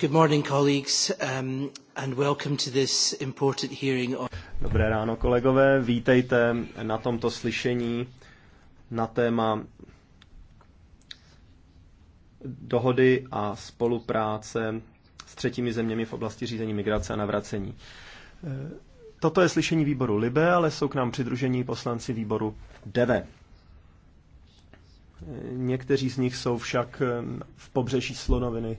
Good morning, colleagues, um, and welcome to this important hearing on... Dobré ráno, kolegové. Vítejte na tomto slyšení na téma dohody a spolupráce s třetími zeměmi v oblasti řízení migrace a navracení. Toto je slyšení výboru Libe, ale jsou k nám přidružení poslanci výboru DEVE. Někteří z nich jsou však v pobřeží Slonoviny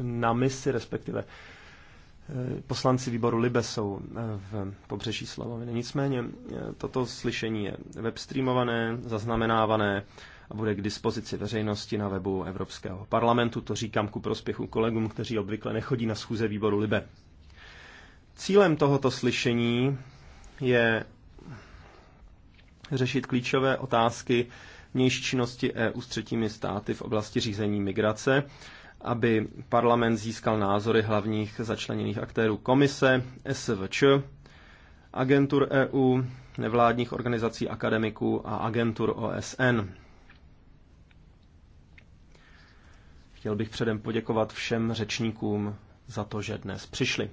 na misi, respektive eh, poslanci výboru Libe jsou eh, v pobřeží Slavoviny. Nicméně eh, toto slyšení je webstreamované, zaznamenávané a bude k dispozici veřejnosti na webu Evropského parlamentu. To říkám ku prospěchu kolegům, kteří obvykle nechodí na schůze výboru Libe. Cílem tohoto slyšení je řešit klíčové otázky vnější činnosti EU s třetími státy v oblasti řízení migrace aby parlament získal názory hlavních začleněných aktérů komise, SVČ, agentur EU, nevládních organizací akademiků a agentur OSN. Chtěl bych předem poděkovat všem řečníkům za to, že dnes přišli.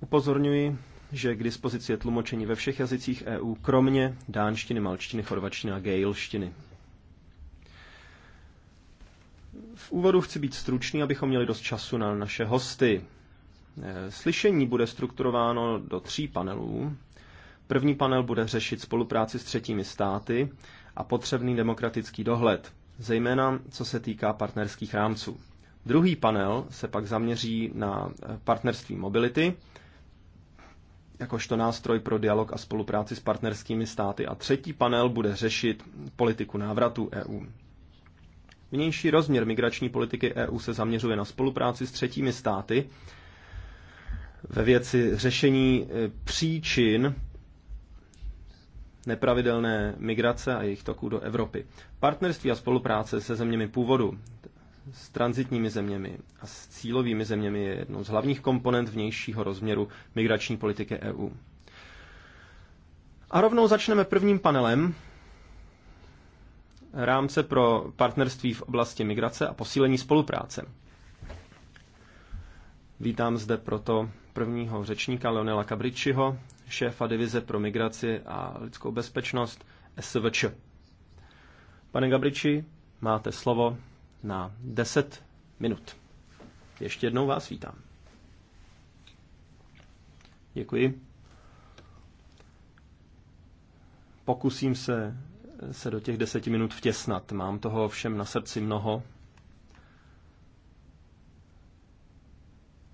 Upozorňuji, že k dispozici je tlumočení ve všech jazycích EU, kromě dánštiny, malčtiny, chorvačtiny a gejlštiny. V úvodu chci být stručný, abychom měli dost času na naše hosty. Eh, slyšení bude strukturováno do tří panelů. První panel bude řešit spolupráci s třetími státy a potřebný demokratický dohled, zejména co se týká partnerských rámců. Druhý panel se pak zaměří na eh, partnerství mobility, jakožto nástroj pro dialog a spolupráci s partnerskými státy. A třetí panel bude řešit politiku návratu EU. Vnější rozměr migrační politiky EU se zaměřuje na spolupráci s třetími státy ve věci řešení e, příčin nepravidelné migrace a jejich toků do Evropy. Partnerství a spolupráce se zeměmi původu, s transitními zeměmi a s cílovými zeměmi je jednou z hlavních komponent vnějšího rozměru migrační politiky EU. A rovnou začneme prvním panelem, rámce pro partnerství v oblasti migrace a posílení spolupráce. Vítám zde proto prvního řečníka Leonela Kabričiho, šéfa divize pro migraci a lidskou bezpečnost SVČ. Pane Gabriči, máte slovo na 10 minut. Ještě jednou vás vítám. Děkuji. Pokusím se se do těch deseti minut vtěsnat. Mám toho všem na srdci mnoho.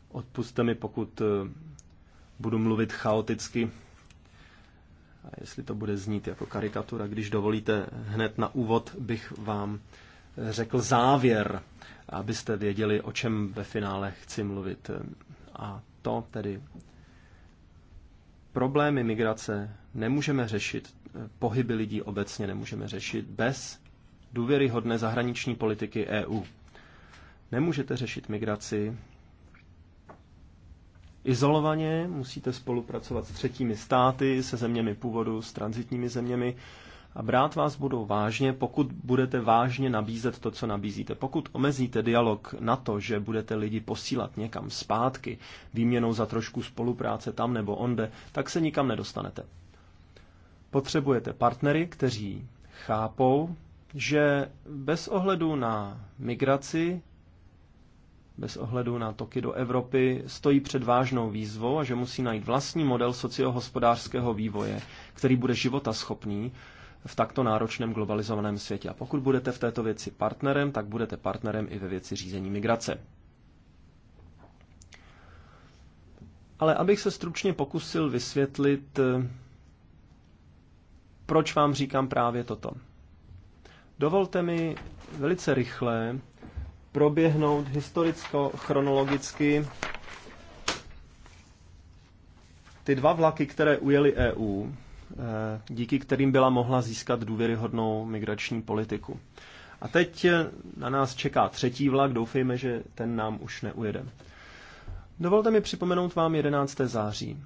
Odpuste mi, pokud eh, budu mluvit chaoticky a jestli to bude znít jako karikatura, když dovolíte, hned na úvod bych vám řekl závěr, abyste věděli, o čem ve finále chci mluvit. A to tedy problémy migrace nemůžeme řešit pohyby lidí obecně nemůžeme řešit bez důvěryhodné zahraniční politiky EU. Nemůžete řešit migraci izolovaně, musíte spolupracovat s třetími státy, se zeměmi původu, s transitními zeměmi a brát vás budou vážně, pokud budete vážně nabízet to, co nabízíte. Pokud omezíte dialog na to, že budete lidi posílat někam zpátky, výměnou za trošku spolupráce tam nebo onde, tak se nikam nedostanete. Potřebujete partnery, kteří chápou, že bez ohledu na migraci, bez ohledu na toky do Evropy, stojí před vážnou výzvou a že musí najít vlastní model sociohospodářského vývoje, který bude životaschopný v takto náročném globalizovaném světě. A pokud budete v této věci partnerem, tak budete partnerem i ve věci řízení migrace. Ale abych se stručně pokusil vysvětlit eh, proč vám říkám právě toto? Dovolte mi velice rychle proběhnout historicko-chronologicky ty dva vlaky, které ujeli EU, eh, díky kterým byla mohla získat důvěryhodnou migrační politiku. A teď eh, na nás čeká třetí vlak, doufejme, že ten nám už neujede. Dovolte mi připomenout vám 11. září.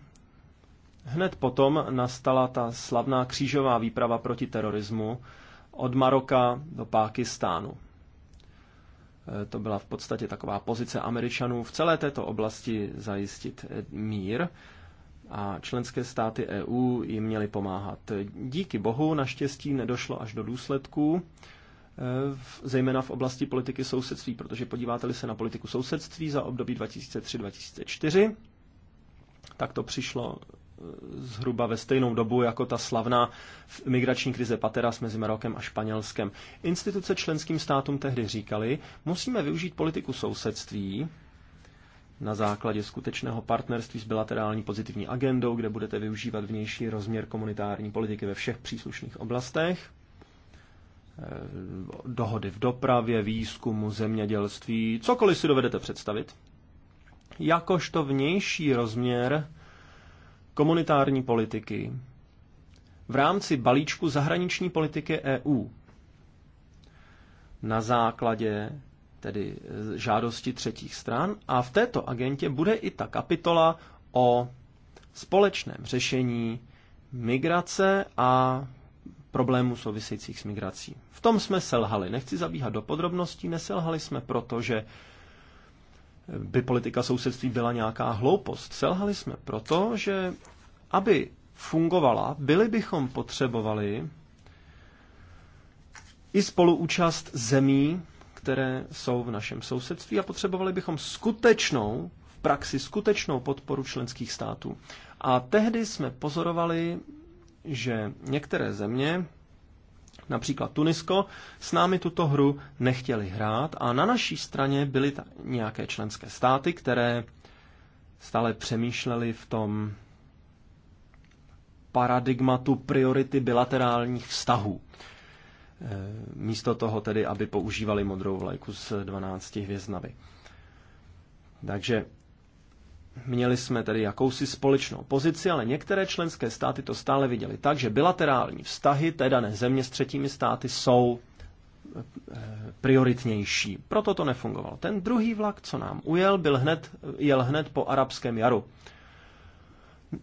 Hned potom nastala ta slavná křížová výprava proti terorismu od Maroka do Pákistánu. E, to byla v podstatě taková pozice Američanů v celé této oblasti zajistit e, mír a členské státy EU jim měly pomáhat. Díky bohu naštěstí nedošlo až do důsledků, e, zejména v oblasti politiky sousedství, protože podíváte-li se na politiku sousedství za období 2003-2004, tak to přišlo zhruba ve stejnou dobu jako ta slavná migrační krize Pateras mezi Marokem a Španělskem. Instituce členským státům tehdy říkali, musíme využít politiku sousedství na základě skutečného partnerství s bilaterální pozitivní agendou, kde budete využívat vnější rozměr komunitární politiky ve všech příslušných oblastech eh, dohody v dopravě, výzkumu, zemědělství, cokoliv si dovedete představit, jakožto vnější rozměr komunitární politiky v rámci balíčku zahraniční politiky EU na základě tedy eh, žádosti třetích stran a v této agentě bude i ta kapitola o společném řešení migrace a problémů souvisejících s migrací. V tom jsme selhali. Nechci zabíhat do podrobností, neselhali jsme proto, že by politika sousedství byla nějaká hloupost. Selhali jsme proto, že aby fungovala, byli bychom potřebovali i spoluúčast zemí, které jsou v našem sousedství a potřebovali bychom skutečnou, v praxi skutečnou podporu členských států. A tehdy jsme pozorovali, že některé země, například Tunisko, s námi tuto hru nechtěli hrát a na naší straně byly nějaké členské státy, které stále přemýšleli v tom paradigmatu priority bilaterálních vztahů. E, místo toho tedy, aby používali modrou vlajku z 12 hvězdnavy. Takže Měli jsme tedy jakousi společnou pozici, ale některé členské státy to stále viděli tak, že bilaterální vztahy té dané země s třetími státy jsou eh, prioritnější. Proto to nefungovalo. Ten druhý vlak, co nám ujel, byl hned, jel hned po arabském jaru.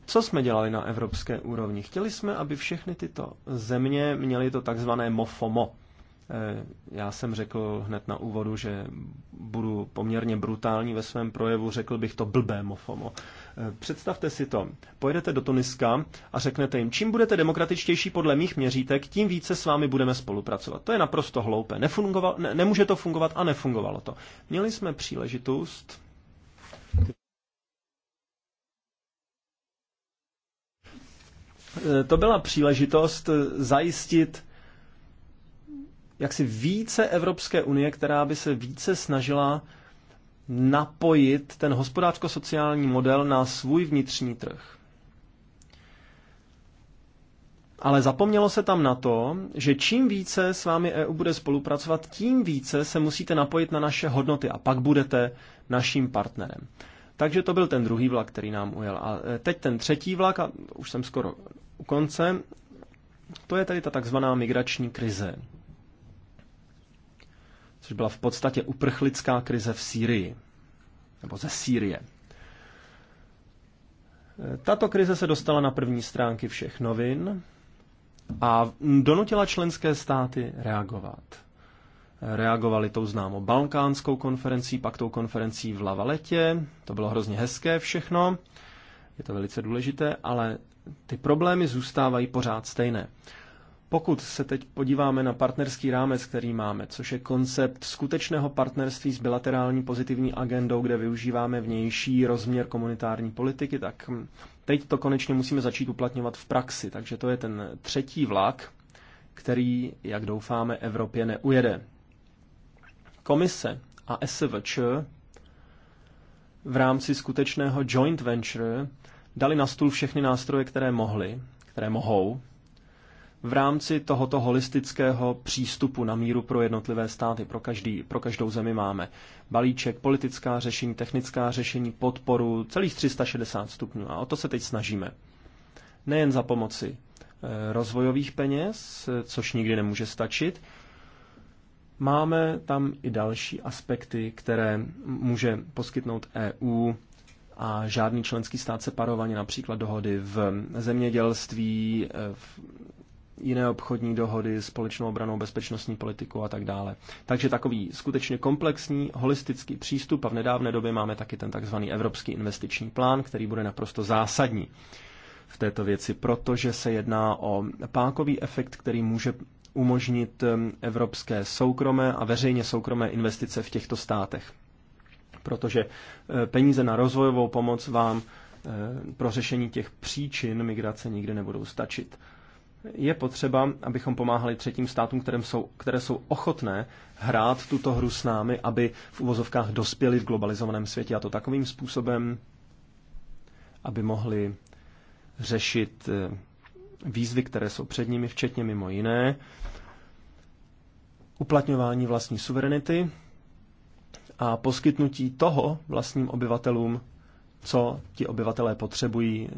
Co jsme dělali na evropské úrovni? Chtěli jsme, aby všechny tyto země měly to takzvané MOFOMO, Eh, já jsem řekl hned na úvodu, že budu poměrně brutální ve svém projevu, řekl bych to blbé mofomo. Eh, představte si to. Pojedete do Tuniska a řeknete jim, čím budete demokratičtější podle mých měřítek, tím více s vámi budeme spolupracovat. To je naprosto hloupé. Nefungoval, ne, nemůže to fungovat a nefungovalo to. Měli jsme příležitost. Eh, to byla příležitost zajistit jaksi více Evropské unie, která by se více snažila napojit ten hospodářsko-sociální model na svůj vnitřní trh. Ale zapomnělo se tam na to, že čím více s vámi EU bude spolupracovat, tím více se musíte napojit na naše hodnoty a pak budete naším partnerem. Takže to byl ten druhý vlak, který nám ujel. A e, teď ten třetí vlak, a už jsem skoro u konce, to je tady ta takzvaná migrační krize což byla v podstatě uprchlická krize v Sýrii, nebo ze Sýrie. Tato krize se dostala na první stránky všech novin a donutila členské státy reagovat. Reagovali tou známou balkánskou konferencí, pak tou konferencí v Lavaletě. To bylo hrozně hezké všechno, je to velice důležité, ale ty problémy zůstávají pořád stejné. Pokud se teď podíváme na partnerský rámec, který máme, což je koncept skutečného partnerství s bilaterální pozitivní agendou, kde využíváme vnější rozměr komunitární politiky, tak hm, teď to konečně musíme začít uplatňovat v praxi. Takže to je ten třetí vlak, který, jak doufáme, Evropě neujede. Komise a SVČ v rámci skutečného joint venture dali na stůl všechny nástroje, které mohly, které mohou, v rámci tohoto holistického přístupu na míru pro jednotlivé státy, pro, každý, pro každou zemi máme balíček, politická řešení, technická řešení, podporu, celých 360 stupňů. A o to se teď snažíme. Nejen za pomoci eh, rozvojových peněz, eh, což nikdy nemůže stačit, máme tam i další aspekty, které může poskytnout EU a žádný členský stát separovaně, například dohody v zemědělství, eh, v jiné obchodní dohody, společnou obranou, bezpečnostní politiku a tak dále. Takže takový skutečně komplexní, holistický přístup a v nedávné době máme taky ten takzvaný Evropský investiční plán, který bude naprosto zásadní v této věci, protože se jedná o pákový efekt, který může umožnit um, evropské soukromé a veřejně soukromé investice v těchto státech. Protože uh, peníze na rozvojovou pomoc vám uh, pro řešení těch příčin migrace nikdy nebudou stačit je potřeba, abychom pomáhali třetím státům, které jsou, které jsou ochotné hrát tuto hru s námi, aby v uvozovkách dospěli v globalizovaném světě a to takovým způsobem, aby mohli řešit eh, výzvy, které jsou před nimi, včetně mimo jiné, uplatňování vlastní suverenity a poskytnutí toho vlastním obyvatelům, co ti obyvatelé potřebují, eh,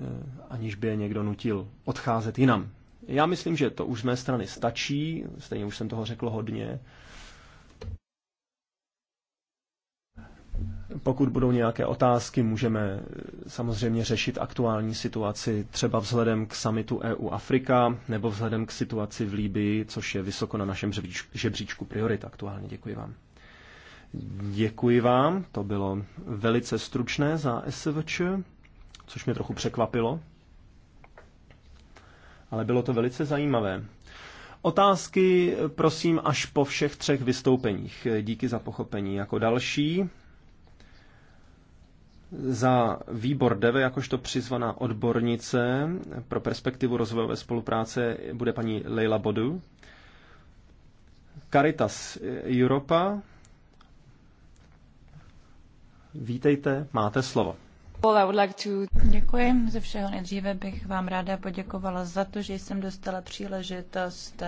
aniž by je někdo nutil odcházet jinam. Já myslím, že to už z mé strany stačí, stejně už jsem toho řekl hodně. Pokud budou nějaké otázky, můžeme eh, samozřejmě řešit aktuální situaci třeba vzhledem k samitu EU Afrika nebo vzhledem k situaci v Líbii, což je vysoko na našem žebříčku priorit aktuálně. Děkuji vám. Děkuji vám, to bylo velice stručné za SVČ, což mě trochu překvapilo ale bylo to velice zajímavé. Otázky prosím až po všech třech vystoupeních. Díky za pochopení. Jako další za výbor DEVE, jakožto přizvaná odbornice pro perspektivu rozvojové spolupráce, bude paní Leila Bodu. Caritas Europa. Vítejte, máte slovo. Děkuji. Ze všeho nejdříve bych vám ráda poděkovala za to, že jsem dostala příležitost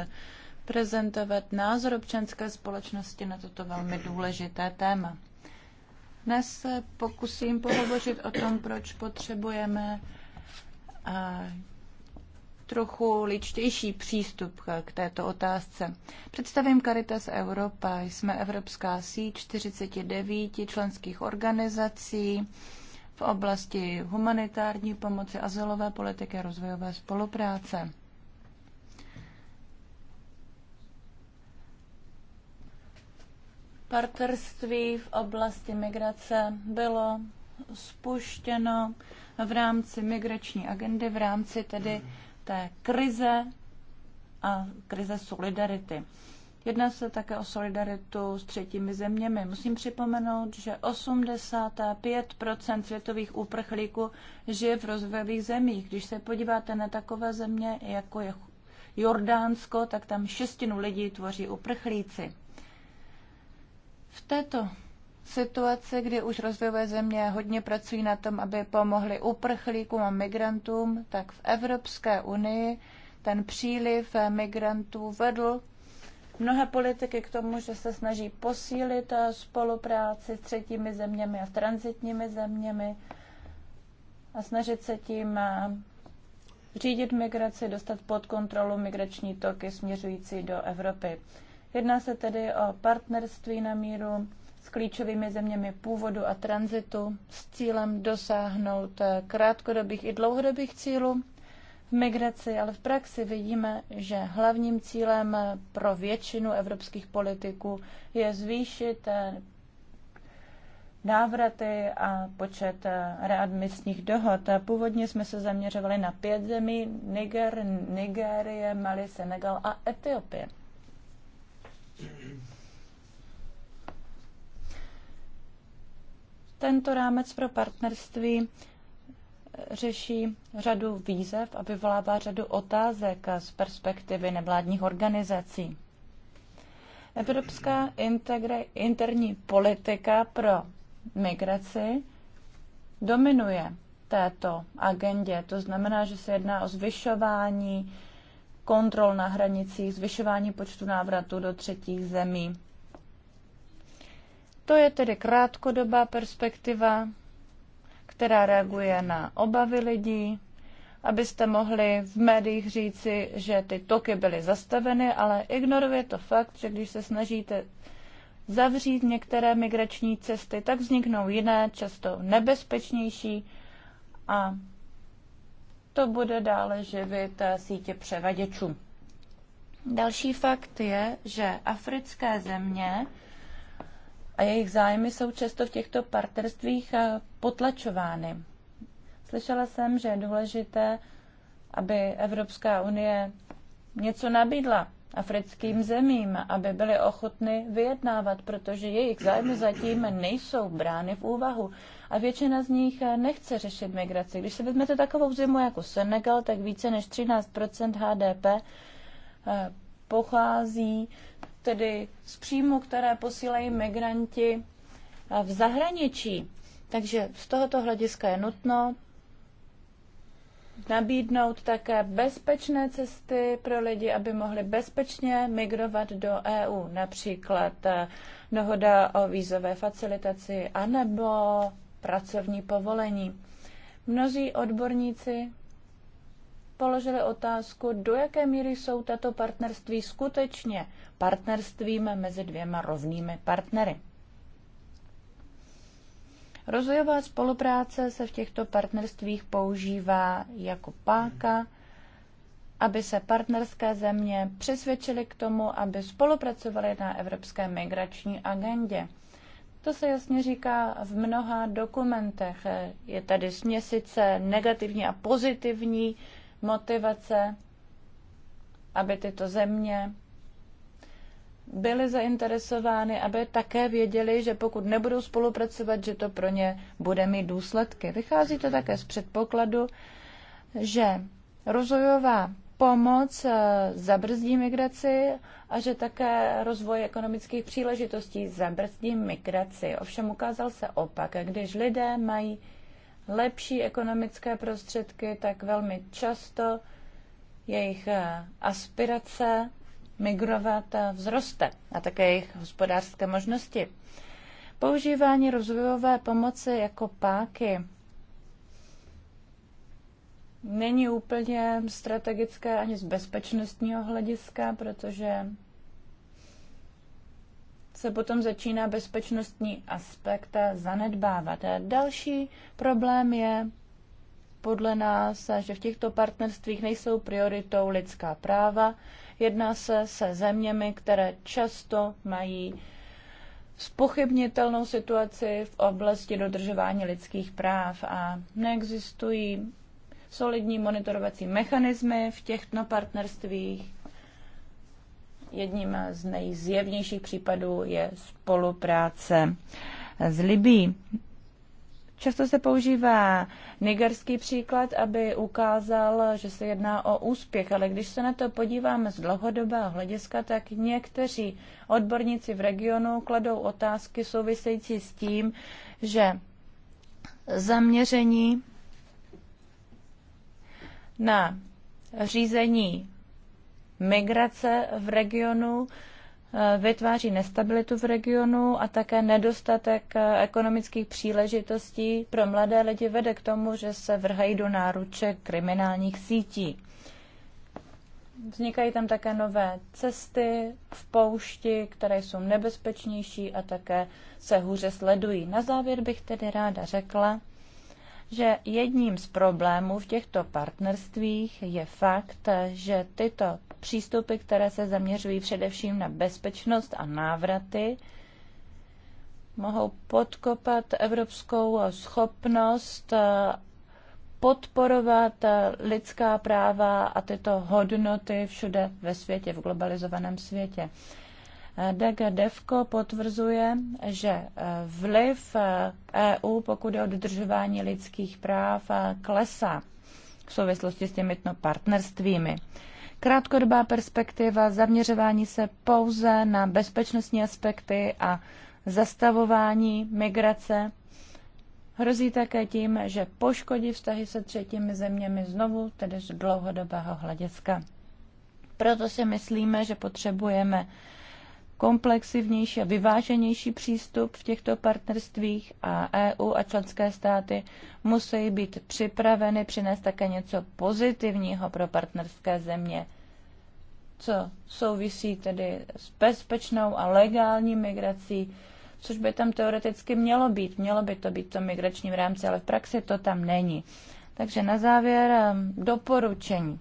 prezentovat názor občanské společnosti na toto velmi důležité téma. Dnes se pokusím pohovořit o tom, proč potřebujeme trochu ličtější přístup k této otázce. Představím Caritas Europa. Jsme evropská síť 49 členských organizací v oblasti humanitární pomoci, azylové politiky a rozvojové spolupráce. Partnerství v oblasti migrace bylo spuštěno v rámci migrační agendy, v rámci tedy té krize a krize solidarity. Jedná se také o solidaritu s třetími zeměmi. Musím připomenout, že 85 světových úprchlíků žije v rozvojových zemích. Když se podíváte na takové země, jako je Jordánsko, tak tam šestinu lidí tvoří uprchlíci. V této situaci, kdy už rozvojové země hodně pracují na tom, aby pomohly uprchlíkům a migrantům, tak v Evropské unii ten příliv migrantů vedl mnohé politiky k tomu, že se snaží posílit eh, spolupráci s třetími zeměmi a transitními zeměmi a snažit se tím eh, řídit migraci, dostat pod kontrolu migrační toky směřující do Evropy. Jedná se tedy o partnerství na míru s klíčovými zeměmi původu a tranzitu s cílem dosáhnout eh, krátkodobých i dlouhodobých cílů v migraci, ale v praxi vidíme, že hlavním cílem pro většinu evropských politiků je zvýšit eh, návraty a počet eh, readmisních dohod. Původně jsme se zaměřovali na pět zemí, Niger, Nigérie, Mali, Senegal a Etiopie. Tento rámec pro partnerství řeší řadu výzev a vyvolává řadu otázek z perspektivy nevládních organizací. Evropská integre, interní politika pro migraci dominuje této agendě. To znamená, že se jedná o zvyšování kontrol na hranicích, zvyšování počtu návratů do třetích zemí. To je tedy krátkodobá perspektiva, která reaguje na obavy lidí, abyste mohli v médiích říci, že ty toky byly zastaveny, ale ignoruje to fakt, že když se snažíte zavřít některé migrační cesty, tak vzniknou jiné, často nebezpečnější a to bude dále živit eh, sítě převaděčů. Další fakt je, že africké země a jejich zájmy jsou často v těchto partnerstvích eh, potlačovány. Slyšela jsem, že je důležité, aby Evropská unie něco nabídla africkým zemím, aby byly ochotny vyjednávat, protože jejich zájmy zatím nejsou brány v úvahu a většina z nich eh, nechce řešit migraci. Když se vezmete takovou zimu jako Senegal, tak více než 13 HDP eh, pochází tedy z příjmu, které posílají migranti eh, v zahraničí. Takže z tohoto hlediska je nutno nabídnout také bezpečné cesty pro lidi, aby mohli bezpečně migrovat do EU, například eh, dohoda o vízové facilitaci anebo pracovní povolení. Mnozí odborníci položili otázku, do jaké míry jsou tato partnerství skutečně partnerstvím mezi dvěma rovnými partnery. Rozvojová spolupráce se v těchto partnerstvích používá jako páka, aby se partnerské země přesvědčily k tomu, aby spolupracovaly na evropské migrační agendě. To se jasně říká v mnoha dokumentech. Je tady směsice negativní a pozitivní motivace, aby tyto země byly zainteresovány, aby také věděli, že pokud nebudou spolupracovat, že to pro ně bude mít důsledky. Vychází to také z předpokladu, že rozvojová pomoc eh, zabrzdí migraci a že také rozvoj ekonomických příležitostí zabrzdí migraci. Ovšem ukázal se opak, když lidé mají lepší ekonomické prostředky, tak velmi často jejich eh, aspirace migrovat eh, vzroste a také jejich hospodářské možnosti. Používání rozvojové pomoci jako páky není úplně strategické ani z bezpečnostního hlediska, protože se potom začíná bezpečnostní aspekt zanedbávat. A další problém je podle nás, že v těchto partnerstvích nejsou prioritou lidská práva. Jedná se se zeměmi, které často mají spochybnitelnou situaci v oblasti dodržování lidských práv a neexistují solidní monitorovací mechanismy v těchto partnerstvích Jedním z nejzjevnějších případů je spolupráce s Libí. Často se používá nigerský příklad, aby ukázal, že se jedná o úspěch, ale když se na to podíváme z dlouhodobého hlediska, tak někteří odborníci v regionu kladou otázky související s tím, že zaměření na řízení migrace v regionu eh, vytváří nestabilitu v regionu a také nedostatek eh, ekonomických příležitostí pro mladé lidi vede k tomu, že se vrhají do náruče kriminálních sítí. Vznikají tam také nové cesty v poušti, které jsou nebezpečnější a také se hůře sledují. Na závěr bych tedy ráda řekla, že jedním z problémů v těchto partnerstvích je fakt, že tyto přístupy, které se zaměřují především na bezpečnost a návraty, mohou podkopat evropskou schopnost eh, podporovat eh, lidská práva a tyto hodnoty všude ve světě, v globalizovaném světě. DG Devko potvrzuje, že eh, vliv EU, eh, e pokud je o dodržování lidských práv, eh, klesá v souvislosti s těmito partnerstvími. Krátkodobá perspektiva, zaměřování se pouze na bezpečnostní aspekty a zastavování migrace hrozí také tím, že poškodí vztahy se třetími zeměmi znovu, tedy z dlouhodobého hlediska. Proto si myslíme, že potřebujeme komplexivnější a vyváženější přístup v těchto partnerstvích a EU a členské státy musí být připraveny přinést také něco pozitivního pro partnerské země, co souvisí tedy s bezpečnou a legální migrací, což by tam teoreticky mělo být. Mělo by to být to migrační migračním rámci, ale v praxi to tam není. Takže na závěr um, doporučení.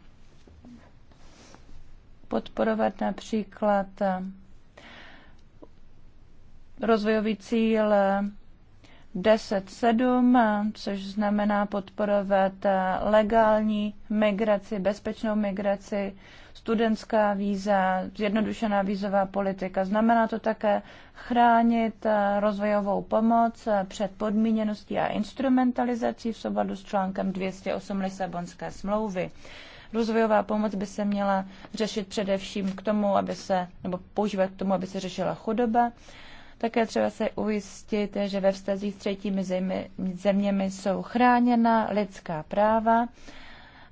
Podporovat například um, rozvojový cíl 10.7, což znamená podporovat legální migraci, bezpečnou migraci, studentská víza, zjednodušená vízová politika. Znamená to také chránit rozvojovou pomoc před podmíněností a instrumentalizací v souladu s článkem 208 Lisabonské smlouvy. Rozvojová pomoc by se měla řešit především k tomu, aby se, nebo používat k tomu, aby se řešila chudoba také třeba se ujistit, že ve vztazích s třetími zemi, zeměmi jsou chráněna lidská práva.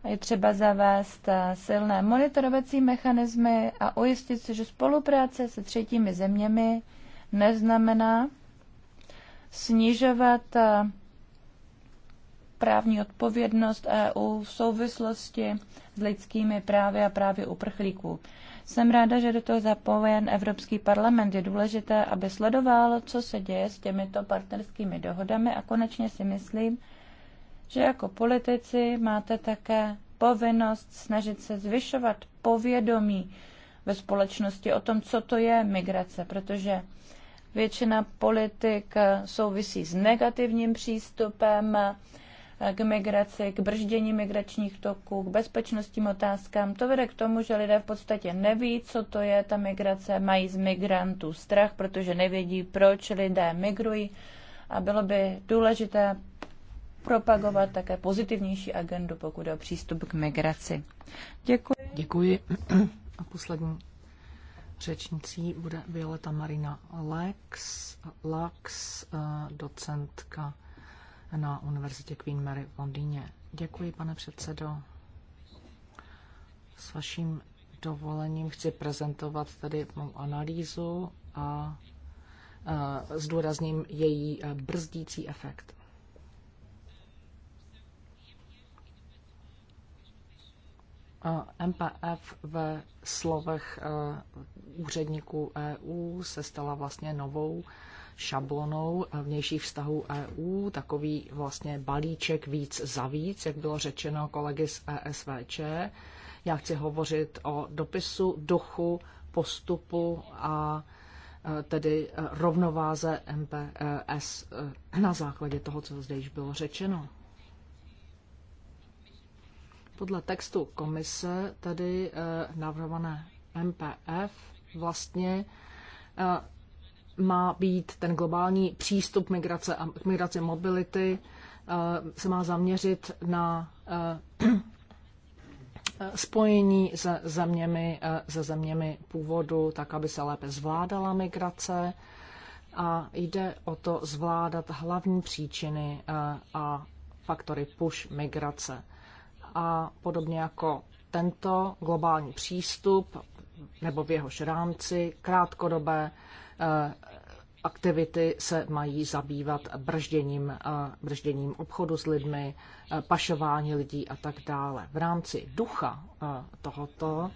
Je třeba zavést silné monitorovací mechanismy a ujistit se, že spolupráce se třetími zeměmi neznamená snižovat eh, právní odpovědnost EU v souvislosti s lidskými právy a právy uprchlíků. Jsem ráda, že do toho zapojen Evropský parlament. Je důležité, aby sledoval, co se děje s těmito partnerskými dohodami a konečně si myslím, že jako politici máte také povinnost snažit se zvyšovat povědomí ve společnosti o tom, co to je migrace, protože většina politik souvisí s negativním přístupem, k migraci, k brždění migračních toků, k bezpečnostním otázkám. To vede k tomu, že lidé v podstatě neví, co to je ta migrace, mají z migrantů strach, protože nevědí, proč lidé migrují a bylo by důležité propagovat také pozitivnější agendu, pokud je o přístup k migraci. Děkuji. Děkuji. A poslední řečnicí bude Violeta Marina Lex, Lax, eh, docentka na Univerzitě Queen Mary v Londýně. Děkuji, pane předsedo. S vaším dovolením chci prezentovat tady mou analýzu a zdůrazním její brzdící efekt. MPF ve slovech úředníků EU se stala vlastně novou šablonou vnějších vztahů EU, takový vlastně balíček víc za víc, jak bylo řečeno kolegy z ESVČ. Já chci hovořit o dopisu, duchu, postupu a e, tedy e, rovnováze MPS e na základě toho, co zde již bylo řečeno. Podle textu komise tedy navrhované MPF vlastně má být ten globální přístup migrace a migrace mobility, eh, se má zaměřit na eh, spojení se zeměmi, eh, se zeměmi původu, tak aby se lépe zvládala migrace. A jde o to zvládat hlavní příčiny a faktory push migrace. A podobně jako tento globální přístup nebo v jehož rámci krátkodobé aktivity se mají zabývat bržděním, eh, bržděním obchodu s lidmi, eh, pašování lidí a tak dále. V rámci ducha eh, tohoto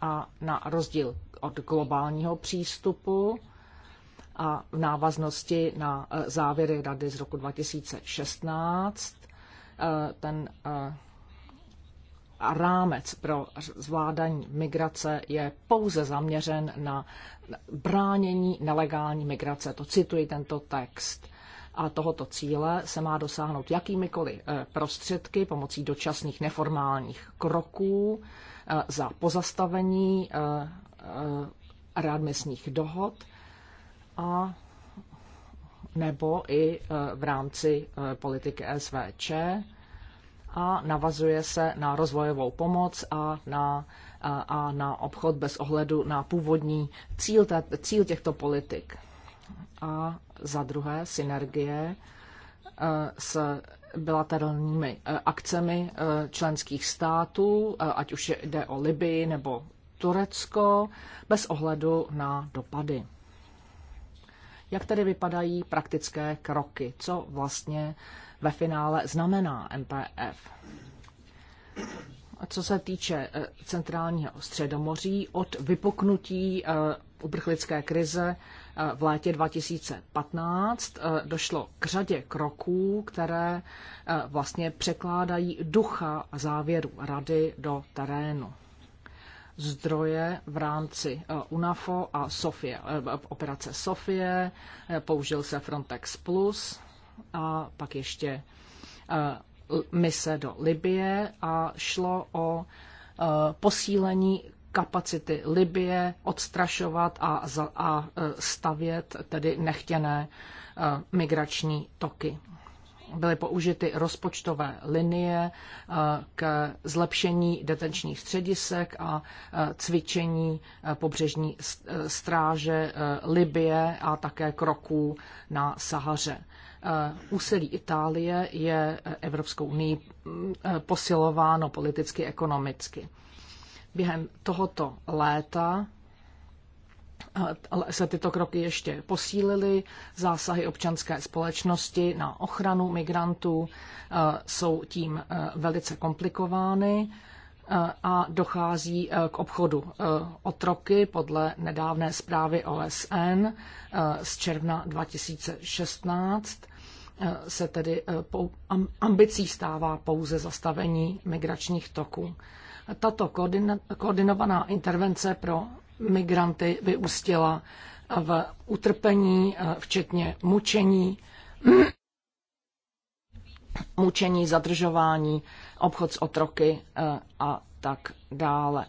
a na rozdíl od globálního přístupu a v návaznosti na závěry Rady z roku 2016, ten rámec pro zvládání migrace je pouze zaměřen na bránění nelegální migrace. To cituji tento text. A tohoto cíle se má dosáhnout jakýmikoliv eh, prostředky pomocí dočasných neformálních kroků eh, za pozastavení eh, readmisních dohod a nebo i v rámci politiky SVČ a navazuje se na rozvojovou pomoc a na, a, a na obchod bez ohledu na původní cíl, té, cíl těchto politik. A za druhé synergie e, s bilaterálními e, akcemi e, členských států, ať už jde o Libii nebo Turecko, bez ohledu na dopady. Jak tedy vypadají praktické kroky? Co vlastně ve finále znamená MPF. Co se týče eh, centrálního středomoří, od vypoknutí eh, uprchlické krize eh, v létě 2015 došlo k řadě kroků, které vlastně překládají ducha závěru rady do terénu. Zdroje v rámci UNAFO a Sofie, operace Sofie, použil se Frontex Plus, a pak ještě e, mise do Libie a šlo o e, posílení kapacity Libie odstrašovat a, a e, stavět tedy nechtěné migrační toky. Byly použity rozpočtové linie k zlepšení detenčních středisek a cvičení pobřežní stráže Libie a také kroků na Sahaře. Eh, úsilí Itálie je eh, Evropskou unii mm, eh, posilováno politicky, ekonomicky. Během tohoto léta se tyto kroky ještě posílily. Zásahy občanské společnosti na ochranu migrantů jsou tím velice komplikovány a dochází k obchodu otroky podle nedávné zprávy OSN z června 2016 Eh, se tedy eh, ambicí stává pouze zastavení migračních toků. Tato koordinovaná intervence pro migranty vyústila v utrpení, eh, včetně mučení, mučení, zadržování, obchod s otroky a tak dále.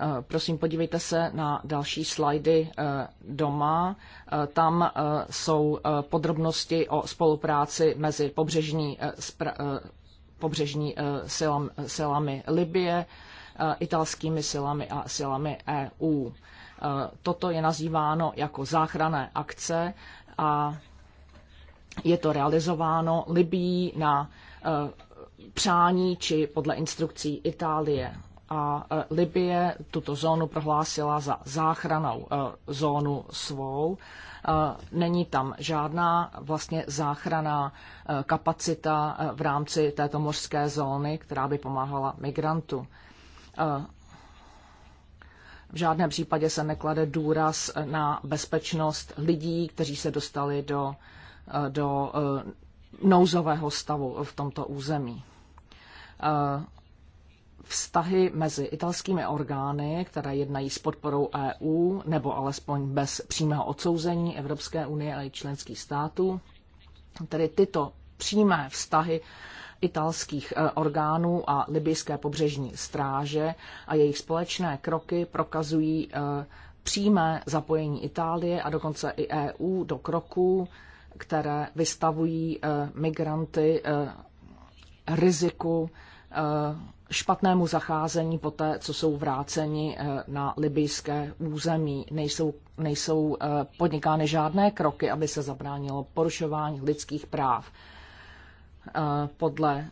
Eh, prosím, podívejte se na další slajdy eh, doma. Eh, tam jsou podrobnosti o spolupráci mezi pobřežní, pobřežní silami, silami Libie, italskými silami a silami EU. Toto je nazýváno jako záchranné akce a je to realizováno Libií na přání či podle instrukcí Itálie a e, Libie tuto zónu prohlásila za záchranou e, zónu svou. E, není tam žádná vlastně záchraná kapacita v rámci této mořské zóny, která by pomáhala migrantu. V žádném případě se neklade důraz na bezpečnost lidí, kteří se dostali do, do nouzového stavu v tomto území vztahy mezi italskými orgány, které jednají s podporou EU, nebo alespoň bez přímého odsouzení Evropské unie a i členských států, tedy tyto přímé vztahy italských eh, orgánů a libijské pobřežní stráže a jejich společné kroky prokazují eh, přímé zapojení Itálie a dokonce i EU do kroků, které vystavují eh, migranty riziku špatnému zacházení po té, co jsou vráceni eh, na libijské území. Nejsou, nejsou eh, podnikány žádné kroky, aby se zabránilo porušování lidských práv. Eh, podle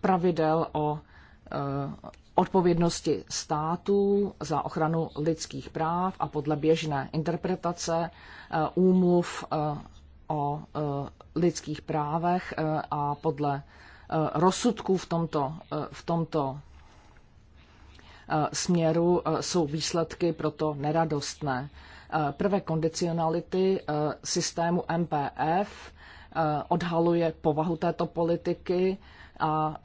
pravidel o odpovědnosti států za ochranu lidských práv a podle běžné interpretace úmluv o lidských právech a podle Eh, rozsudků v tomto, eh, v tomto eh, směru jsou výsledky proto neradostné. Prvé kondicionality systému MPF odhaluje povahu této politiky a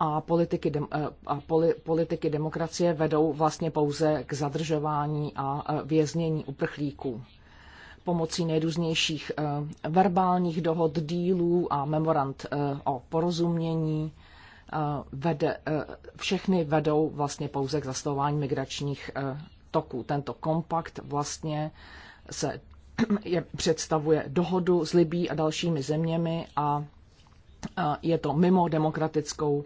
a politiky, a politiky demokracie vedou vlastně pouze k zadržování a věznění uprchlíků pomocí nejrůznějších eh, verbálních dohod, dílů a memorand eh, o porozumění. Eh, vede, všechny vedou vlastně pouze k zastavování migračních toků. Tento kompakt vlastně se je, představuje dohodu s Libí a dalšími zeměmi a je to mimo demokratickou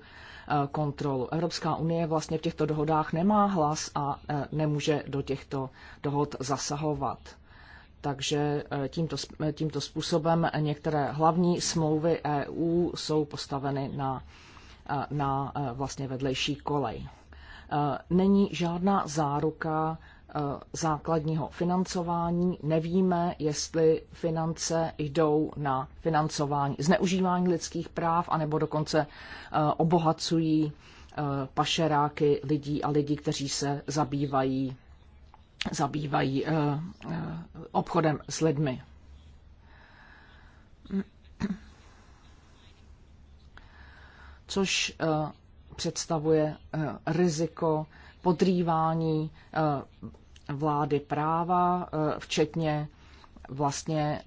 kontrolu. Evropská unie vlastně v těchto dohodách nemá hlas a nemůže do těchto dohod zasahovat. Takže eh, tímto, eh, tímto způsobem některé hlavní smlouvy EU jsou postaveny na, eh, na vlastně vedlejší kolej. Není žádná záruka základního financování. Nevíme, jestli finance jdou na financování zneužívání lidských práv, anebo dokonce obohacují pašeráky lidí a lidí, kteří se zabývají zabývají eh, eh, obchodem s lidmi. Což eh, představuje riziko podrývání vlády práva, včetně vlastně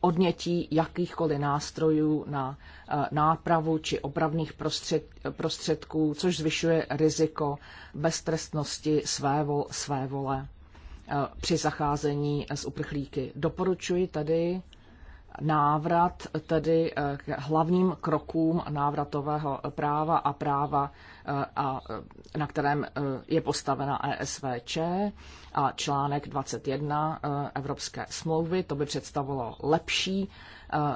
odnětí jakýchkoliv nástrojů na eh, nápravu či opravných prostřed, prostředků, což zvyšuje riziko beztrestnosti svévo, své vole eh, při zacházení s uprchlíky. Doporučuji tedy návrat tedy eh, k hlavním krokům návratového práva a práva, eh, a, eh, na kterém je postavena ESVČ a článek 21 Evropské smlouvy. To by představovalo lepší,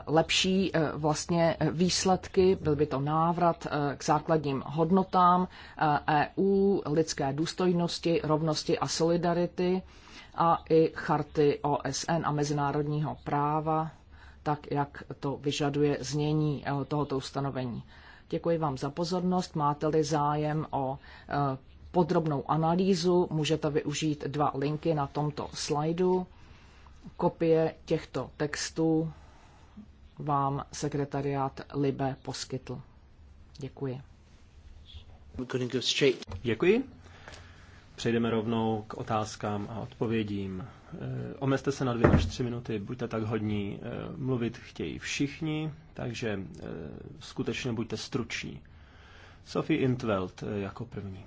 lepší vlastně výsledky, byl by to návrat k základním hodnotám EU, e lidské důstojnosti, rovnosti a solidarity a i charty OSN a mezinárodního práva tak jak to vyžaduje znění eh, tohoto ustanovení. Děkuji vám za pozornost. Máte-li zájem o eh, podrobnou analýzu, můžete využít dva linky na tomto slajdu. Kopie těchto textů vám sekretariát Libe poskytl. Děkuji. Děkuji. Přejdeme rovnou k otázkám a odpovědím. Eh, omezte se na dvě až tři minuty, buďte tak hodní, eh, mluvit chtějí všichni, takže eh, skutečně buďte struční. Sophie Intveld jako první.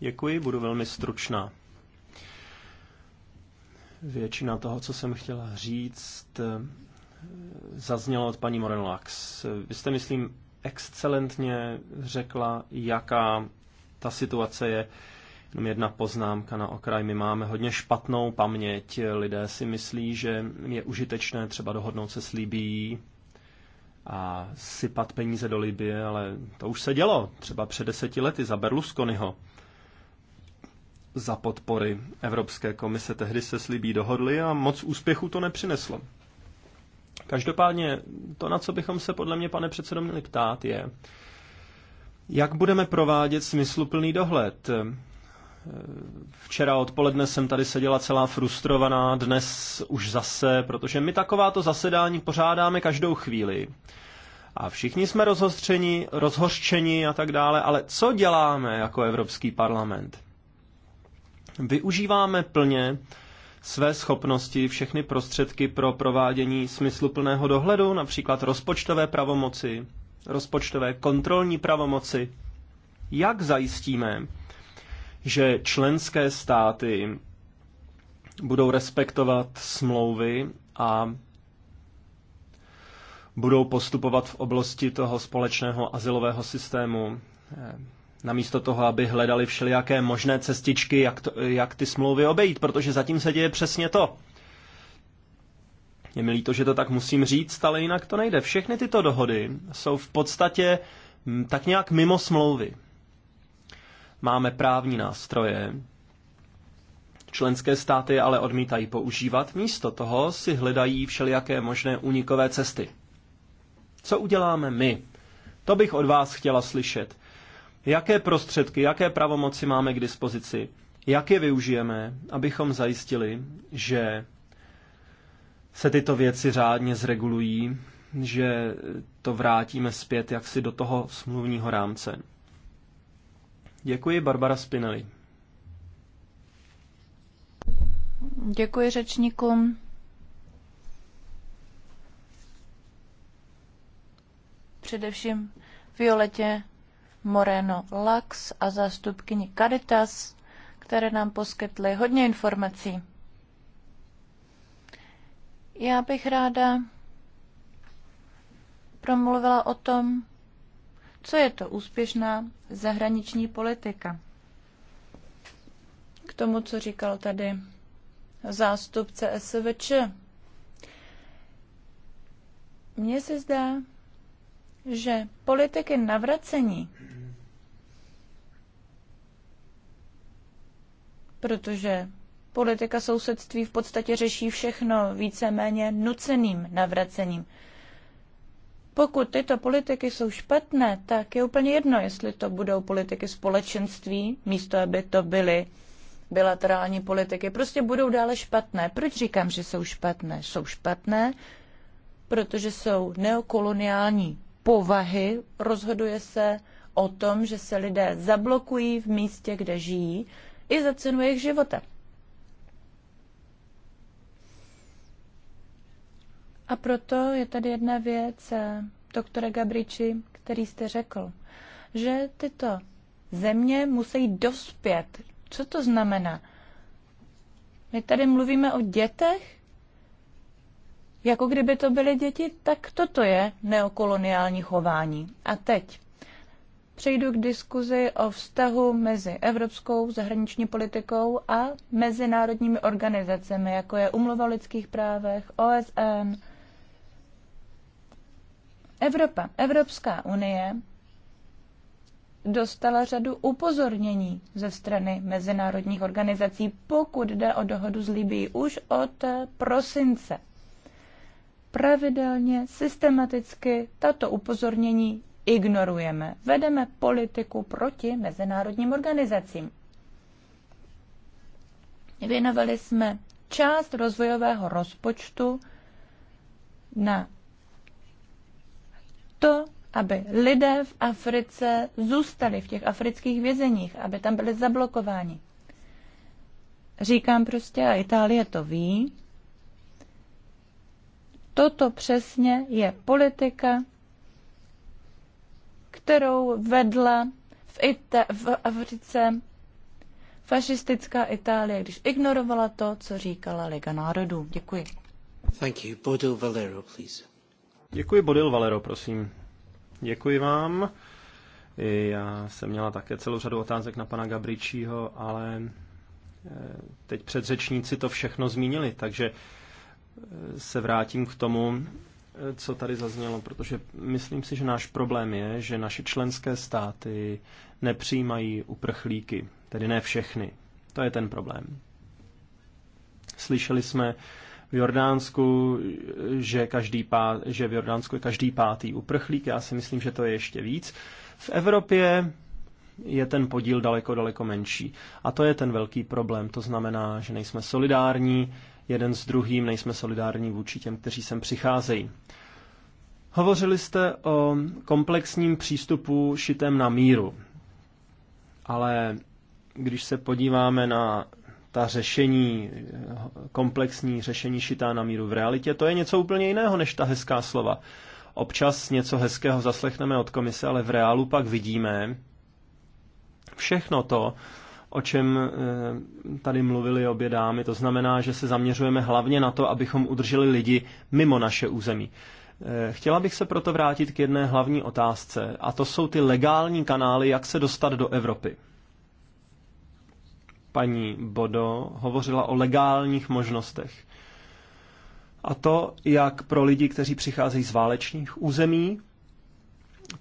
Děkuji, budu velmi stručná. Většina toho, co jsem chtěla říct, zaznělo od paní Lax. Vy jste, myslím, excelentně řekla, jaká ta situace je Jenom jedna poznámka na okraj. My máme hodně špatnou paměť. Lidé si myslí, že je užitečné třeba dohodnout se s Libií a sypat peníze do Libie, ale to už se dělo. Třeba před deseti lety za Berlusconiho za podpory Evropské komise. Tehdy se s Libí dohodli a moc úspěchu to nepřineslo. Každopádně to, na co bychom se podle mě, pane předsedo, měli ptát, je, jak budeme provádět smysluplný dohled. Včera odpoledne jsem tady seděla celá frustrovaná, dnes už zase, protože my takováto zasedání pořádáme každou chvíli. A všichni jsme rozhořčeni, rozhořčeni a tak dále, ale co děláme jako Evropský parlament? Využíváme plně své schopnosti, všechny prostředky pro provádění smysluplného dohledu, například rozpočtové pravomoci, rozpočtové kontrolní pravomoci. Jak zajistíme, že členské státy budou respektovat smlouvy a budou postupovat v oblasti toho společného asilového systému. Eh, namísto toho, aby hledali všelijaké možné cestičky, jak, to, jak ty smlouvy obejít, protože zatím se děje přesně to. Je mi líto, že to tak musím říct, ale jinak to nejde. Všechny tyto dohody jsou v podstatě mm, tak nějak mimo smlouvy. Máme právní nástroje. Členské státy ale odmítají používat, místo toho si hledají všelijaké možné unikové cesty. Co uděláme my? To bych od vás chtěla slyšet. Jaké prostředky, jaké pravomoci máme k dispozici? Jak je využijeme, abychom zajistili, že se tyto věci řádně zregulují, že to vrátíme zpět jaksi do toho smluvního rámce? Děkuji, Barbara Spinelli. Děkuji řečníkům. Především Violetě Moreno Lax a zástupkyni Caritas, které nám poskytly hodně informací. Já bych ráda promluvila o tom, co je to úspěšná zahraniční politika? K tomu, co říkal tady zástupce SVČ. Mně se zdá, že politiky navracení, protože politika sousedství v podstatě řeší všechno víceméně nuceným navracením. Pokud tyto politiky jsou špatné, tak je úplně jedno, jestli to budou politiky společenství, místo aby to byly bilaterální politiky. Prostě budou dále špatné. Proč říkám, že jsou špatné? Jsou špatné, protože jsou neokoloniální povahy. Rozhoduje se o tom, že se lidé zablokují v místě, kde žijí, i za cenu jejich života. A proto je tady jedna věc, eh, doktore Gabriči, který jste řekl, že tyto země musí dospět. Co to znamená? My tady mluvíme o dětech? Jako kdyby to byly děti, tak toto je neokoloniální chování. A teď přejdu k diskuzi o vztahu mezi evropskou zahraniční politikou a mezinárodními organizacemi, jako je Umluva o lidských právech, OSN, Evropa, Evropská unie dostala řadu upozornění ze strany mezinárodních organizací, pokud jde o dohodu s Libií už od eh, prosince. Pravidelně, systematicky tato upozornění ignorujeme. Vedeme politiku proti mezinárodním organizacím. Věnovali jsme část rozvojového rozpočtu na to, aby lidé v Africe zůstali v těch afrických vězeních, aby tam byli zablokováni. Říkám prostě, a Itálie to ví, toto přesně je politika, kterou vedla v, Ita- v Africe fašistická Itálie, když ignorovala to, co říkala Liga národů. Děkuji. Thank you. Bodo Valero, please. Děkuji, Bodil Valero, prosím. Děkuji vám. Já jsem měla také celou řadu otázek na pana Gabričího, ale e, teď předřečníci to všechno zmínili, takže e, se vrátím k tomu, e, co tady zaznělo, protože myslím si, že náš problém je, že naše členské státy nepřijímají uprchlíky, tedy ne všechny. To je ten problém. Slyšeli jsme v Jordánsku, že, každý pá, že v Jordánsku je každý pátý uprchlík. Já si myslím, že to je ještě víc. V Evropě je ten podíl daleko, daleko menší. A to je ten velký problém. To znamená, že nejsme solidární jeden s druhým, nejsme solidární vůči těm, kteří sem přicházejí. Hovořili jste o komplexním přístupu šitém na míru. Ale když se podíváme na ta řešení, komplexní řešení šitá na míru v realitě, to je něco úplně jiného než ta hezká slova. Občas něco hezkého zaslechneme od komise, ale v reálu pak vidíme všechno to, o čem eh, tady mluvili obě dámy. To znamená, že se zaměřujeme hlavně na to, abychom udrželi lidi mimo naše území. Eh, chtěla bych se proto vrátit k jedné hlavní otázce, a to jsou ty legální kanály, jak se dostat do Evropy paní Bodo hovořila o legálních možnostech. A to jak pro lidi, kteří přicházejí z válečných území,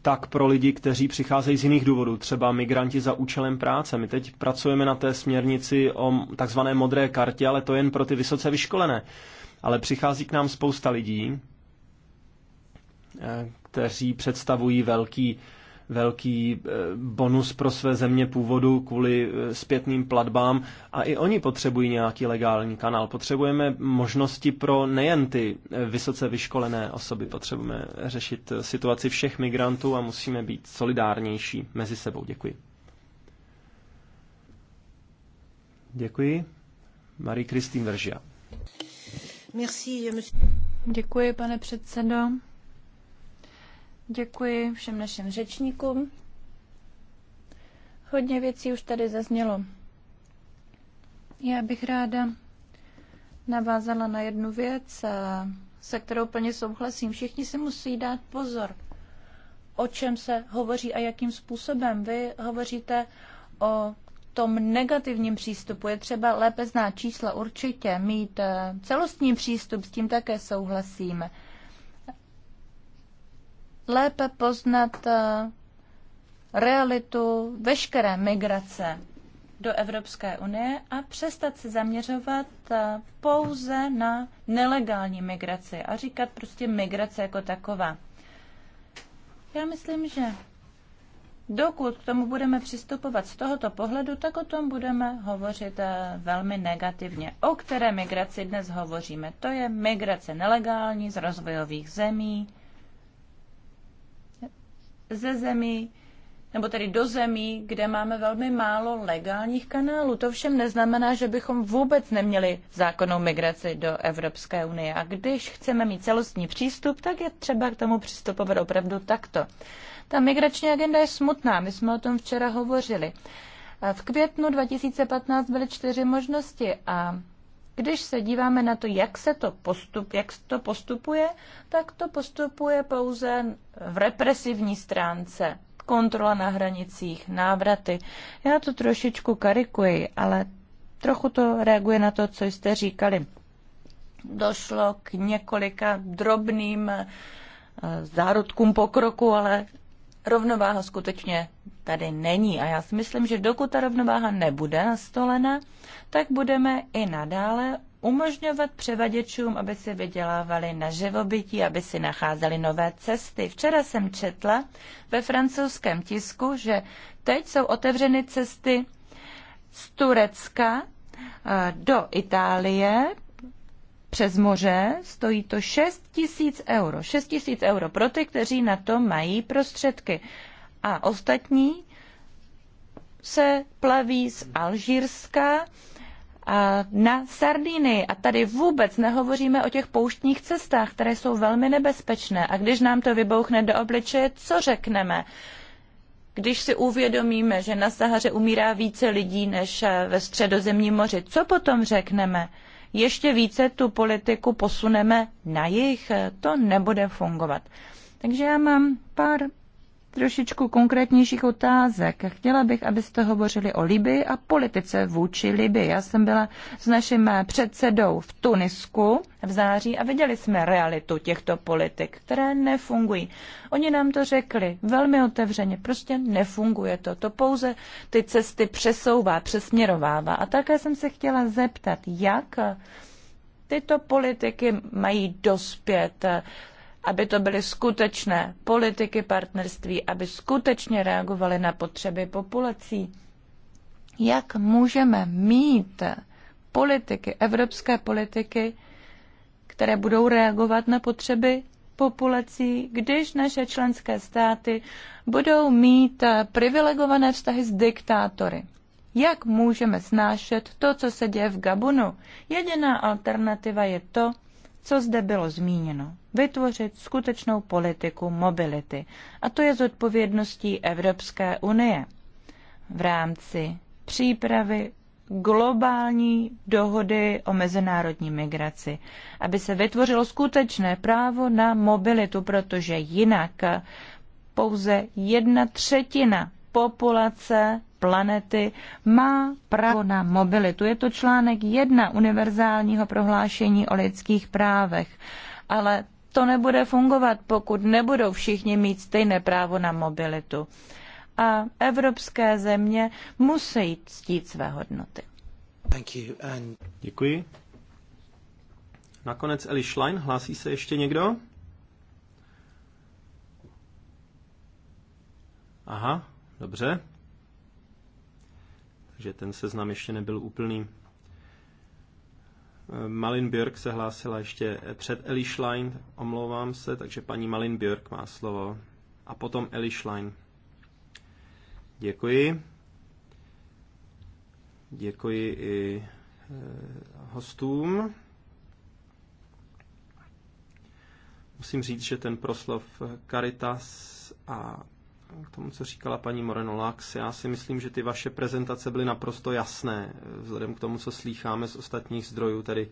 tak pro lidi, kteří přicházejí z jiných důvodů, třeba migranti za účelem práce. My teď pracujeme na té směrnici o takzvané modré kartě, ale to jen pro ty vysoce vyškolené. Ale přichází k nám spousta lidí, eh, kteří představují velký velký eh, bonus pro své země původu kvůli eh, zpětným platbám a i oni potřebují nějaký legální kanál. Potřebujeme možnosti pro nejen ty eh, vysoce vyškolené osoby, potřebujeme řešit situaci všech migrantů a musíme být solidárnější mezi sebou. Děkuji. Děkuji. Marie-Christine Veržia. Děkuji, pane předsedo. Děkuji všem našim řečníkům. Hodně věcí už tady zaznělo. Já bych ráda navázala na jednu věc, se kterou plně souhlasím. Všichni si musí dát pozor, o čem se hovoří a jakým způsobem. Vy hovoříte o tom negativním přístupu. Je třeba lépe znát čísla určitě, mít eh, celostní přístup, s tím také souhlasím lépe poznat eh, realitu veškeré migrace do Evropské unie a přestat se zaměřovat eh, pouze na nelegální migraci a říkat prostě migrace jako taková. Já myslím, že dokud k tomu budeme přistupovat z tohoto pohledu, tak o tom budeme hovořit eh, velmi negativně. O které migraci dnes hovoříme? To je migrace nelegální z rozvojových zemí, ze zemí, nebo tedy do zemí, kde máme velmi málo legálních kanálů. To všem neznamená, že bychom vůbec neměli zákonnou migraci do Evropské unie. A když chceme mít celostní přístup, tak je třeba k tomu přistupovat opravdu takto. Ta migrační agenda je smutná, my jsme o tom včera hovořili. V květnu 2015 byly čtyři možnosti a když se díváme na to, jak se to, postup, jak to postupuje, tak to postupuje pouze v represivní stránce. Kontrola na hranicích, návraty. Já to trošičku karikuji, ale trochu to reaguje na to, co jste říkali. Došlo k několika drobným eh, zárodkům pokroku, ale rovnováha skutečně tady není. A já si myslím, že dokud ta rovnováha nebude nastolena, tak budeme i nadále umožňovat převaděčům, aby si vydělávali na živobytí, aby si nacházeli nové cesty. Včera jsem četla ve francouzském tisku, že teď jsou otevřeny cesty z Turecka eh, do Itálie přes moře, stojí to 6 tisíc euro. 6 tisíc euro pro ty, kteří na to mají prostředky. A ostatní se plaví z Alžírska na Sardiny. A tady vůbec nehovoříme o těch pouštních cestách, které jsou velmi nebezpečné. A když nám to vybouchne do obličeje, co řekneme? Když si uvědomíme, že na Sahaře umírá více lidí než ve středozemním moři, co potom řekneme? ještě více tu politiku posuneme na jich, to nebude fungovat. Takže já mám pár trošičku konkrétnějších otázek. Chtěla bych, abyste hovořili o Libii a politice vůči Libii. Já jsem byla s naším předsedou v Tunisku v září a viděli jsme realitu těchto politik, které nefungují. Oni nám to řekli velmi otevřeně, prostě nefunguje to. To pouze ty cesty přesouvá, přesměrovává. A také jsem se chtěla zeptat, jak tyto politiky mají dospět aby to byly skutečné politiky partnerství, aby skutečně reagovaly na potřeby populací. Jak můžeme mít politiky, evropské politiky, které budou reagovat na potřeby populací, když naše členské státy budou mít privilegované vztahy s diktátory. Jak můžeme snášet to, co se děje v Gabonu? Jediná alternativa je to, co zde bylo zmíněno vytvořit skutečnou politiku mobility. A to je zodpovědností Evropské unie v rámci přípravy globální dohody o mezinárodní migraci, aby se vytvořilo skutečné právo na mobilitu, protože jinak pouze jedna třetina populace planety má právo na mobilitu. Je to článek jedna univerzálního prohlášení o lidských právech. Ale to nebude fungovat, pokud nebudou všichni mít stejné právo na mobilitu. A evropské země musí ctít své hodnoty. And... Děkuji. Nakonec Eli Schlein, hlásí se ještě někdo? Aha, dobře. Takže ten seznam ještě nebyl úplný. Malin Björk se hlásila ještě před Eli Schlein, omlouvám se, takže paní Malin Björk má slovo. A potom Eli Schlein. Děkuji. Děkuji i eh, hostům. Musím říct, že ten proslov Caritas a k tomu, co říkala paní Moreno Lax, já si myslím, že ty vaše prezentace byly naprosto jasné, vzhledem k tomu, co slýcháme z ostatních zdrojů, tedy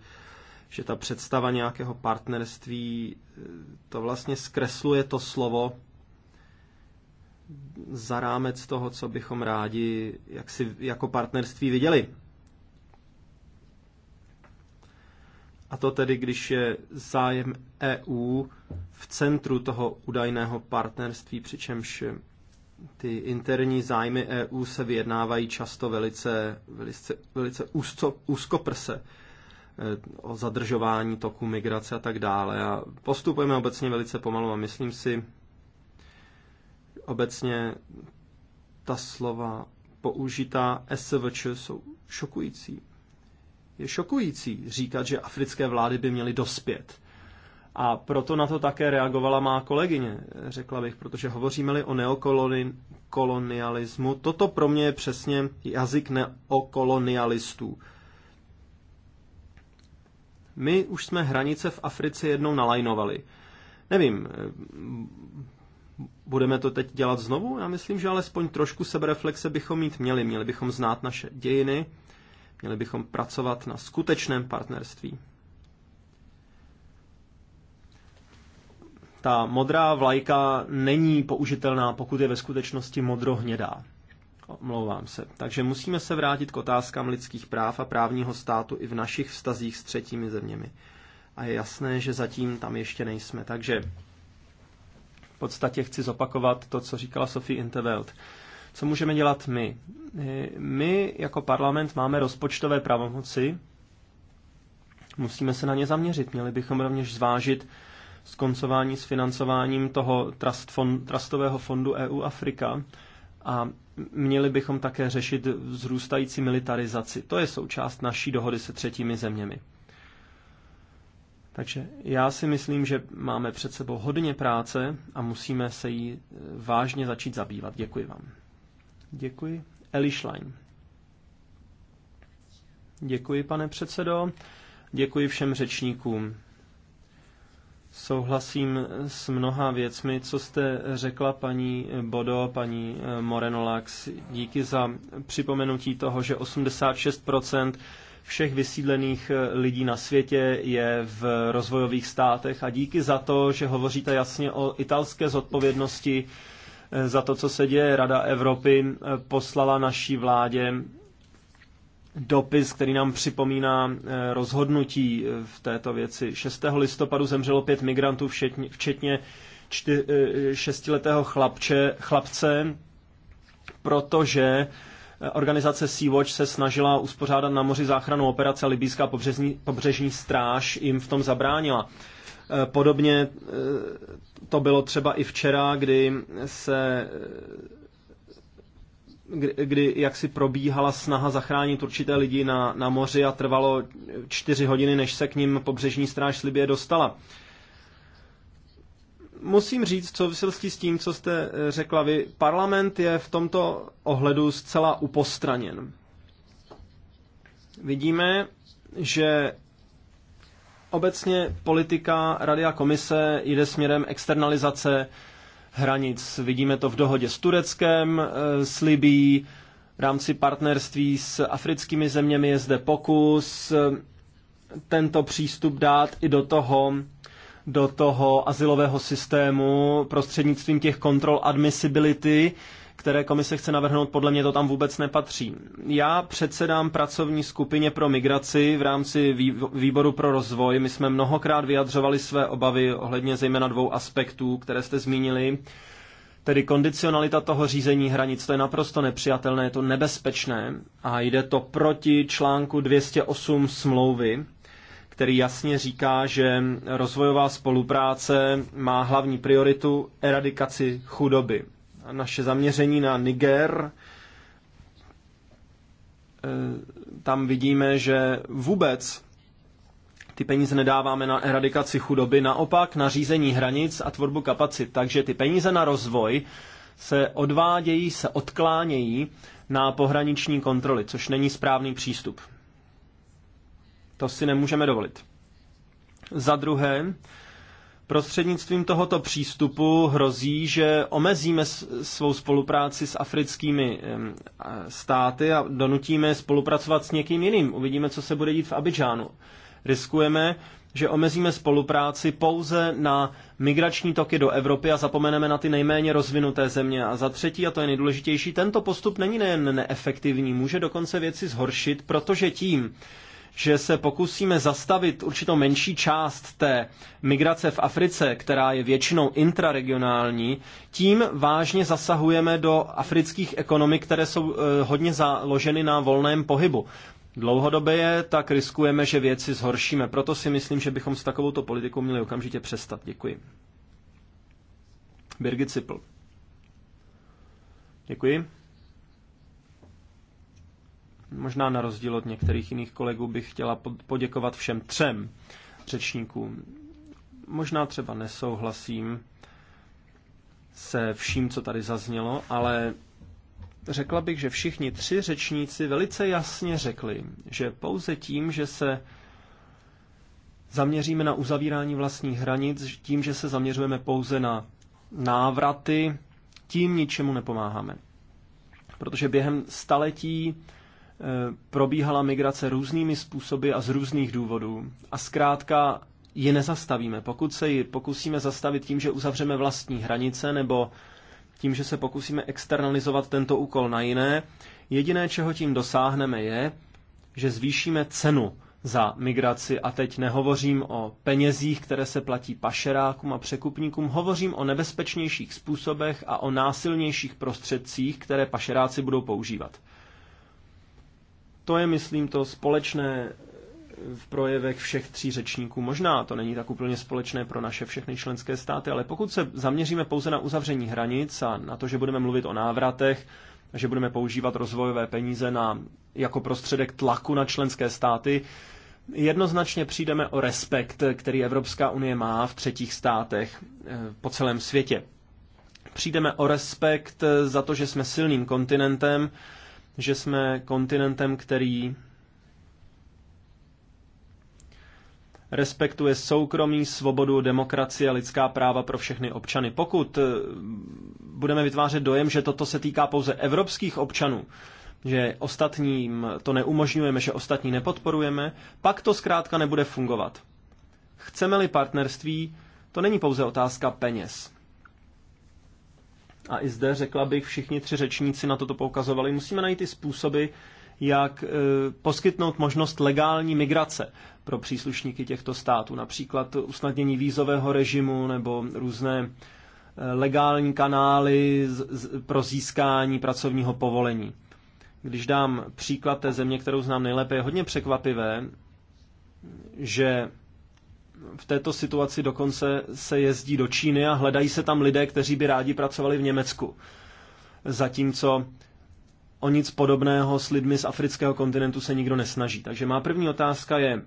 že ta představa nějakého partnerství, to vlastně zkresluje to slovo za rámec toho, co bychom rádi jak si, jako partnerství viděli. A to tedy, když je zájem EU v centru toho údajného partnerství, přičemž ty interní zájmy EU se vyjednávají často velice, velice, velice úzco, úzkoprse eh, o zadržování toku migrace a tak dále. A postupujeme obecně velice pomalu a myslím si, obecně ta slova použitá SVČ jsou šokující. Je šokující říkat, že africké vlády by měly dospět a proto na to také reagovala má kolegyně, řekla bych, protože hovoříme-li o neokolonialismu, toto pro mě je přesně jazyk neokolonialistů. My už jsme hranice v Africe jednou nalajnovali. Nevím, budeme to teď dělat znovu? Já myslím, že alespoň trošku sebereflexe bychom mít měli. Měli bychom znát naše dějiny, měli bychom pracovat na skutečném partnerství. ta modrá vlajka není použitelná, pokud je ve skutečnosti modrohnědá. Omlouvám se. Takže musíme se vrátit k otázkám lidských práv a právního státu i v našich vztazích s třetími zeměmi. A je jasné, že zatím tam ještě nejsme. Takže v podstatě chci zopakovat to, co říkala Sophie Intervelt. Co můžeme dělat my? My jako parlament máme rozpočtové pravomoci, musíme se na ně zaměřit. Měli bychom rovněž zvážit, skoncování s financováním toho trust fond, trustového fondu EU Afrika a měli bychom také řešit vzrůstající militarizaci. To je součást naší dohody se třetími zeměmi. Takže já si myslím, že máme před sebou hodně práce a musíme se jí eh, vážně začít zabývat. Děkuji vám. Děkuji. Eli Schlein. Děkuji, pane předsedo. Děkuji všem řečníkům. Souhlasím s mnoha věcmi, co jste řekla paní Bodo, paní eh, Morenolax. Díky za připomenutí toho, že 86% všech vysídlených eh, lidí na světě je v rozvojových státech a díky za to, že hovoříte jasně o italské zodpovědnosti eh, za to, co se děje. Rada Evropy poslala naší vládě dopis, který nám připomíná eh, rozhodnutí eh, v této věci. 6. listopadu zemřelo pět migrantů, včetně, čty, eh, šestiletého chlapče, chlapce, protože organizace Sea-Watch se snažila uspořádat na moři záchranu operace Libýská pobřežní, pobřežní stráž jim v tom zabránila. Podobně to bylo třeba i včera, kdy se kdy jak si probíhala snaha zachránit určité lidi na, na moři a trvalo čtyři hodiny, než se k ním pobřežní stráž z Libie dostala. Musím říct co souvislosti s tím, co jste eh, řekla vy, parlament je v tomto ohledu zcela upostraněn. Vidíme, že obecně politika Rady a komise jde směrem externalizace hranic. Vidíme to v dohodě s Tureckem, e, s Libií, v rámci partnerství s africkými zeměmi je zde pokus e, tento přístup dát i do toho, do toho asilového systému prostřednictvím těch kontrol admissibility, které komise chce navrhnout, podle mě to tam vůbec nepatří. Já předsedám pracovní skupině pro migraci v rámci výboru pro rozvoj. My jsme mnohokrát vyjadřovali své obavy ohledně zejména dvou aspektů, které jste zmínili. Tedy kondicionalita toho řízení hranic, to je naprosto nepřijatelné, je to nebezpečné a jde to proti článku 208 smlouvy, který jasně říká, že rozvojová spolupráce má hlavní prioritu eradikaci chudoby naše zaměření na Niger, eh, tam vidíme, že vůbec ty peníze nedáváme na eradikaci chudoby, naopak na řízení hranic a tvorbu kapacit. Takže ty peníze na rozvoj se odvádějí, se odklánějí na pohraniční kontroly, což není správný přístup. To si nemůžeme dovolit. Za druhé, Prostřednictvím tohoto přístupu hrozí, že omezíme svou spolupráci s africkými státy a donutíme spolupracovat s někým jiným. Uvidíme, co se bude dít v Abidžánu. Riskujeme, že omezíme spolupráci pouze na migrační toky do Evropy a zapomeneme na ty nejméně rozvinuté země. A za třetí, a to je nejdůležitější, tento postup není nejen neefektivní, může dokonce věci zhoršit, protože tím, že se pokusíme zastavit určitou menší část té migrace v Africe, která je většinou intraregionální, tím vážně zasahujeme do afrických ekonomik, které jsou eh, hodně založeny na volném pohybu. Dlouhodobě tak riskujeme, že věci zhoršíme. Proto si myslím, že bychom s takovouto politikou měli okamžitě přestat. Děkuji. Birgit Cipl. Děkuji. Možná na rozdíl od některých jiných kolegů bych chtěla poděkovat všem třem řečníkům. Možná třeba nesouhlasím se vším, co tady zaznělo, ale řekla bych, že všichni tři řečníci velice jasně řekli, že pouze tím, že se zaměříme na uzavírání vlastních hranic, tím, že se zaměřujeme pouze na návraty, tím ničemu nepomáháme. Protože během staletí probíhala migrace různými způsoby a z různých důvodů. A zkrátka ji nezastavíme. Pokud se ji pokusíme zastavit tím, že uzavřeme vlastní hranice nebo tím, že se pokusíme externalizovat tento úkol na jiné, jediné, čeho tím dosáhneme, je, že zvýšíme cenu za migraci. A teď nehovořím o penězích, které se platí pašerákům a překupníkům, hovořím o nebezpečnějších způsobech a o násilnějších prostředcích, které pašeráci budou používat. To je, myslím, to společné eh, v projevech všech tří řečníků. Možná to není tak úplně společné pro naše všechny členské státy, ale pokud se zaměříme pouze na uzavření hranic a na to, že budeme mluvit o návratech, že budeme používat rozvojové peníze na, jako prostředek tlaku na členské státy, jednoznačně přijdeme o respekt, který Evropská unie má v třetích státech eh, po celém světě. Přijdeme o respekt eh, za to, že jsme silným kontinentem, že jsme kontinentem, který respektuje soukromí, svobodu, demokracii a lidská práva pro všechny občany. Pokud eh, budeme vytvářet dojem, že toto se týká pouze evropských občanů, že ostatním to neumožňujeme, že ostatní nepodporujeme, pak to zkrátka nebude fungovat. Chceme-li partnerství, to není pouze otázka peněz a i zde řekla bych, všichni tři řečníci na toto poukazovali, musíme najít i způsoby, jak e, poskytnout možnost legální migrace pro příslušníky těchto států, například usnadnění vízového režimu nebo různé e, legální kanály pro získání pracovního povolení. Když dám příklad té země, kterou znám nejlépe, je hodně překvapivé, že v této situaci dokonce se jezdí do Číny a hledají se tam lidé, kteří by rádi pracovali v Německu. Zatímco o nic podobného s lidmi z afrického kontinentu se nikdo nesnaží. Takže má první otázka je,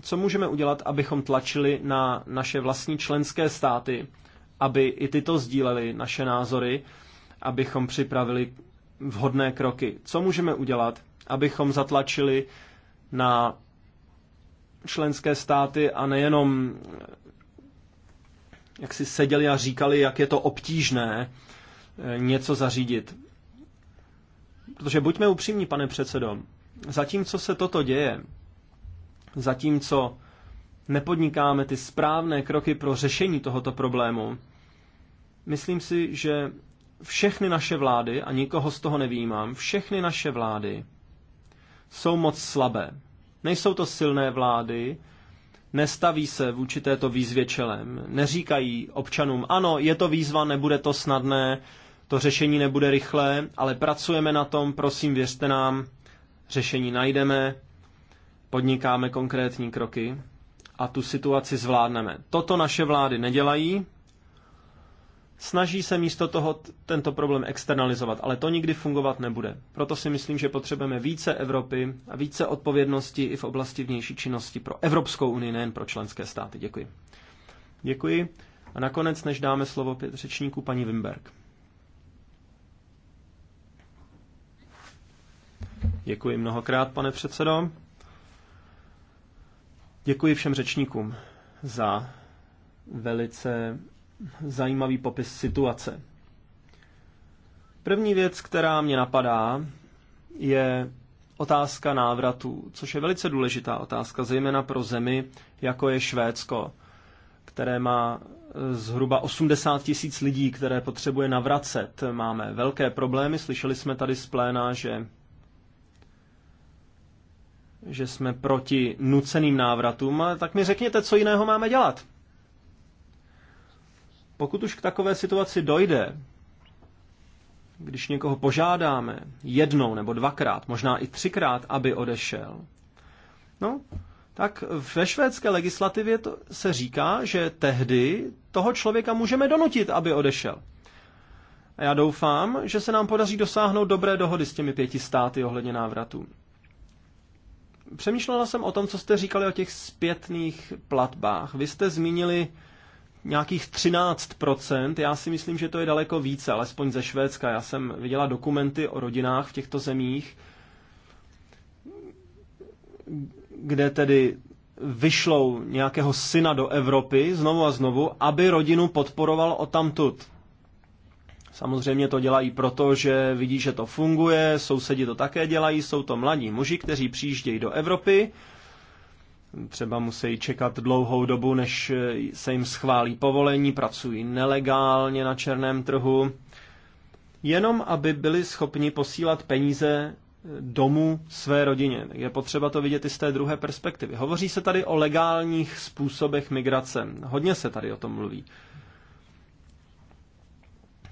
co můžeme udělat, abychom tlačili na naše vlastní členské státy, aby i tyto sdíleli naše názory, abychom připravili vhodné kroky. Co můžeme udělat, abychom zatlačili na členské státy a nejenom jak si seděli a říkali, jak je to obtížné eh, něco zařídit. Protože buďme upřímní, pane předsedo, zatímco se toto děje, zatímco nepodnikáme ty správné kroky pro řešení tohoto problému, myslím si, že všechny naše vlády, a nikoho z toho nevímám, všechny naše vlády jsou moc slabé. Nejsou to silné vlády, nestaví se vůči této výzvě čelem, neříkají občanům, ano, je to výzva, nebude to snadné, to řešení nebude rychlé, ale pracujeme na tom, prosím, věřte nám, řešení najdeme, podnikáme konkrétní kroky a tu situaci zvládneme. Toto naše vlády nedělají, snaží se místo toho tento problém externalizovat, ale to nikdy fungovat nebude. Proto si myslím, že potřebujeme více Evropy a více odpovědnosti i v oblasti vnější činnosti pro Evropskou unii, nejen pro členské státy. Děkuji. Děkuji. A nakonec, než dáme slovo pět řečníků, paní Wimberg. Děkuji mnohokrát, pane předsedo. Děkuji všem řečníkům za velice zajímavý popis situace. První věc, která mě napadá, je otázka návratu, což je velice důležitá otázka, zejména pro zemi, jako je Švédsko, které má eh, zhruba 80 tisíc lidí, které potřebuje navracet. Máme velké problémy, slyšeli jsme tady z pléna, že že jsme proti nuceným návratům, tak mi řekněte, co jiného máme dělat. Pokud už k takové situaci dojde, když někoho požádáme jednou nebo dvakrát, možná i třikrát, aby odešel, no, tak ve švédské legislativě to se říká, že tehdy toho člověka můžeme donutit, aby odešel. A já doufám, že se nám podaří dosáhnout dobré dohody s těmi pěti státy ohledně návratu. Přemýšlela jsem o tom, co jste říkali o těch zpětných platbách. Vy jste zmínili nějakých 13%. Já si myslím, že to je daleko více, alespoň ze Švédska. Já jsem viděla dokumenty o rodinách v těchto zemích, kde tedy vyšlou nějakého syna do Evropy znovu a znovu, aby rodinu podporoval o tamtud. Samozřejmě to dělají proto, že vidí, že to funguje, sousedi to také dělají, jsou to mladí muži, kteří přijíždějí do Evropy, třeba musí čekat dlouhou dobu, než eh, se jim schválí povolení, pracují nelegálně na černém trhu, jenom aby byli schopni posílat peníze eh, domů své rodině. Tak je potřeba to vidět i z té druhé perspektivy. Hovoří se tady o legálních způsobech migrace. Hodně se tady o tom mluví.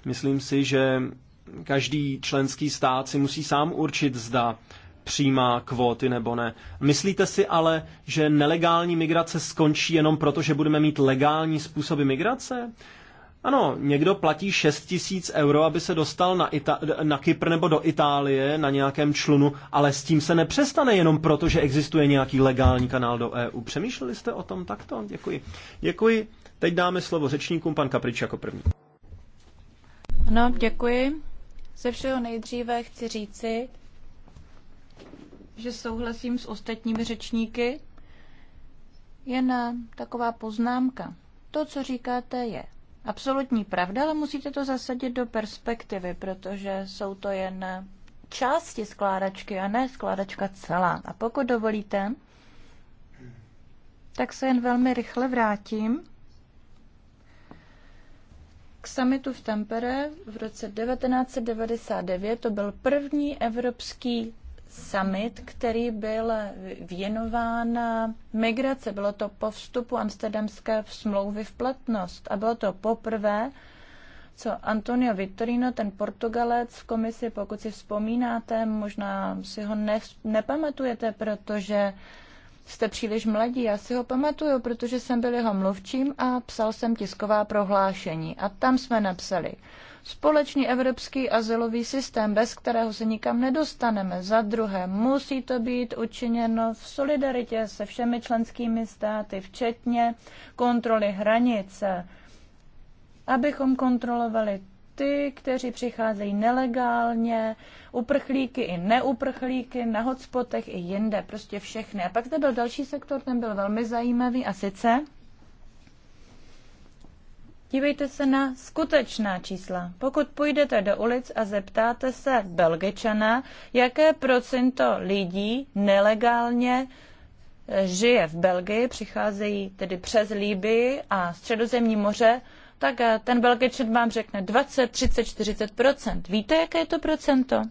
Myslím si, že každý členský stát si musí sám určit, zda přijímá kvóty nebo ne. Myslíte si ale, že nelegální migrace skončí jenom proto, že budeme mít legální způsoby migrace? Ano, někdo platí 6 tisíc euro, aby se dostal na, Ita- na Kypr nebo do Itálie na nějakém člunu, ale s tím se nepřestane jenom proto, že existuje nějaký legální kanál do EU. Přemýšleli jste o tom takto? Děkuji. Děkuji. Teď dáme slovo řečníkům, pan Kaprič jako první. No, děkuji. Ze všeho nejdříve chci říci, že souhlasím s ostatními řečníky. Jen taková poznámka. To, co říkáte, je absolutní pravda, ale musíte to zasadit do perspektivy, protože jsou to jen části skládačky a ne skládačka celá. A pokud dovolíte, tak se jen velmi rychle vrátím k summitu v Tampere v roce 1999. To byl první evropský summit, který byl věnován migraci. Bylo to po vstupu amsterdamské smlouvy v platnost a bylo to poprvé, co Antonio Vittorino, ten Portugalec v komisi, pokud si vzpomínáte, možná si ho ne, nepamatujete, protože jste příliš mladí. Já si ho pamatuju, protože jsem byl jeho mluvčím a psal jsem tisková prohlášení. A tam jsme napsali, společný evropský azylový systém, bez kterého se nikam nedostaneme. Za druhé, musí to být učiněno v solidaritě se všemi členskými státy, včetně kontroly hranice, abychom kontrolovali ty, kteří přicházejí nelegálně, uprchlíky i neuprchlíky, na hotspotech i jinde, prostě všechny. A pak zde byl další sektor, ten byl velmi zajímavý a sice Dívejte se na skutečná čísla. Pokud půjdete do ulic a zeptáte se Belgičana, jaké procento lidí nelegálně eh, žije v Belgii, přicházejí tedy přes Líbii a středozemní moře, tak eh, ten Belgičan vám řekne 20, 30, 40 Víte, jaké je to procento?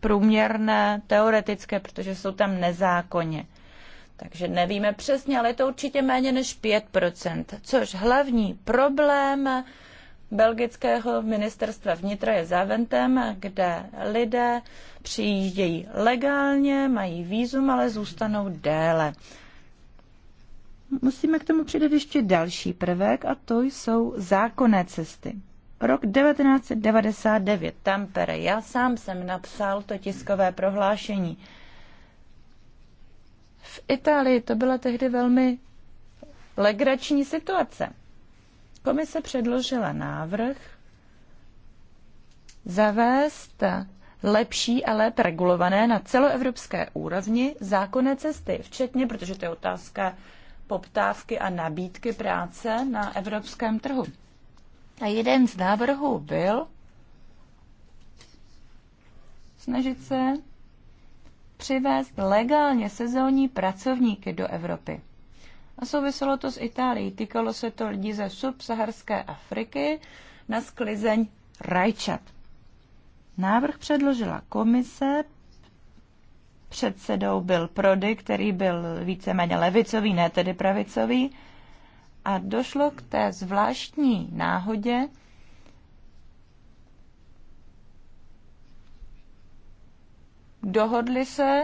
Průměrné, teoretické, protože jsou tam nezákonně takže nevíme přesně, ale je to určitě méně než 5%, což hlavní problém belgického ministerstva vnitra je Zaventem, kde lidé přijíždějí legálně, mají výzum, ale zůstanou déle. Musíme k tomu přidat ještě další prvek a to jsou zákonné cesty. Rok 1999, Tampere. Já sám jsem napsal to tiskové prohlášení v Itálii to byla tehdy velmi legrační situace. Komise předložila návrh zavést lepší a lépe regulované na celoevropské úrovni zákonné cesty, včetně, protože to je otázka poptávky a nabídky práce na evropském trhu. A jeden z návrhů byl snažit se přivést legálně sezónní pracovníky do Evropy. A souviselo to s Itálií. Týkalo se to lidí ze subsaharské Afriky na sklizeň rajčat. Návrh předložila komise, předsedou byl Prody, který byl víceméně levicový, ne tedy pravicový, a došlo k té zvláštní náhodě, Dohodly se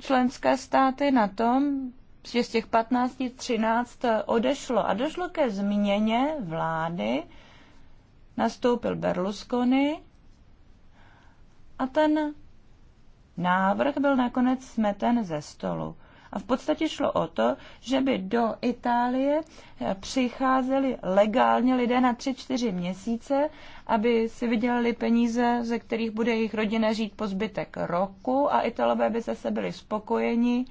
členské státy na tom, že z těch 15 13 eh, odešlo a došlo ke změně vlády. Nastoupil Berlusconi a ten návrh byl nakonec smeten ze stolu. A v podstatě šlo o to, že by do Itálie eh, přicházeli legálně lidé na 3-4 měsíce, aby si vydělali peníze, ze kterých bude jejich rodina žít po zbytek roku a Italové by zase byli spokojeni.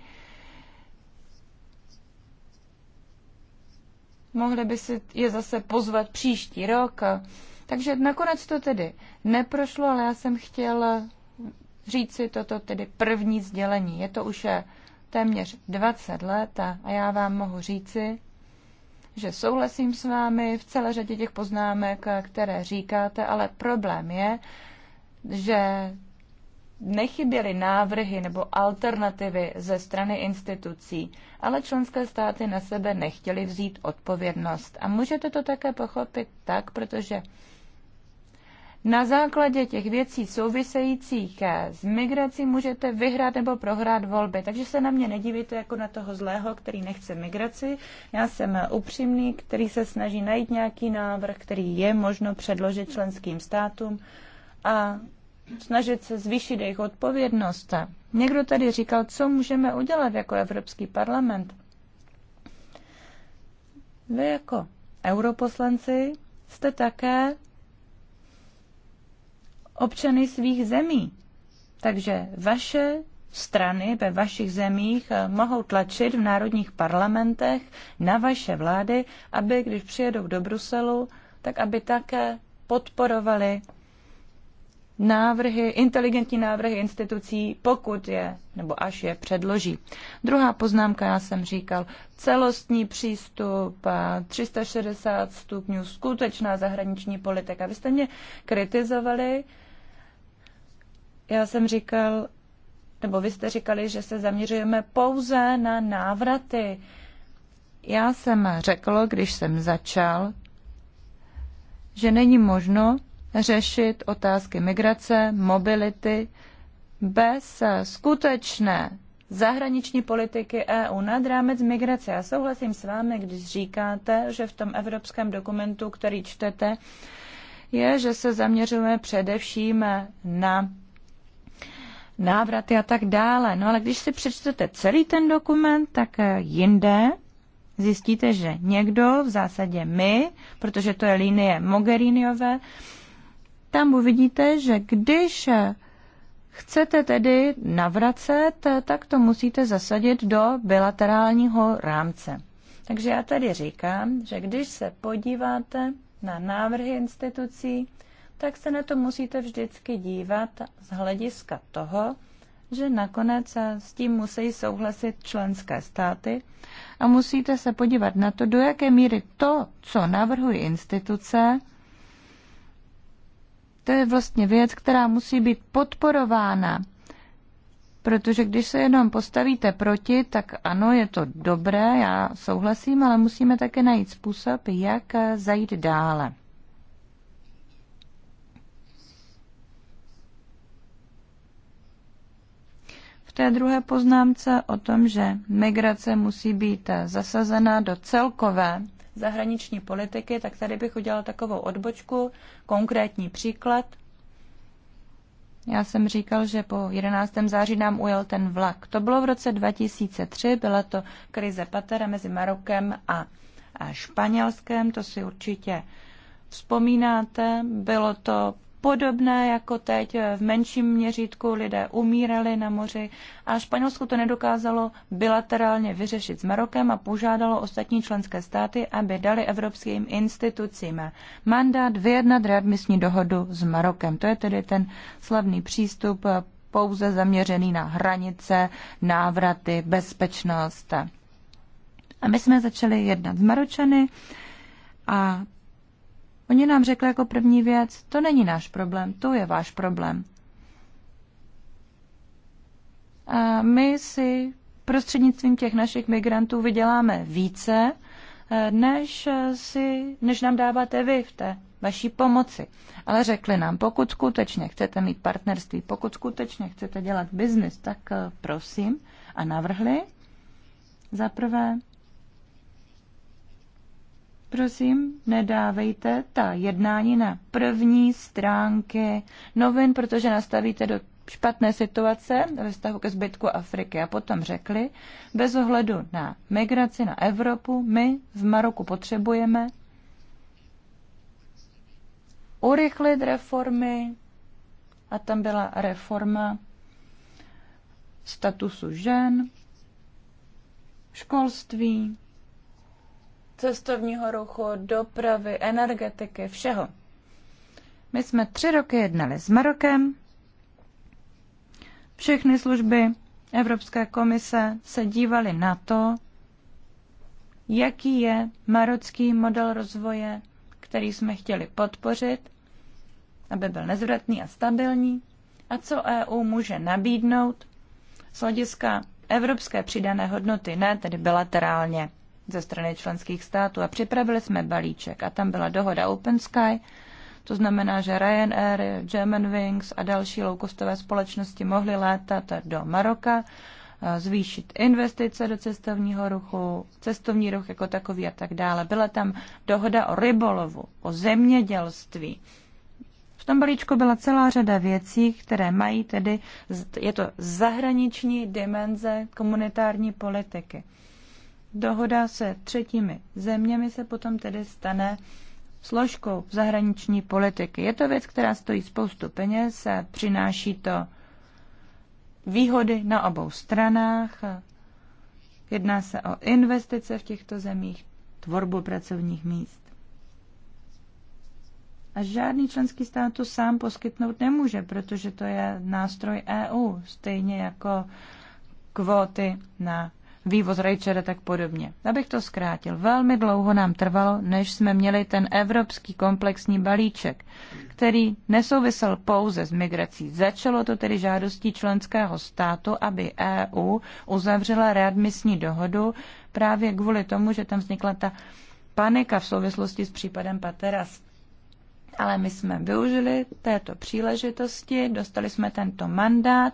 Mohli by si je zase pozvat příští rok. Takže nakonec to tedy neprošlo, ale já jsem chtěl říct si toto tedy první sdělení. Je to už eh, téměř 20 let a já vám mohu říci, že souhlasím s vámi v celé řadě těch poznámek, které říkáte, ale problém je, že nechyběly návrhy nebo alternativy ze strany institucí, ale členské státy na sebe nechtěly vzít odpovědnost. A můžete to také pochopit tak, protože na základě těch věcí souvisejících eh, s migrací můžete vyhrát nebo prohrát volby. Takže se na mě nedívejte jako na toho zlého, který nechce migraci. Já jsem upřímný, který se snaží najít nějaký návrh, který je možno předložit členským státům a snažit se zvýšit jejich odpovědnost. Někdo tady říkal, co můžeme udělat jako Evropský parlament. Vy jako europoslanci jste také občany svých zemí. Takže vaše strany ve vašich zemích eh, mohou tlačit v národních parlamentech na vaše vlády, aby když přijedou do Bruselu, tak aby také podporovali návrhy, inteligentní návrhy institucí, pokud je nebo až je předloží. Druhá poznámka, já jsem říkal, celostní přístup, 360 eh, stupňů, skutečná zahraniční politika. Vy jste mě kritizovali já jsem říkal, nebo vy jste říkali, že se zaměřujeme pouze na návraty. Já jsem řekl, když jsem začal, že není možno řešit otázky migrace, mobility bez skutečné zahraniční politiky EU nad rámec migrace. Já souhlasím s vámi, když říkáte, že v tom evropském dokumentu, který čtete, je, že se zaměřujeme především na návraty a tak dále. No ale když si přečtete celý ten dokument, tak eh, jinde zjistíte, že někdo, v zásadě my, protože to je linie Mogheriniové, tam uvidíte, že když eh, chcete tedy navracet, eh, tak to musíte zasadit do bilaterálního rámce. Takže já tady říkám, že když se podíváte na návrhy institucí, tak se na to musíte vždycky dívat z hlediska toho, že nakonec s tím musí souhlasit členské státy a musíte se podívat na to, do jaké míry to, co navrhují instituce, to je vlastně věc, která musí být podporována. Protože když se jenom postavíte proti, tak ano, je to dobré, já souhlasím, ale musíme také najít způsob, jak zajít dále. té druhé poznámce o tom, že migrace musí být zasazena do celkové zahraniční politiky, tak tady bych udělala takovou odbočku, konkrétní příklad. Já jsem říkal, že po 11. září nám ujel ten vlak. To bylo v roce 2003, byla to krize patera mezi Marokem a Španělskem, to si určitě vzpomínáte. Bylo to podobné jako teď. V menším měřítku lidé umírali na moři a Španělsko to nedokázalo bilaterálně vyřešit s Marokem a požádalo ostatní členské státy, aby dali evropským institucím mandát vyjednat readmisní dohodu s Marokem. To je tedy ten slavný přístup pouze zaměřený na hranice, návraty, bezpečnost. A my jsme začali jednat s Maročany a Oni nám řekli jako první věc, to není náš problém, to je váš problém. A my si prostřednictvím těch našich migrantů vyděláme více, eh, než, si, než nám dáváte vy v té vaší pomoci. Ale řekli nám, pokud skutečně chcete mít partnerství, pokud skutečně chcete dělat biznis, tak eh, prosím. A navrhli za prvé prosím, nedávejte ta jednání na první stránky novin, protože nastavíte do špatné situace ve vztahu ke zbytku Afriky. A potom řekli, bez ohledu na migraci na Evropu, my v Maroku potřebujeme urychlit reformy a tam byla reforma statusu žen, školství, cestovního ruchu, dopravy, energetiky, všeho. My jsme tři roky jednali s Marokem. Všechny služby Evropské komise se dívaly na to, jaký je marocký model rozvoje, který jsme chtěli podpořit, aby byl nezvratný a stabilní, a co EU může nabídnout z hlediska evropské přidané hodnoty, ne tedy bilaterálně ze strany členských států a připravili jsme balíček a tam byla dohoda Open Sky, to znamená, že Ryanair, Germanwings a další loukostové společnosti mohly létat do Maroka, zvýšit investice do cestovního ruchu, cestovní ruch jako takový a tak dále. Byla tam dohoda o rybolovu, o zemědělství. V tom balíčku byla celá řada věcí, které mají tedy, je to zahraniční dimenze komunitární politiky. Dohoda se třetími zeměmi se potom tedy stane složkou zahraniční politiky. Je to věc, která stojí spoustu peněz a přináší to výhody na obou stranách. Jedná se o investice v těchto zemích, tvorbu pracovních míst. A žádný členský stát to sám poskytnout nemůže, protože to je nástroj EU, stejně jako kvóty na vývoz a tak podobně. Abych to zkrátil, velmi dlouho nám trvalo, než jsme měli ten evropský komplexní balíček, který nesouvisel pouze s migrací. Začalo to tedy žádostí členského státu, aby EU uzavřela readmisní dohodu právě kvůli tomu, že tam vznikla ta panika v souvislosti s případem Pateras. Ale my jsme využili této příležitosti, dostali jsme tento mandát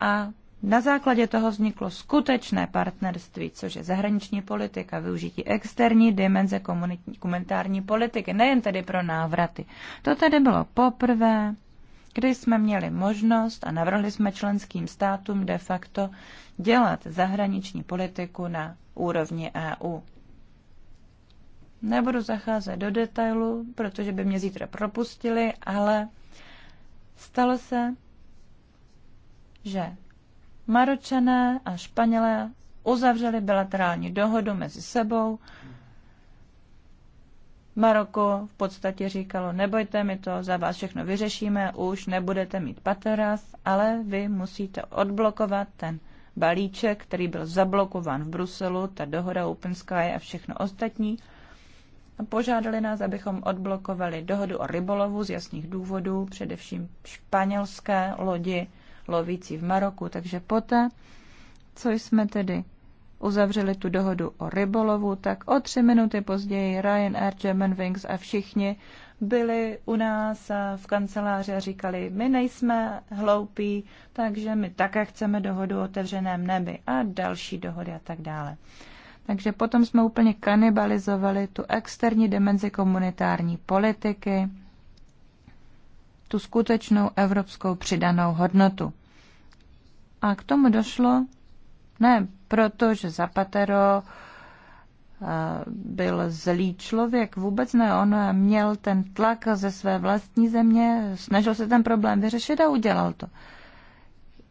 a na základě toho vzniklo skutečné partnerství, což je zahraniční politika, využití externí dimenze komunitární politiky, nejen tedy pro návraty. To tedy bylo poprvé, kdy jsme měli možnost a navrhli jsme členským státům de facto dělat zahraniční politiku na úrovni EU. Nebudu zacházet do detailu, protože by mě zítra propustili, ale stalo se, že Maročané a Španělé uzavřeli bilaterální dohodu mezi sebou. Maroko v podstatě říkalo, nebojte, mi to za vás všechno vyřešíme, už nebudete mít pateras, ale vy musíte odblokovat ten balíček, který byl zablokován v Bruselu, ta dohoda Open Sky a všechno ostatní. A požádali nás, abychom odblokovali dohodu o rybolovu z jasných důvodů, především španělské lodi, lovící v Maroku. Takže poté, co jsme tedy uzavřeli tu dohodu o rybolovu, tak o tři minuty později Ryanair, Germanwings a všichni byli u nás v kanceláři a říkali, my nejsme hloupí, takže my také chceme dohodu o otevřeném nebi a další dohody a tak dále. Takže potom jsme úplně kanibalizovali tu externí dimenzi komunitární politiky tu skutečnou evropskou přidanou hodnotu. A k tomu došlo ne proto, že Zapatero eh, byl zlý člověk, vůbec ne, on měl ten tlak ze své vlastní země, snažil se ten problém vyřešit a udělal to.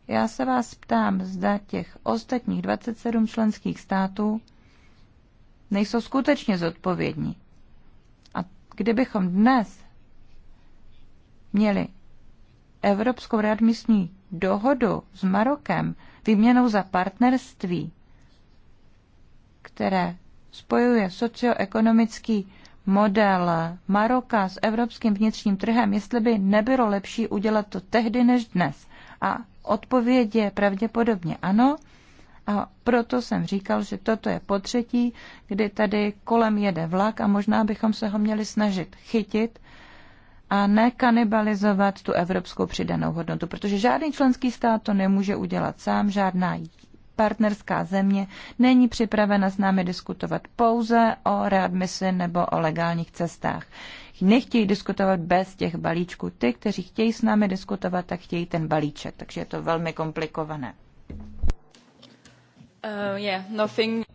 Já se vás ptám, zda těch ostatních 27 členských států nejsou skutečně zodpovědní. A kdybychom dnes měli Evropskou readmisní dohodu s Marokem výměnou za partnerství, které spojuje socioekonomický model Maroka s evropským vnitřním trhem, jestli by nebylo lepší udělat to tehdy než dnes. A odpověď je pravděpodobně ano. A proto jsem říkal, že toto je potřetí, kdy tady kolem jede vlak a možná bychom se ho měli snažit chytit a nekanibalizovat tu evropskou přidanou hodnotu, protože žádný členský stát to nemůže udělat sám, žádná partnerská země není připravena s námi diskutovat pouze o readmisi nebo o legálních cestách. Nechtějí diskutovat bez těch balíčků. Ty, kteří chtějí s námi diskutovat, tak chtějí ten balíček, takže je to velmi komplikované. Uh, yeah, nothing.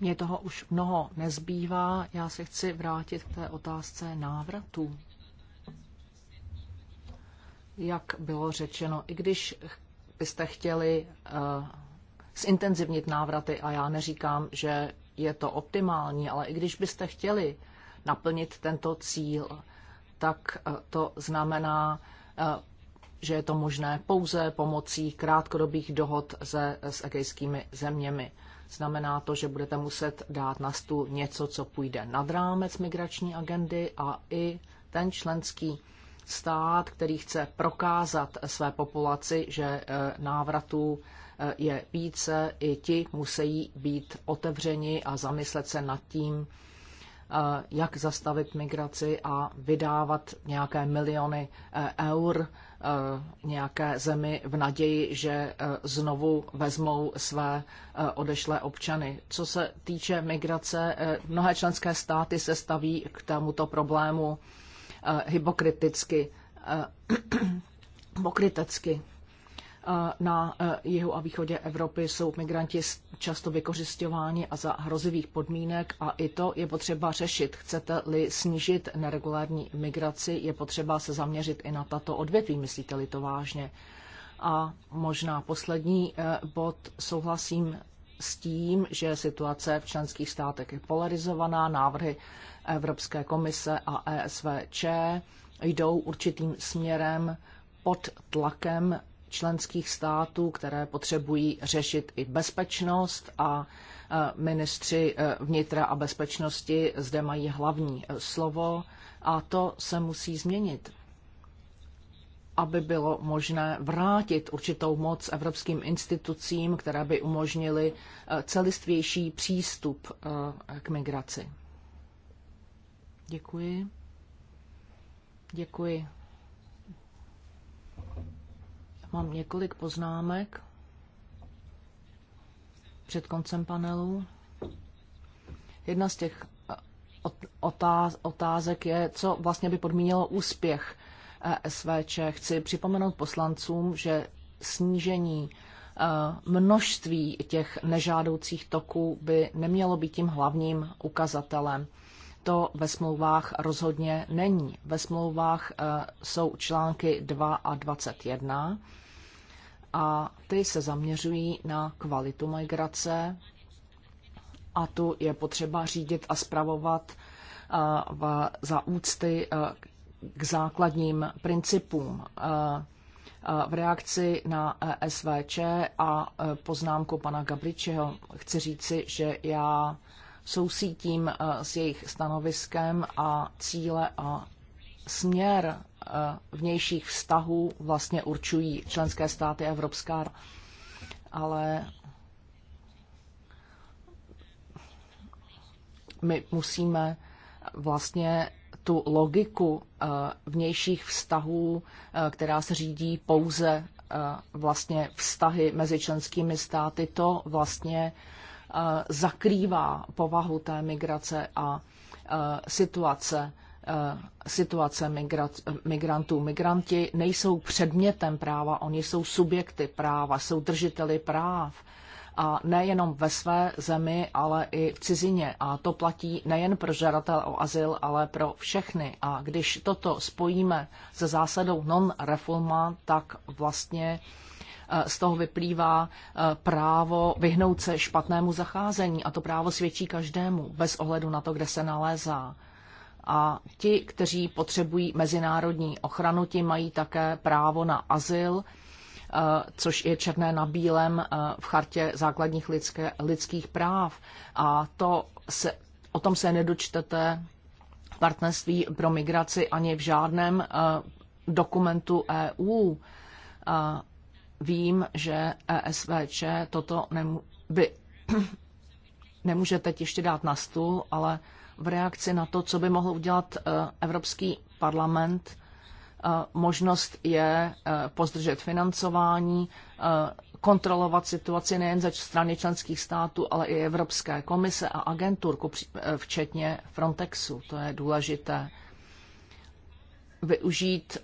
Mně toho už mnoho nezbývá. Já se chci vrátit k té otázce návratu. Jak bylo řečeno, i když byste chtěli uh, zintenzivnit návraty, a já neříkám, že je to optimální, ale i když byste chtěli naplnit tento cíl, tak uh, to znamená uh, že je to možné pouze pomocí krátkodobých dohod se, s egejskými zeměmi. Znamená to, že budete muset dát na stůl něco, co půjde nad rámec migrační agendy a i ten členský stát, který chce prokázat své populaci, že e, návratů e, je více, i ti musí být otevřeni a zamyslet se nad tím, e, jak zastavit migraci a vydávat nějaké miliony eur Eh, nějaké zemi v naději, že eh, znovu vezmou své eh, odešlé občany. Co se týče migrace, mnohé členské státy se staví k tomuto problému hypokriticky. Pokrytecky na e, jihu a východě Evropy jsou migranti často vykořišťováni a za hrozivých podmínek a i to je potřeba řešit. Chcete-li snížit neregulární migraci, je potřeba se zaměřit i na tato odvětví, myslíte-li to vážně. A možná poslední e, bod, souhlasím s tím, že situace v členských státech je polarizovaná, návrhy Evropské komise a ESVČ jdou určitým směrem pod tlakem členských států, které potřebují řešit i bezpečnost a e, ministři e, vnitra a bezpečnosti zde mají hlavní e, slovo a to se musí změnit aby bylo možné vrátit určitou moc evropským institucím, které by umožnily celistvější přístup k migraci. Děkuji. Děkuji Mám několik poznámek před koncem panelu. Jedna z těch eh, otázek je, co vlastně by podmínilo úspěch eh, SVČ. Chci připomenout poslancům, že snížení eh, množství těch nežádoucích toků by nemělo být tím hlavním ukazatelem. To ve smlouvách rozhodně není. Ve smlouvách jsou články 2 a 21 a ty se zaměřují na kvalitu migrace a tu je potřeba řídit a spravovat eh, za úcty eh, k základním principům. Eh, v reakci na SVČ a poznámku pana Gabričeho chci říci, že já sousítím s jejich stanoviskem a cíle a směr eh, vnějších vztahů vlastně určují členské státy Evropská, ale my musíme vlastně tu logiku eh, vnějších vztahů, eh, která se řídí pouze vlastně vztahy mezi členskými státy, to vlastně zakrývá povahu té migrace a situace Eh, situace migrat, migrantů. Migranti nejsou předmětem práva, oni jsou subjekty práva, jsou držiteli práv. A nejenom ve své zemi, ale i v cizině. A to platí nejen pro žadatel o azyl, ale pro všechny. A když toto spojíme se zásadou non-reforma, tak vlastně eh, z toho vyplývá eh, právo vyhnout se špatnému zacházení. A to právo svědčí každému, bez ohledu na to, kde se nalézá a ti, kteří potřebují mezinárodní ochranu, ti mají také právo na azyl, eh, což je černé na bílém eh, v chartě základních lidské, lidských práv. A to se, o tom se nedočtete partnerství pro migraci ani v žádném eh, dokumentu EU. Vím, že ESVČ toto nemů- by nemůže teď ještě dát na stůl, ale v reakci na to, co by mohl udělat eh, Evropský parlament. Eh, možnost je eh, pozdržet financování, kontrolovat situaci nejen ze strany členských států, ale i Evropské komise a agentur, včetně Frontexu. To je důležité. Využít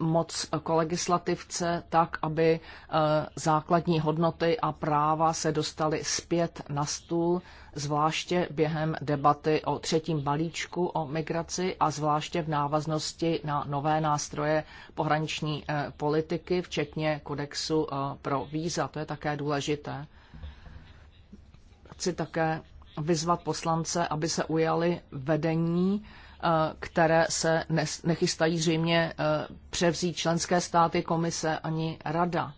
moc kolegislativce tak, aby eh, základní hodnoty a práva se dostaly zpět na stůl, zvláště během debaty o třetím balíčku o migraci a zvláště v návaznosti na nové nástroje pohraniční eh, politiky, včetně kodexu eh, pro víza. To je také důležité. Chci také vyzvat poslance, aby se ujali vedení které se nechystají zřejmě převzít členské státy, komise ani rada.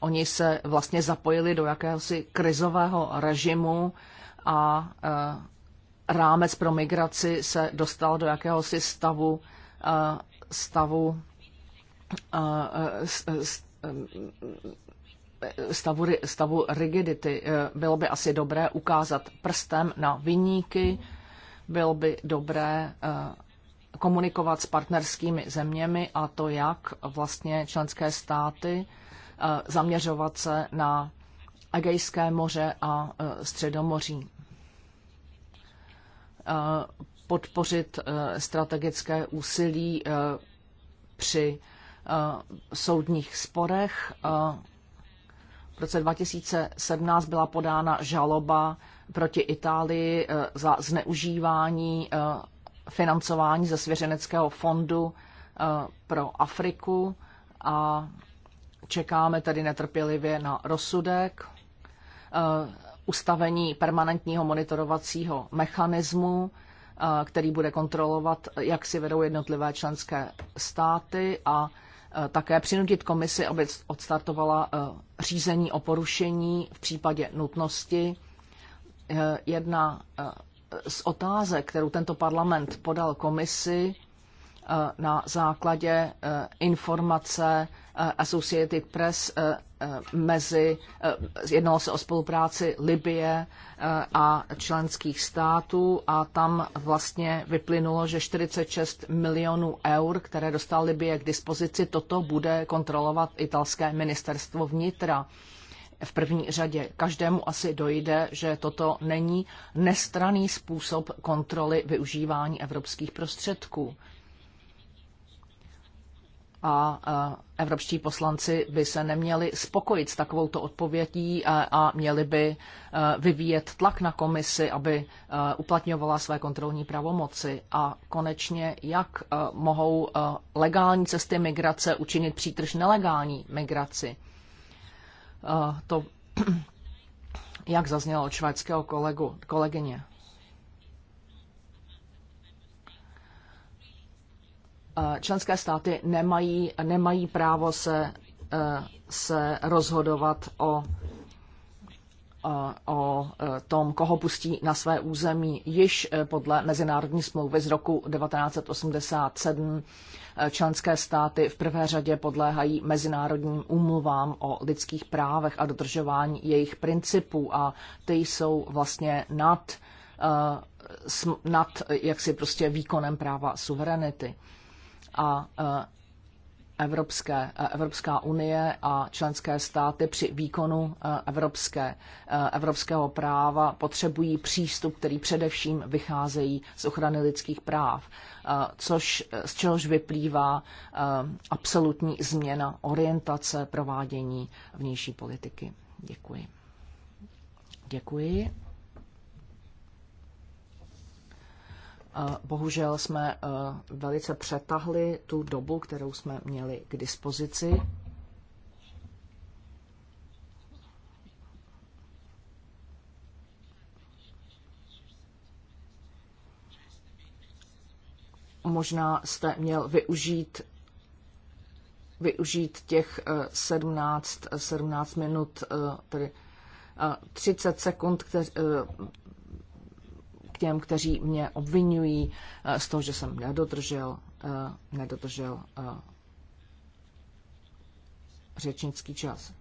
Oni se vlastně zapojili do jakéhosi krizového režimu a rámec pro migraci se dostal do jakéhosi stavu, stavu, stavu, stavu rigidity. Bylo by asi dobré ukázat prstem na vyníky, bylo by dobré eh, komunikovat s partnerskými zeměmi a to, jak vlastně členské státy eh, zaměřovat se na Egejské moře a eh, Středomoří. Podpořit strategické úsilí při soudních sporech. V roce 2017 byla podána žaloba proti Itálii eh, za zneužívání eh, financování ze svěřeneckého fondu eh, pro Afriku a čekáme tedy netrpělivě na rozsudek ustavení permanentního monitorovacího mechanismu, který bude kontrolovat, jak si vedou jednotlivé členské státy a také přinutit komisi, aby odstartovala řízení o porušení v případě nutnosti Eh, jedna eh, z otázek, kterou tento parlament podal komisi eh, na základě informace Associated Press mezi, jednalo se o spolupráci Libie a členských států a tam vlastně vyplynulo, že 46 milionů eur, které dostal Libie k dispozici, toto bude kontrolovat italské ministerstvo vnitra v první řadě každému asi dojde, že toto není nestraný způsob kontroly využívání evropských prostředků. A evropští poslanci by se neměli spokojit s takovouto odpovědí a měli by e, vyvíjet tlak na komisi, aby e, uplatňovala své kontrolní pravomoci. A konečně, jak e, mohou legální cesty migrace učinit přítrž nelegální migraci? to, jak zaznělo od švédského kolegu, kolegyně. Členské státy nemají, nemají právo se, eh, se rozhodovat o o e, tom, koho pustí na své území již e, podle mezinárodní smlouvy z roku 1987. E, členské státy v prvé řadě podléhají mezinárodním úmluvám o lidských právech a dodržování jejich principů a ty jsou vlastně nad, nad jaksi prostě výkonem práva suverenity. A Evropské, eh, Evropská unie a členské státy při výkonu eh, evropské, eh, evropského práva potřebují přístup, který především vycházejí z ochrany lidských práv, což, z čehož vyplývá absolutní změna orientace provádění vnější politiky. Děkuji. Děkuji. Bohužel jsme eh, velice přetahli tu dobu, kterou jsme měli k dispozici. Možná jste měl využít využít těch 17, eh, 17 eh, minut, tedy 30 sekund, těm, kteří mě obvinují eh, z toho, že jsem nedodržel, eh, nedodržel eh, řečnický čas.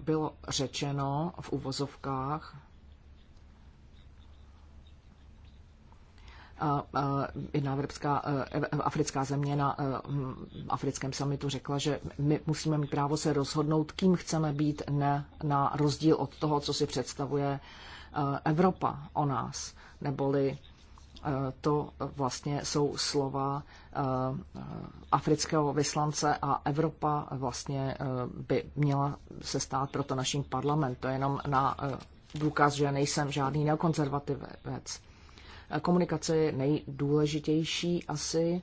Bylo řečeno v uvozovkách, jedna evropská, africká země na africkém samitu řekla, že my musíme mít právo se rozhodnout, kým chceme být, ne na rozdíl od toho, co si představuje Evropa o nás neboli eh, to vlastně jsou slova eh, afrického vyslance a Evropa vlastně eh, by měla se stát proto naším parlament. To je jenom na důkaz, že nejsem žádný neokonzervativec. Komunikace je nejdůležitější asi.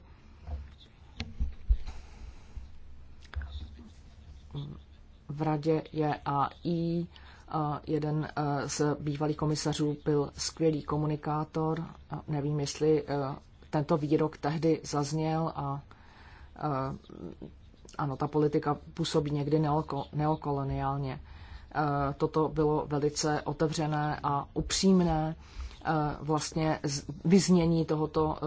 V radě je AI, a jeden eh, z bývalých komisařů byl skvělý komunikátor. A nevím, jestli eh, tento výrok tehdy zazněl a eh, ano, ta politika působí někdy neoko, neokoloniálně. Toto bylo velice otevřené a upřímné vlastně vyznění tohoto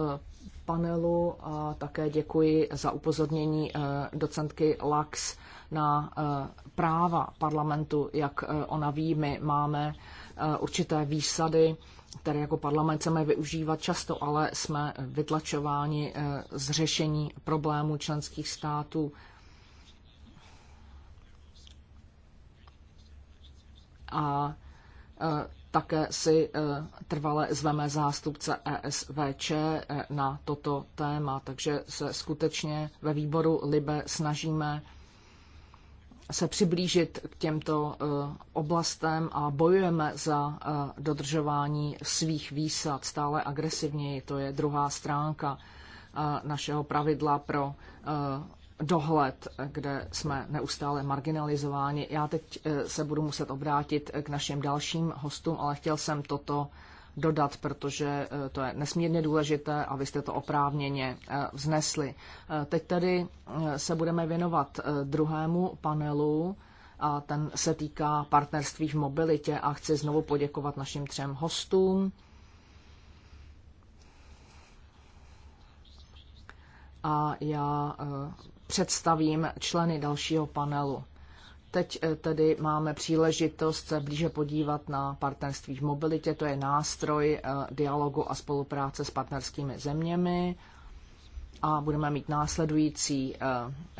panelu a také děkuji za upozornění docentky Lax na eh, práva parlamentu. Jak eh, ona ví, my máme eh, určité výsady, které jako parlament chceme využívat často, ale jsme vytlačováni z řešení problémů členských států. A také si trvale zveme zástupce ESVČ na toto téma, takže se skutečně ve výboru LIBE snažíme se přiblížit k těmto eh, oblastem a bojujeme za eh, dodržování svých výsad stále agresivněji. To je druhá stránka eh, našeho pravidla pro dohled, kde jsme neustále marginalizováni. Já teď se budu muset obrátit k našim dalším hostům, ale chtěl jsem toto dodat, protože eh, to je nesmírně důležité a vy jste to oprávněně eh, vznesli. Eh, teď tedy se budeme věnovat druhému panelu a ten se týká partnerství v mobilitě a chci znovu poděkovat našim třem hostům. A já představím členy dalšího panelu. Teď eh, tedy máme příležitost se blíže podívat na partnerství v mobilitě. To je nástroj eh, dialogu a spolupráce s partnerskými zeměmi. A budeme mít následující eh,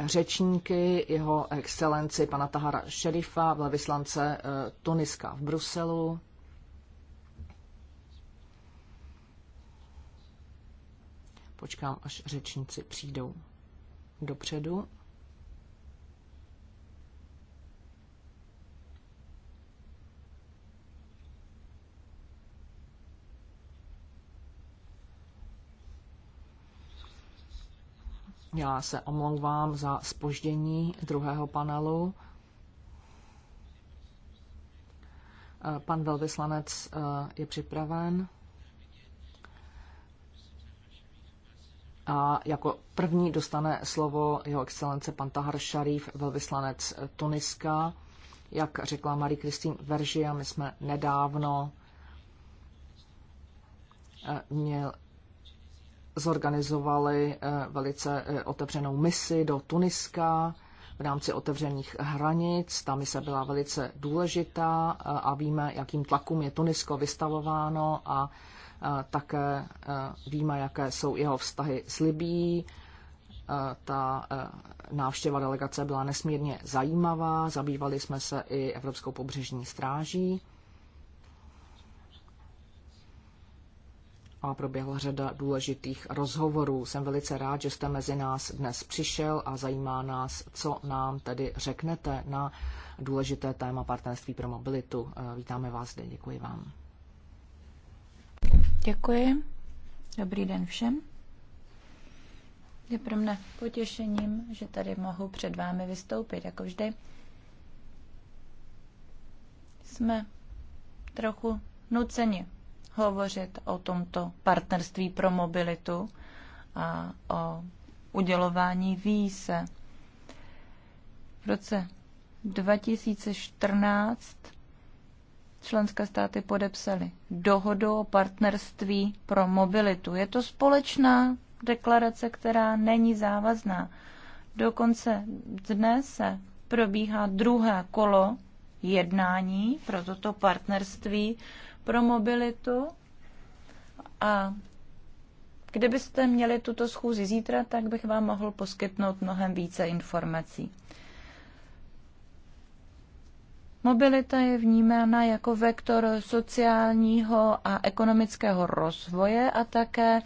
řečníky, jeho excelenci pana Tahara Šerifa, velvyslance Tuniska v Bruselu. Počkám, až řečníci přijdou dopředu. Já se omlouvám za spoždění druhého panelu. Eh, pan velvyslanec eh, je připraven. A jako první dostane slovo jeho excelence pan Tahar Sharif, velvyslanec eh, Tuniska. Jak řekla Marie-Christine Veržia, my jsme nedávno měl, zorganizovali eh, velice eh, otevřenou misi do Tuniska v rámci otevřených hranic. Ta mise byla velice důležitá eh, a víme, jakým tlakům je Tunisko vystavováno a také víme, jaké jsou jeho vztahy s Libí. Ta návštěva delegace byla nesmírně zajímavá, zabývali jsme se i Evropskou pobřežní stráží a proběhla řada důležitých rozhovorů. Jsem velice rád, že jste mezi nás dnes přišel a zajímá nás, co nám tedy řeknete na důležité téma partnerství pro mobilitu. Eh, vítáme vás zde, děkuji vám. Děkuji. Dobrý den všem. Je pro mne potěšením, že tady mohu před vámi vystoupit, jako vždy. Jsme trochu nuceni hovořit o tomto partnerství pro mobilitu a o udělování výse. V roce 2014 členské státy podepsaly dohodu o partnerství pro mobilitu. Je to společná deklarace, která není závazná. Dokonce dnes se probíhá druhé kolo jednání pro toto partnerství pro mobilitu. A kdybyste měli tuto schůzi zítra, tak bych vám mohl poskytnout mnohem více informací. Mobilita je vnímána jako vektor sociálního a ekonomického rozvoje a také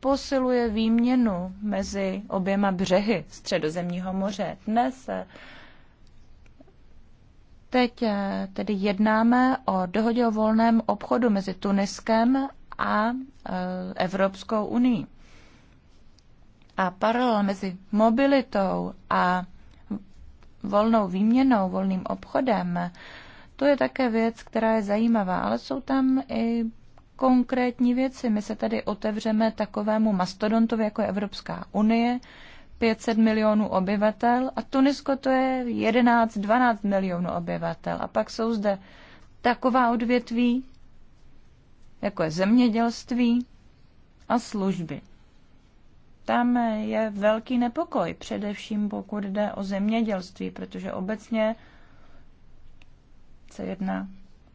posiluje výměnu mezi oběma břehy Středozemního moře. Dnes Teď eh, tedy jednáme o dohodě o volném obchodu mezi Tuniskem a eh, Evropskou unii. A paralel mezi mobilitou a volnou výměnou, volným obchodem, to je také věc, která je zajímavá, ale jsou tam i konkrétní věci. My se tady otevřeme takovému mastodontovi, jako je Evropská unie, 500 milionů obyvatel a Tunisko to je 11-12 milionů obyvatel. A pak jsou zde taková odvětví, jako je zemědělství a služby. Tam je velký nepokoj, především pokud jde o zemědělství, protože obecně se jedná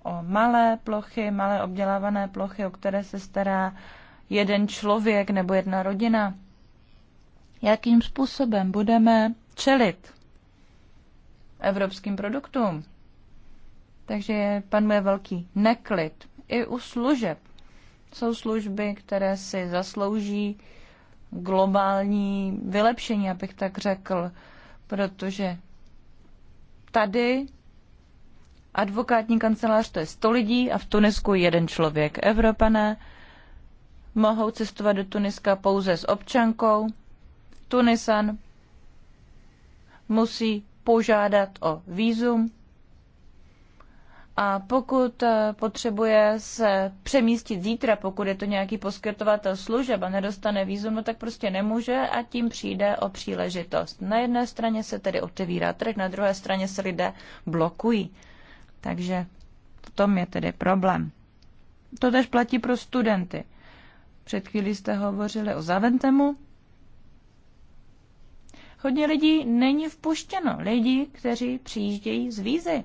o malé plochy, malé obdělávané plochy, o které se stará jeden člověk nebo jedna rodina jakým způsobem budeme čelit evropským produktům. Takže panuje velký neklid i u služeb. Jsou služby, které si zaslouží globální vylepšení, abych tak řekl, protože tady advokátní kancelář to je 100 lidí a v Tunisku jeden člověk. Evropané mohou cestovat do Tuniska pouze s občankou, Tunisan musí požádat o výzum a pokud eh, potřebuje se přemístit zítra, pokud je to nějaký poskytovatel služeb a nedostane výzum, no tak prostě nemůže a tím přijde o příležitost. Na jedné straně se tedy otevírá trh, na druhé straně se lidé blokují. Takže v tom je tedy problém. To tež platí pro studenty. Před chvílí jste hovořili o Zaventemu hodně lidí není vpuštěno. Lidi, kteří přijíždějí z vízy.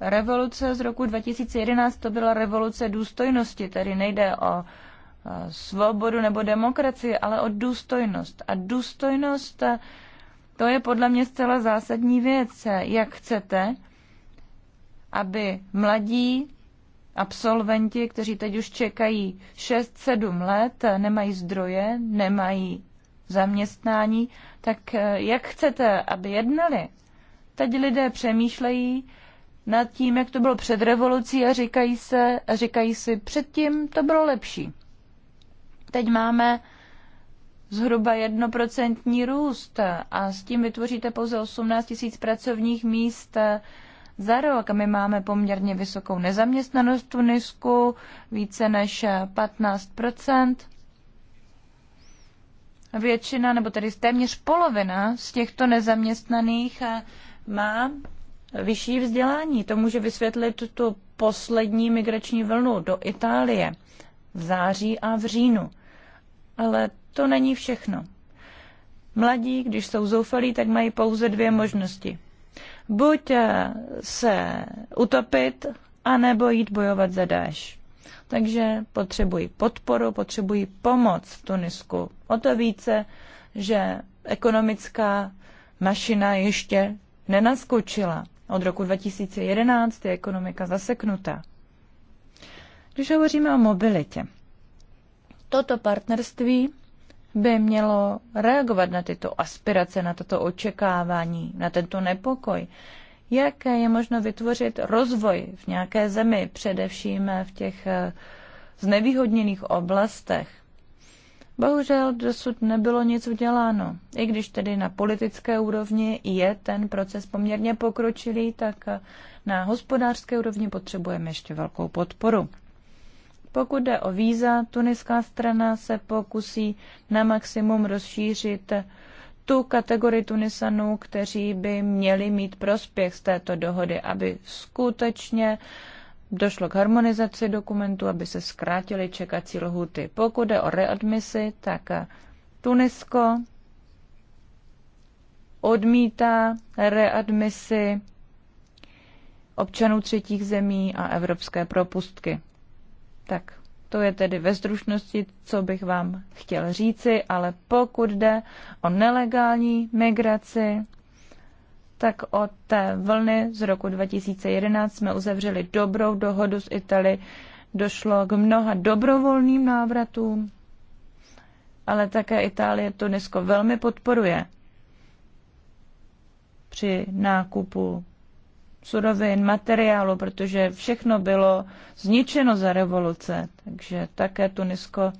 Revoluce z roku 2011 to byla revoluce důstojnosti, tedy nejde o eh, svobodu nebo demokracii, ale o důstojnost. A důstojnost, eh, to je podle mě zcela zásadní věc. Jak chcete, aby mladí absolventi, kteří teď už čekají 6-7 let, nemají zdroje, nemají zaměstnání, tak eh, jak chcete, aby jednali? Teď lidé přemýšlejí nad tím, jak to bylo před revolucí a říkají, se, a říkají si, předtím to bylo lepší. Teď máme zhruba jednoprocentní růst a s tím vytvoříte pouze 18 000 pracovních míst za rok. My máme poměrně vysokou nezaměstnanost v Tunisku, více než 15 Většina, nebo tedy téměř polovina z těchto nezaměstnaných eh, má vyšší vzdělání. To může vysvětlit tu poslední migrační vlnu do Itálie v září a v říjnu. Ale to není všechno. Mladí, když jsou zoufalí, tak mají pouze dvě možnosti buď eh, se utopit, anebo jít bojovat za Daesh. Takže potřebují podporu, potřebují pomoc v Tunisku. O to více, že ekonomická mašina ještě nenaskočila. Od roku 2011 je ekonomika zaseknutá. Když hovoříme o mobilitě, toto partnerství by mělo reagovat na tyto aspirace, na toto očekávání, na tento nepokoj. Jak je možno vytvořit rozvoj v nějaké zemi, především v těch eh, znevýhodněných oblastech? Bohužel dosud nebylo nic uděláno. I když tedy na politické úrovni je ten proces poměrně pokročilý, tak eh, na hospodářské úrovni potřebujeme ještě velkou podporu. Pokud jde o víza, tuniská strana se pokusí na maximum rozšířit tu kategorii Tunisanů, kteří by měli mít prospěch z této dohody, aby skutečně došlo k harmonizaci dokumentů, aby se zkrátily čekací lhuty. Pokud jde o readmisi, tak Tunisko odmítá readmisi občanů třetích zemí a evropské propustky. Tak to je tedy ve stručnosti, co bych vám chtěl říci, ale pokud jde o nelegální migraci, tak od té vlny z roku 2011 jsme uzavřeli dobrou dohodu s Itali. Došlo k mnoha dobrovolným návratům, ale také Itálie Tunisko velmi podporuje při nákupu surovin, materiálu, protože všechno bylo zničeno za revoluce. Takže také Tunisko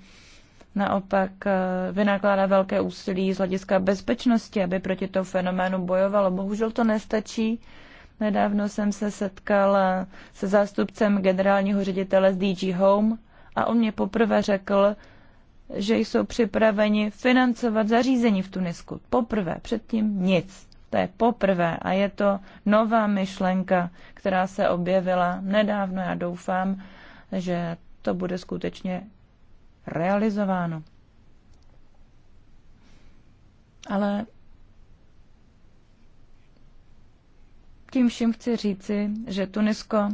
naopak eh, vynakládá velké úsilí z hlediska bezpečnosti, aby proti tomu fenoménu bojovalo. Bohužel to nestačí. Nedávno jsem se setkal eh, se zástupcem generálního ředitele z DG Home a on mě poprvé řekl, že jsou připraveni financovat zařízení v Tunisku. Poprvé, předtím nic. To je poprvé a je to nová myšlenka, která se objevila nedávno. Já doufám, že to bude skutečně realizováno. Ale tím vším chci říci, že Tunisko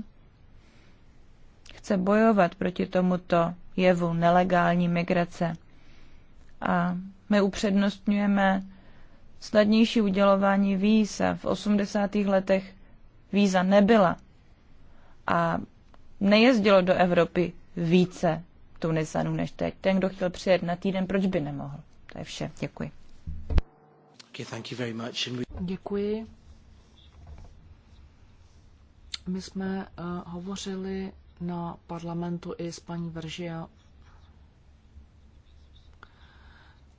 chce bojovat proti tomuto jevu nelegální migrace. A my upřednostňujeme snadnější udělování víz. V 80. letech víza nebyla a nejezdilo do Evropy více Tunisanů než teď. Ten, kdo chtěl přijet na týden, proč by nemohl? To je vše. Děkuji. Děkuji. My jsme uh, hovořili na parlamentu i s paní Veržia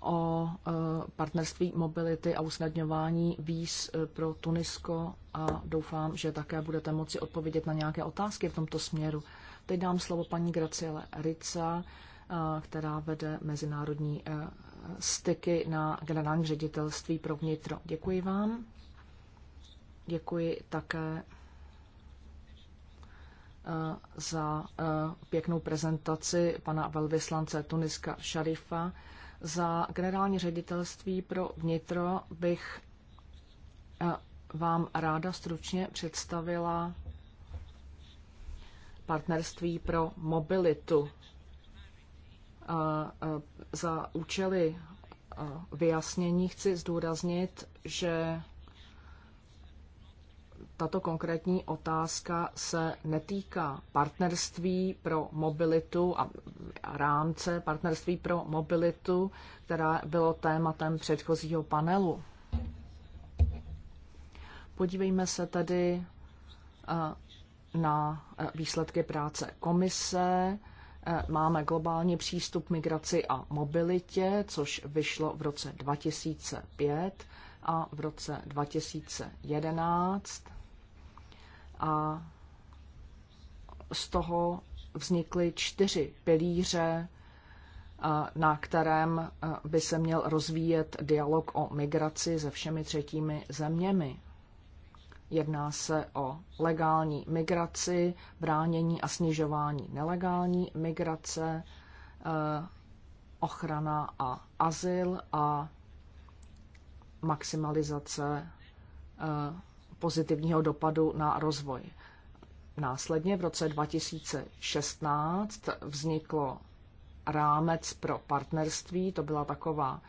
o e, partnerství mobility a usnadňování víz e, pro Tunisko a doufám, že také budete moci odpovědět na nějaké otázky v tomto směru. Teď dám slovo paní Graciele Rica, e, která vede mezinárodní styky na generálním ředitelství pro vnitro. Děkuji vám. Děkuji také za pěknou prezentaci pana velvyslance Tuniska Šarifa. Za generální ředitelství pro vnitro bych eh, vám ráda stručně představila partnerství pro mobilitu. Eh, eh, za účely vyjasnění chci zdůraznit, že tato konkrétní otázka se netýká partnerství pro mobilitu a rámce partnerství pro mobilitu, která bylo tématem předchozího panelu. Podívejme se tedy eh, na eh, výsledky práce komise. Eh, máme globální přístup migraci a mobilitě, což vyšlo v roce 2005 a v roce 2011 a z toho vznikly čtyři pilíře, na kterém by se měl rozvíjet dialog o migraci se všemi třetími zeměmi. Jedná se o legální migraci, bránění a snižování nelegální migrace, ochrana a azyl a maximalizace pozitivního dopadu na rozvoj. Následně v roce 2016 vzniklo rámec pro partnerství, to byla taková eh,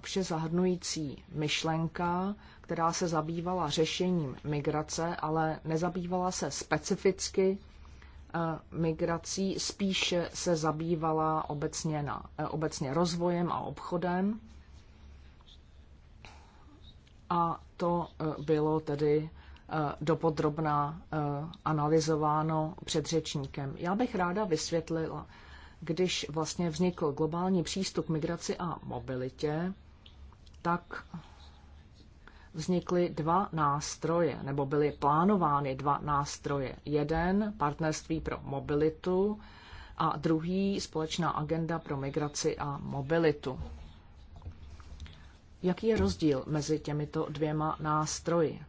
vše zahrnující myšlenka, která se zabývala řešením migrace, ale nezabývala se specificky eh, migrací, spíše se zabývala obecně, na, eh, obecně rozvojem a obchodem. A to eh, bylo tedy eh, dopodrobná eh, analyzováno předřečníkem. Já bych ráda vysvětlila, když vlastně vznikl globální přístup k migraci a mobilitě, tak vznikly dva nástroje, nebo byly plánovány dva nástroje. Jeden partnerství pro mobilitu a druhý společná agenda pro migraci a mobilitu. Jaký je rozdíl mezi těmito dvěma nástroji?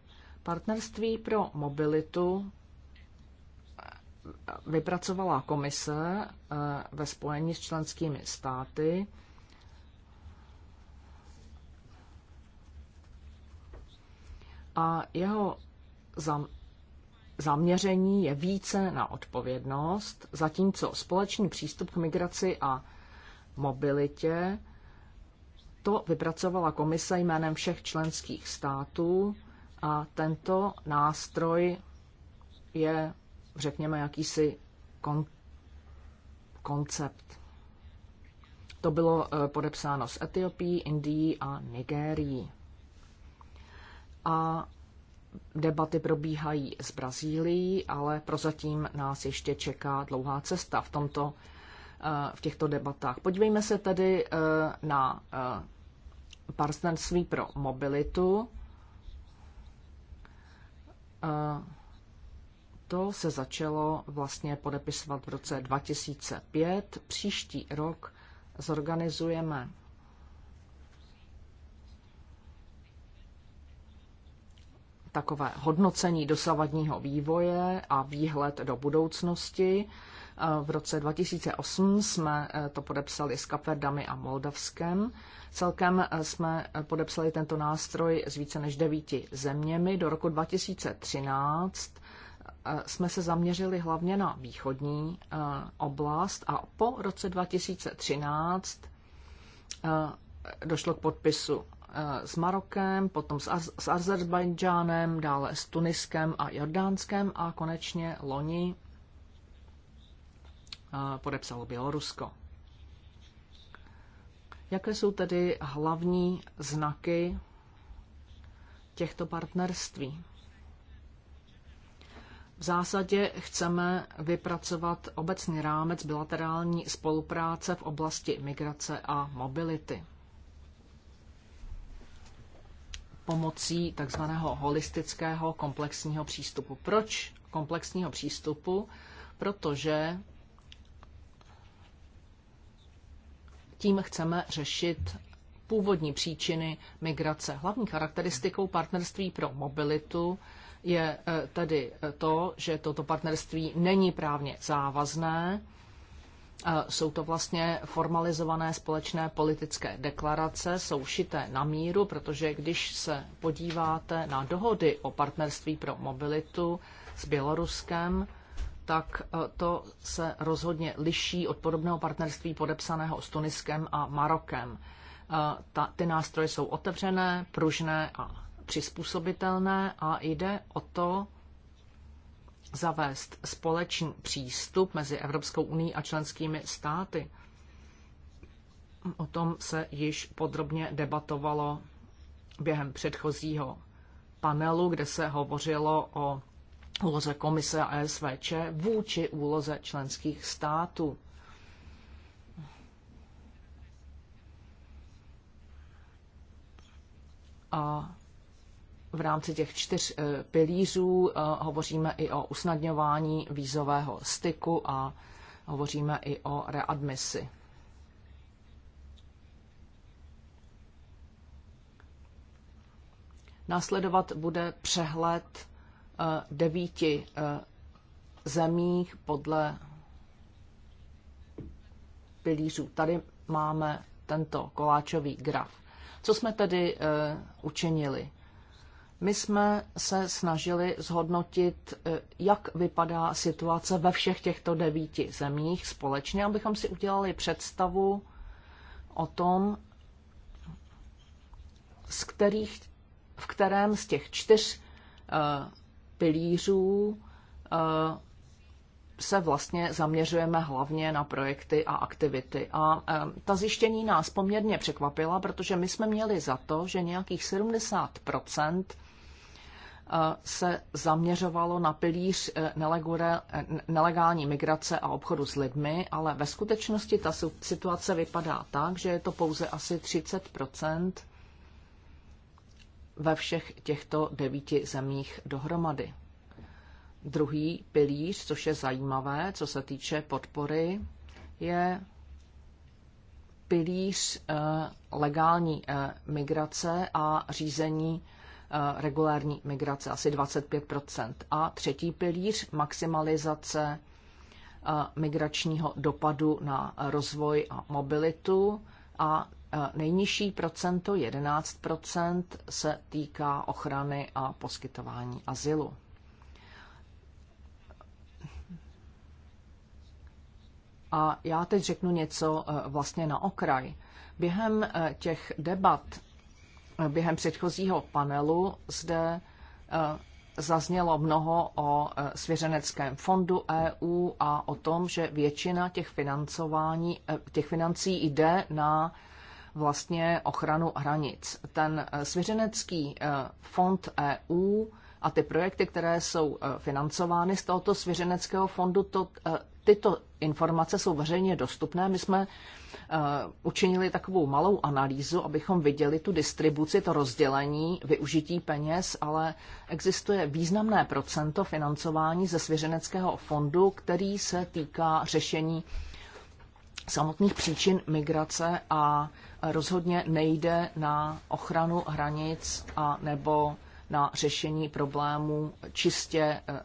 Partnerství pro mobilitu eh, vypracovala komise eh, ve spojení s členskými státy. A jeho zaměření je více na odpovědnost, zatímco společný přístup k migraci a mobilitě to vypracovala komise jménem všech členských států a tento nástroj je, řekněme, jakýsi kon- koncept. To bylo eh, podepsáno s Etiopií, Indií a Nigérií. A debaty probíhají s Brazílií, ale prozatím nás ještě čeká dlouhá cesta v tomto v těchto debatách. Podívejme se tedy eh, na eh, partnerství pro mobilitu. Eh, to se začalo vlastně podepisovat v roce 2005. Příští rok zorganizujeme takové hodnocení dosavadního vývoje a výhled do budoucnosti. V roce 2008 jsme eh, to podepsali s Kaperdami a Moldavskem. Celkem eh, jsme eh, podepsali tento nástroj s více než devíti zeměmi. Do roku 2013 jsme se zaměřili hlavně na východní oblast a po roce 2013 došlo k podpisu s Marokem, potom s, s Azerbajdžánem, dále s Tuniskem a Jordánskem a konečně loni podepsalo Bělorusko. Jaké jsou tedy hlavní znaky těchto partnerství? V zásadě chceme vypracovat obecný rámec bilaterální spolupráce v oblasti migrace a mobility. Pomocí takzvaného holistického komplexního přístupu. Proč komplexního přístupu? Protože tím chceme řešit původní příčiny migrace. Hlavní charakteristikou partnerství pro mobilitu je e, tedy e, to, že toto partnerství není právně závazné. E, jsou to vlastně formalizované společné politické deklarace, jsou šité na míru, protože když se podíváte na dohody o partnerství pro mobilitu s Běloruskem, tak eh, to se rozhodně liší od podobného partnerství podepsaného s Tuniskem a Marokem. Eh, ta, ty nástroje jsou otevřené, pružné a přizpůsobitelné a jde o to zavést společný přístup mezi Evropskou uní a členskými státy. O tom se již podrobně debatovalo během předchozího panelu, kde se hovořilo o úloze komise a SVČ vůči úloze členských států. A v rámci těch čtyř eh, pilířů eh, hovoříme i o usnadňování vízového styku a hovoříme i o readmisi. Následovat bude přehled Eh, devíti eh, zemích podle pilířů. Tady máme tento koláčový graf. Co jsme tedy eh, učinili? My jsme se snažili zhodnotit, jak vypadá situace ve všech těchto devíti zemích společně, abychom si udělali představu o tom, z kterých, v kterém z těch čtyř pilířů eh, se vlastně zaměřujeme hlavně na projekty a aktivity. A eh, ta zjištění nás poměrně překvapila, protože my jsme měli za to, že nějakých 70 eh, se zaměřovalo na pilíř nelegální migrace a obchodu s lidmi, ale ve skutečnosti ta situace vypadá tak, že je to pouze asi 30 ve všech těchto devíti zemích dohromady. Druhý pilíř, což je zajímavé, co se týče podpory, je pilíř eh, legální eh, migrace a řízení eh, regulární migrace, asi 25 A třetí pilíř maximalizace migračního dopadu na rozvoj a mobilitu a Nejnižší procento, 11 se týká ochrany a poskytování azylu. A já teď řeknu něco eh, vlastně na okraj. Během eh, těch debat, eh, během předchozího panelu zde zaznělo mnoho o svěřeneckém fondu EU a o tom, že většina těch, financování, těch financí jde na vlastně ochranu hranic. Ten eh, svěřenecký eh, fond EU a ty projekty, které jsou eh, financovány z tohoto svěřeneckého fondu, to, tyto informace jsou veřejně dostupné. My jsme učinili takovou malou analýzu, abychom viděli tu distribuci, to rozdělení, využití peněz, ale existuje významné procento financování ze svěřeneckého fondu, který se týká řešení samotných příčin migrace a rozhodně nejde na ochranu hranic a nebo na řešení problémů čistě eh, eh,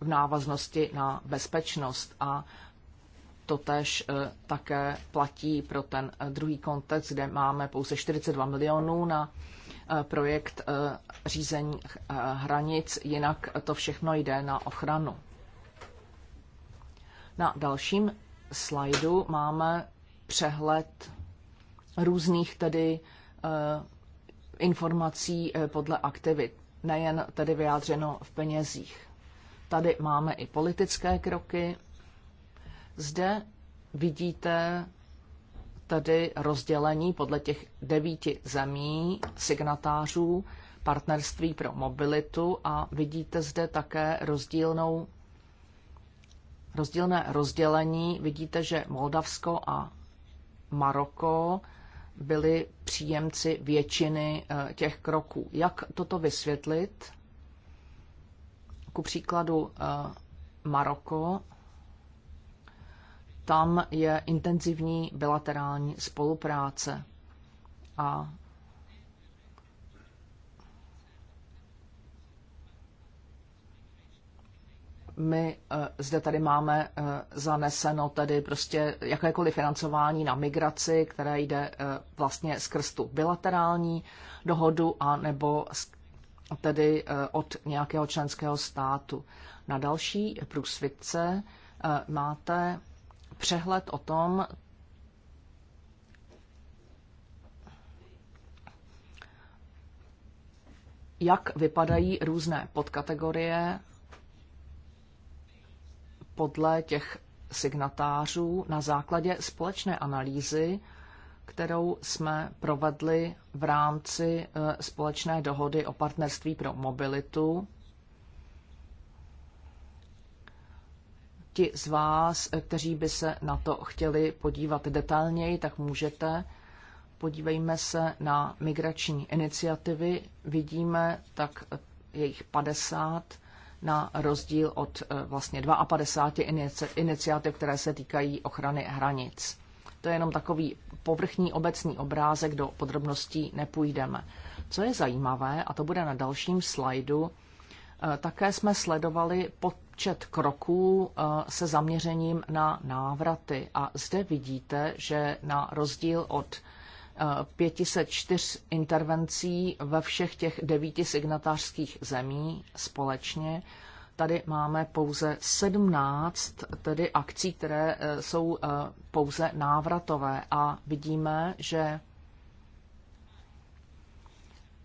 v návaznosti na bezpečnost a Totež eh, také platí pro ten druhý kontext, kde máme pouze 42 milionů na projekt řízení hranic, jinak to všechno jde na ochranu. Na dalším slajdu máme přehled různých tedy eh, informací eh, podle aktivit, nejen tedy vyjádřeno v penězích. Tady máme i politické kroky. Zde vidíte tedy rozdělení podle těch devíti zemí signatářů partnerství pro mobilitu a vidíte zde také rozdílnou, rozdílné rozdělení. Vidíte, že Moldavsko a Maroko byli příjemci většiny eh, těch kroků. Jak toto vysvětlit? Ku příkladu eh, Maroko, tam je intenzivní bilaterální spolupráce a my eh, zde tady máme eh, zaneseno tedy prostě jakékoliv financování na migraci, které jde eh, vlastně skrz tu bilaterální dohodu a nebo tedy od nějakého členského státu. Na další průsvitce máte přehled o tom, jak vypadají různé podkategorie podle těch signatářů na základě společné analýzy, kterou jsme provedli v rámci e, společné dohody o partnerství pro mobilitu. Ti z vás, e, kteří by se na to chtěli podívat detailněji, tak můžete. Podívejme se na migrační iniciativy. Vidíme tak e, jejich 50 na rozdíl od eh, vlastně 52 iniciativ, které se týkají ochrany hranic. To je jenom takový povrchní obecný obrázek, do podrobností nepůjdeme. Co je zajímavé, a to bude na dalším slajdu, eh, také jsme sledovali počet kroků eh, se zaměřením na návraty. A zde vidíte, že na rozdíl od 504 intervencí ve všech těch devíti signatářských zemí společně. Tady máme pouze 17 tedy akcí, které e, jsou e, pouze návratové a vidíme, že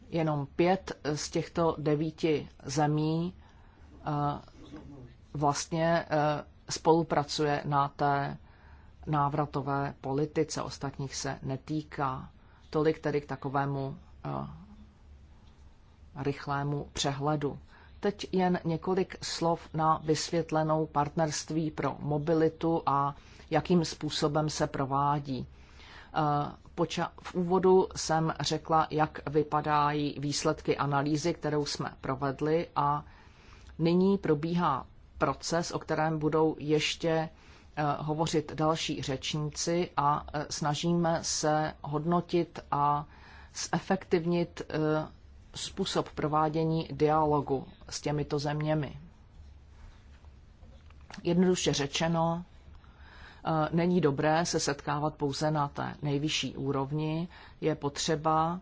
jenom pět z těchto devíti zemí e, vlastně spolupracuje na té návratové politice, ostatních se netýká. Tolik tedy k takovému eh, rychlému přehledu. Teď jen několik slov na vysvětlenou partnerství pro mobilitu a jakým způsobem se provádí. Eh, v úvodu jsem řekla, jak vypadají výsledky analýzy, kterou jsme provedli a nyní probíhá proces, o kterém budou ještě Eh, hovořit další řečníci a eh, snažíme se hodnotit a zefektivnit eh, způsob provádění dialogu s těmito zeměmi. Jednoduše řečeno, není dobré se setkávat pouze na té nejvyšší úrovni, je potřeba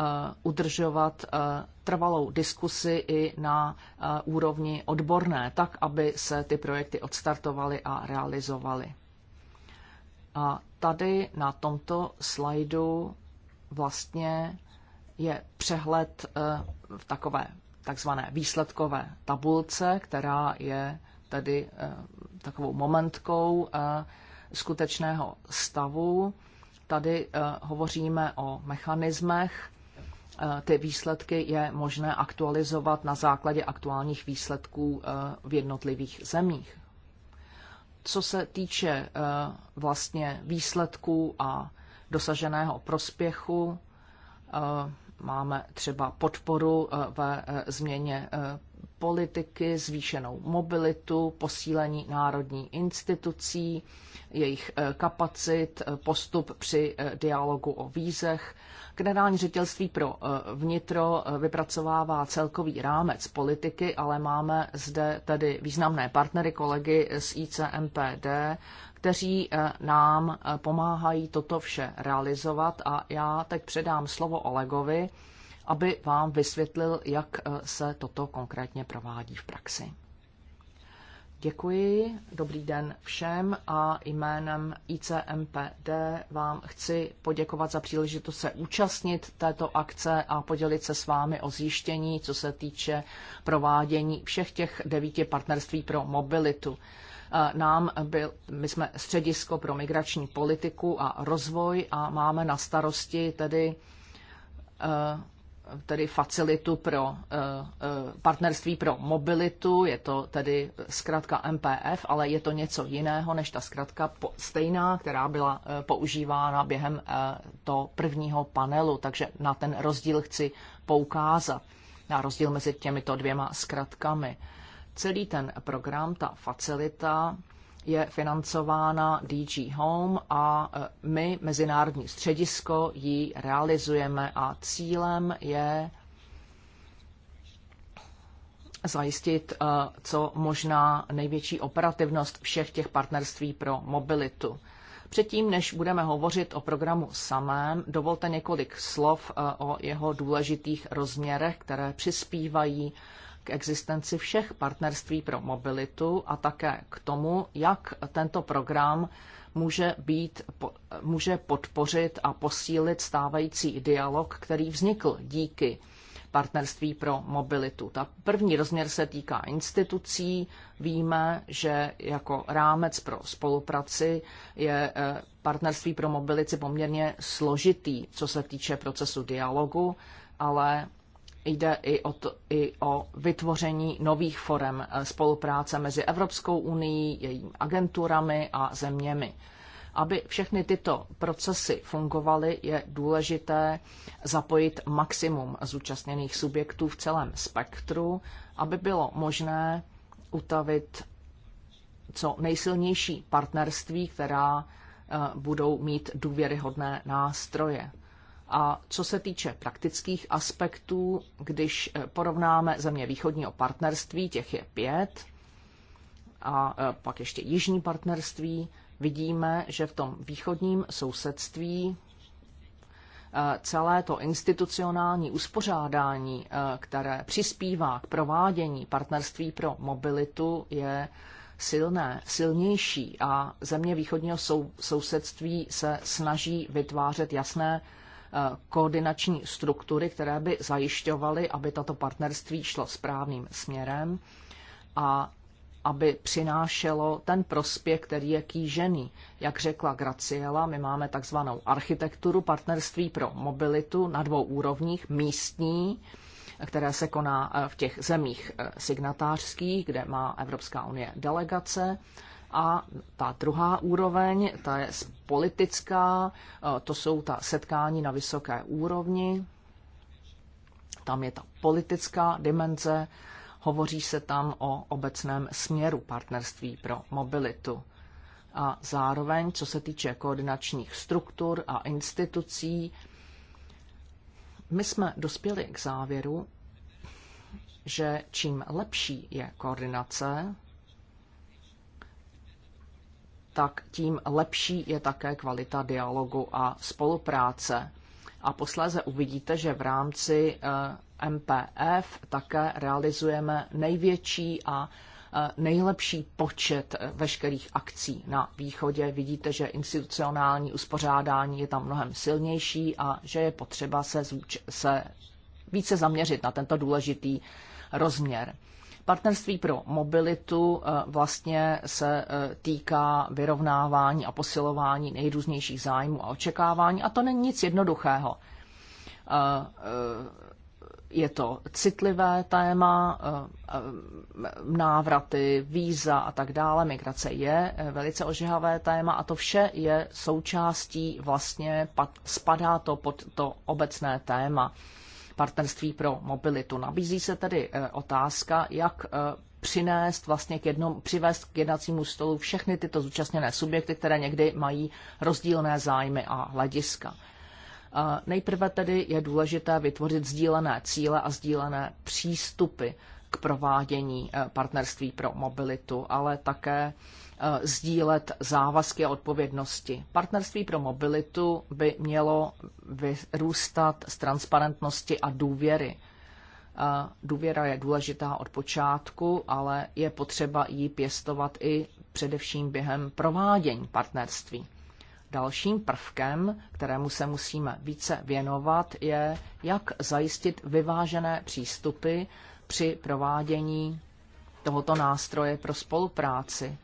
Eh, udržovat eh, trvalou diskusi i na eh, úrovni odborné, tak, aby se ty projekty odstartovaly a realizovaly. A tady na tomto slajdu vlastně je přehled v takové takzvané výsledkové tabulce, která je tedy takovou momentkou skutečného stavu. Tady hovoříme o mechanismech, Eh, ty výsledky je možné aktualizovat na základě aktuálních výsledků eh, v jednotlivých zemích. Co se týče eh, vlastně výsledků a dosaženého prospěchu, máme třeba podporu ve změně politiky, zvýšenou mobilitu, posílení národní institucí, jejich eh, kapacit, eh, postup při eh, dialogu o vízech. Generální ředitelství pro vnitro vypracovává celkový rámec politiky, ale máme zde tedy významné partnery, kolegy z ICMPD, kteří nám pomáhají toto vše realizovat a já teď předám slovo Olegovi, aby vám vysvětlil, jak se toto konkrétně provádí v praxi. Děkuji, dobrý den všem a jménem ICMPD vám chci poděkovat za příležitost se účastnit této akce a podělit se s vámi o zjištění, co se týče provádění všech těch devíti partnerství pro mobilitu. E, nám byl, my jsme středisko pro migrační politiku a rozvoj a máme na starosti tedy e, tedy facilitu pro eh, eh, partnerství pro mobilitu, je to tedy zkratka MPF, ale je to něco jiného než ta zkratka stejná, která byla eh, používána během toho prvního panelu, takže na ten rozdíl chci poukázat, na rozdíl mezi těmito dvěma zkratkami. Celý ten program, ta facilita, je financována DG Home a e, my, Mezinárodní středisko, ji realizujeme a cílem je zajistit e, co možná největší operativnost všech těch partnerství pro mobilitu. Předtím, než budeme hovořit o programu samém, dovolte několik slov e, o jeho důležitých rozměrech, které přispívají existenci všech partnerství pro mobilitu a také k tomu, jak tento program může, být, může podpořit a posílit stávající dialog, který vznikl díky partnerství pro mobilitu. Ta první rozměr se týká institucí. Víme, že jako rámec pro spolupráci je eh, partnerství pro mobilici poměrně složitý, co se týče procesu dialogu, ale jde i o, to, i o vytvoření nových forem eh, spolupráce mezi Evropskou unii, jejími agenturami a zeměmi. Aby všechny tyto procesy fungovaly, je důležité zapojit maximum zúčastněných subjektů v celém spektru, aby bylo možné utavit co nejsilnější partnerství, která eh, budou mít důvěryhodné nástroje. A co se týče praktických aspektů, když eh, porovnáme země východního partnerství, těch je pět, a eh, pak ještě jižní partnerství, vidíme, že v tom východním sousedství eh, celé to institucionální uspořádání, které přispívá k provádění partnerství pro mobilitu, je silné, silnější a země východního sou, sousedství se snaží vytvářet jasné koordinační struktury, které by zajišťovaly, aby tato partnerství šlo správným směrem a aby přinášelo ten prospěch, který je kýžený. Jak řekla Graciela, my máme takzvanou architekturu partnerství pro mobilitu na dvou úrovních, místní, které se koná eh, v těch zemích eh, signatářských, kde má Evropská unie delegace, a ta druhá úroveň, ta je politická, eh, to jsou ta setkání na vysoké úrovni, tam je ta politická dimenze, hovoří se tam o obecném směru partnerství pro mobilitu. A zároveň, co se týče koordinačních struktur a institucí, my jsme dospěli k závěru, že čím lepší je koordinace, tak tím lepší je také kvalita dialogu a spolupráce. A posléze uvidíte, že v rámci eh, MPF také realizujeme největší a eh, nejlepší počet eh, veškerých akcí na východě. Vidíte, že institucionální uspořádání je tam mnohem silnější a že je potřeba se, se více zaměřit na tento důležitý rozměr. Partnerství pro mobilitu eh, vlastně se eh, týká vyrovnávání a posilování nejrůznějších zájmů a očekávání a to není nic jednoduchého. Eh, je to citlivé téma, návraty, víza a tak dále, migrace je velice ožehavé téma a to vše je součástí vlastně, spadá to pod to obecné téma partnerství pro mobilitu. Nabízí se tedy eh, otázka, jak eh, přinést vlastně k jednom, přivést k jednacímu stolu všechny tyto zúčastněné subjekty, které někdy mají rozdílné zájmy a hlediska. Eh, nejprve tedy je důležité vytvořit sdílené cíle a sdílené přístupy k provádění partnerství pro mobilitu, ale také Eh, sdílet závazky a odpovědnosti. Partnerství pro mobilitu by mělo vyrůstat z transparentnosti a důvěry. Eh, důvěra je důležitá od počátku, ale je potřeba ji pěstovat i především během provádění partnerství. Dalším prvkem, kterému se musíme více věnovat, je, jak zajistit vyvážené přístupy při provádění tohoto nástroje pro spolupráci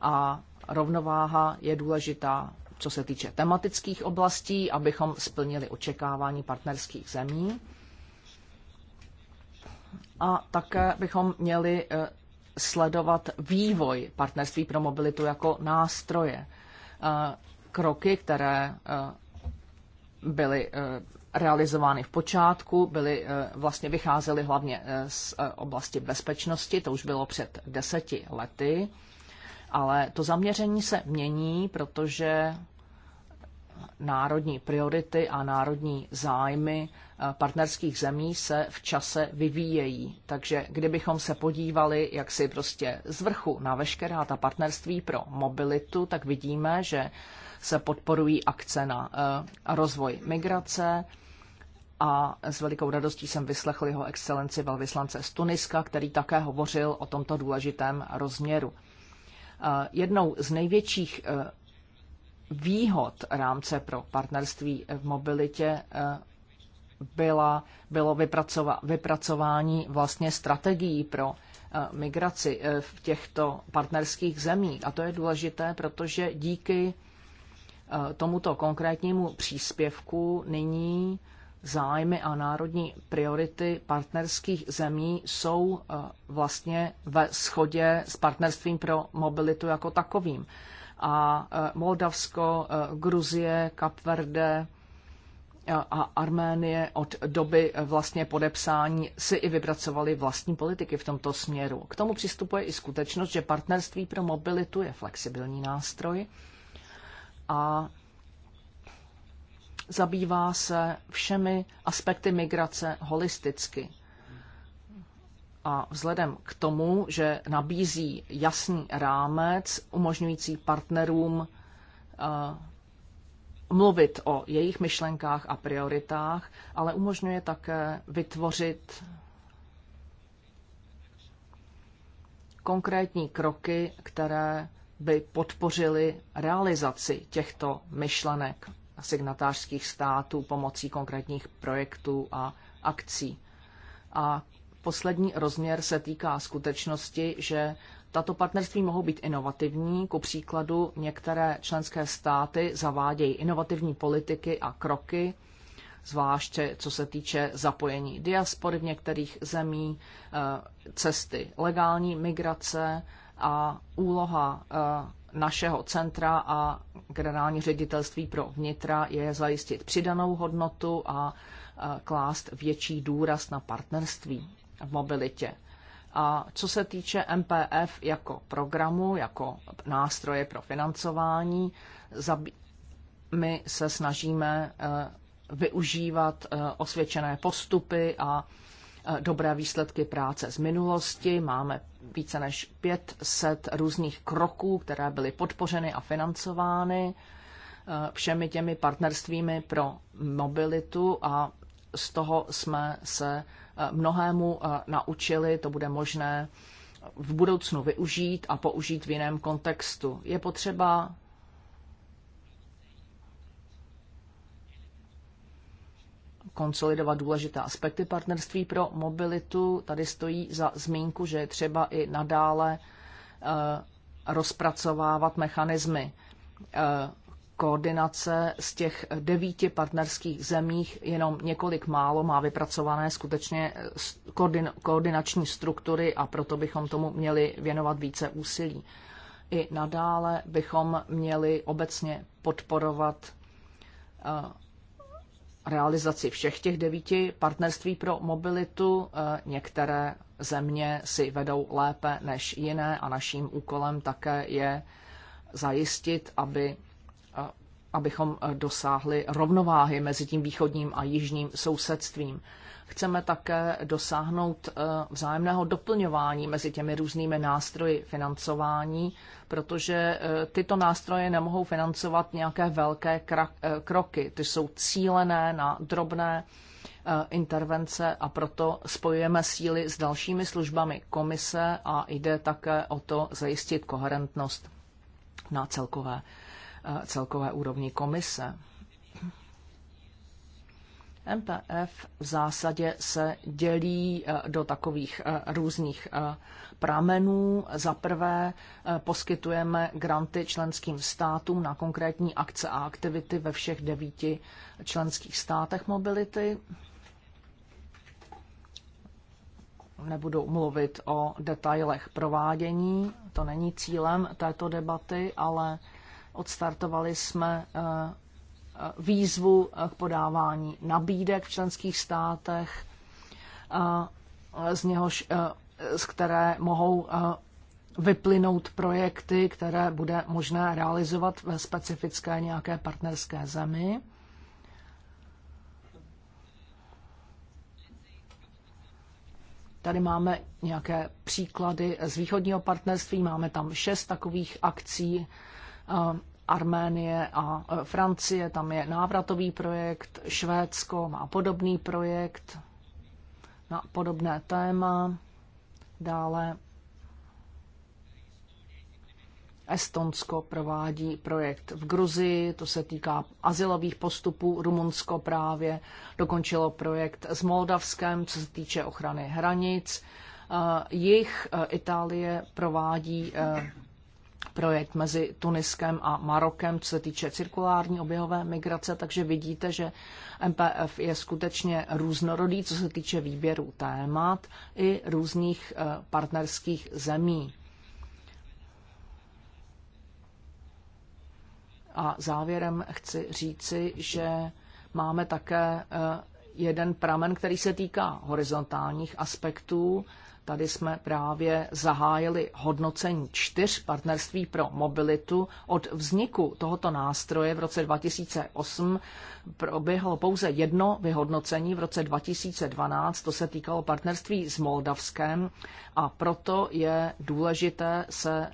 a rovnováha je důležitá, co se týče tematických oblastí, abychom splnili očekávání partnerských zemí. A také bychom měli eh, sledovat vývoj partnerství pro mobilitu jako nástroje. Eh, kroky, které eh, byly realizovány v počátku, byly, vlastně vycházely hlavně z oblasti bezpečnosti, to už bylo před deseti lety. Ale to zaměření se mění, protože národní priority a národní zájmy eh, partnerských zemí se v čase vyvíjejí. Takže kdybychom se podívali, jak si prostě z vrchu na veškerá ta partnerství pro mobilitu, tak vidíme, že se podporují akce na eh, rozvoj migrace, a s velikou radostí jsem vyslechl jeho excelenci velvyslance z Tuniska, který také hovořil o tomto důležitém rozměru. Eh, jednou z největších eh, výhod rámce pro partnerství v mobilitě eh, byla, bylo vypracova, vypracování vlastně strategií pro migraci v těchto partnerských zemích. A to je důležité, protože díky tomuto konkrétnímu příspěvku nyní zájmy a národní priority partnerských zemí jsou eh, vlastně ve shodě s partnerstvím pro mobilitu jako takovým. A eh, Moldavsko, eh, Gruzie, Kapverde a Arménie od doby vlastně podepsání si i vypracovali vlastní politiky v tomto směru. K tomu přistupuje i skutečnost, že partnerství pro mobilitu je flexibilní nástroj a zabývá se všemi aspekty migrace holisticky. A vzhledem k tomu, že nabízí jasný rámec umožňující partnerům eh, mluvit o jejich myšlenkách a prioritách, ale umožňuje také vytvořit konkrétní kroky, které by podpořily realizaci těchto myšlenek signatářských států pomocí konkrétních projektů a akcí. A poslední rozměr se týká skutečnosti, že tato partnerství mohou být inovativní. Ku příkladu některé členské státy zavádějí inovativní politiky a kroky, zvláště co se týče zapojení diaspory v některých zemí, eh, cesty legální migrace a úloha eh, našeho centra a generální ředitelství pro vnitra je zajistit přidanou hodnotu a klást větší důraz na partnerství v mobilitě. A co se týče MPF jako programu, jako nástroje pro financování, my se snažíme e, využívat e, osvědčené postupy a Eh, dobré výsledky práce z minulosti. Máme více než 500 různých kroků, které byly podpořeny a financovány eh, všemi těmi partnerstvími pro mobilitu a z toho jsme se eh, mnohému naučili, to bude možné v budoucnu využít a použít v jiném kontextu. Je potřeba konsolidovat důležité aspekty partnerství pro mobilitu. Tady stojí za zmínku, že je třeba i nadále eh, rozpracovávat mechanismy eh, koordinace z těch devíti partnerských zemích jenom několik málo má vypracované skutečně eh, koordinační struktury a proto bychom tomu měli věnovat více úsilí. I nadále bychom měli obecně podporovat realizaci všech těch devíti partnerství pro mobilitu. Eh, některé země si vedou lépe než jiné a naším úkolem také je zajistit, aby, eh, abychom eh, dosáhli rovnováhy mezi tím východním a jižním sousedstvím. Chceme také dosáhnout eh, vzájemného doplňování mezi těmi různými nástroji financování, protože eh, tyto nástroje nemohou financovat nějaké velké eh, kroky. Ty jsou cílené na drobné intervence a proto spojujeme síly s dalšími službami komise a jde také o to zajistit koherentnost na celkové, celkové úrovni komise. MPF v zásadě se dělí eh, do takových eh, různých eh, pramenů. Za prvé poskytujeme granty členským státům na konkrétní akce a aktivity ve všech devíti členských státech mobility. Nebudu mluvit o detailech provádění, to není cílem této debaty, ale odstartovali jsme výzvu k podávání nabídek v členských státech, z něhož, z které mohou vyplynout projekty, které bude možné realizovat ve specifické nějaké partnerské zemi. Tady máme nějaké příklady z východního partnerství, máme tam šest takových akcí Arménie a e, Francie, tam je návratový projekt, Švédsko má podobný projekt na podobné téma. Dále Estonsko provádí projekt v Gruzii, to se týká asilových postupů, Rumunsko právě dokončilo projekt s Moldavskem, co se týče ochrany hranic. E, jich e, Itálie provádí projekt mezi Tuniskem a Marokem, co se týče cirkulární oběhové migrace, takže vidíte, že MPF je skutečně různorodý, co se týče výběru témat i různých eh, partnerských zemí. A závěrem chci říci, že máme také eh, jeden pramen, který se týká horizontálních aspektů Tady jsme právě zahájili hodnocení čtyř partnerství pro mobilitu. Od vzniku tohoto nástroje v roce 2008 proběhlo pouze jedno vyhodnocení v roce 2012, to se týkalo partnerství s Moldavskem a proto je důležité se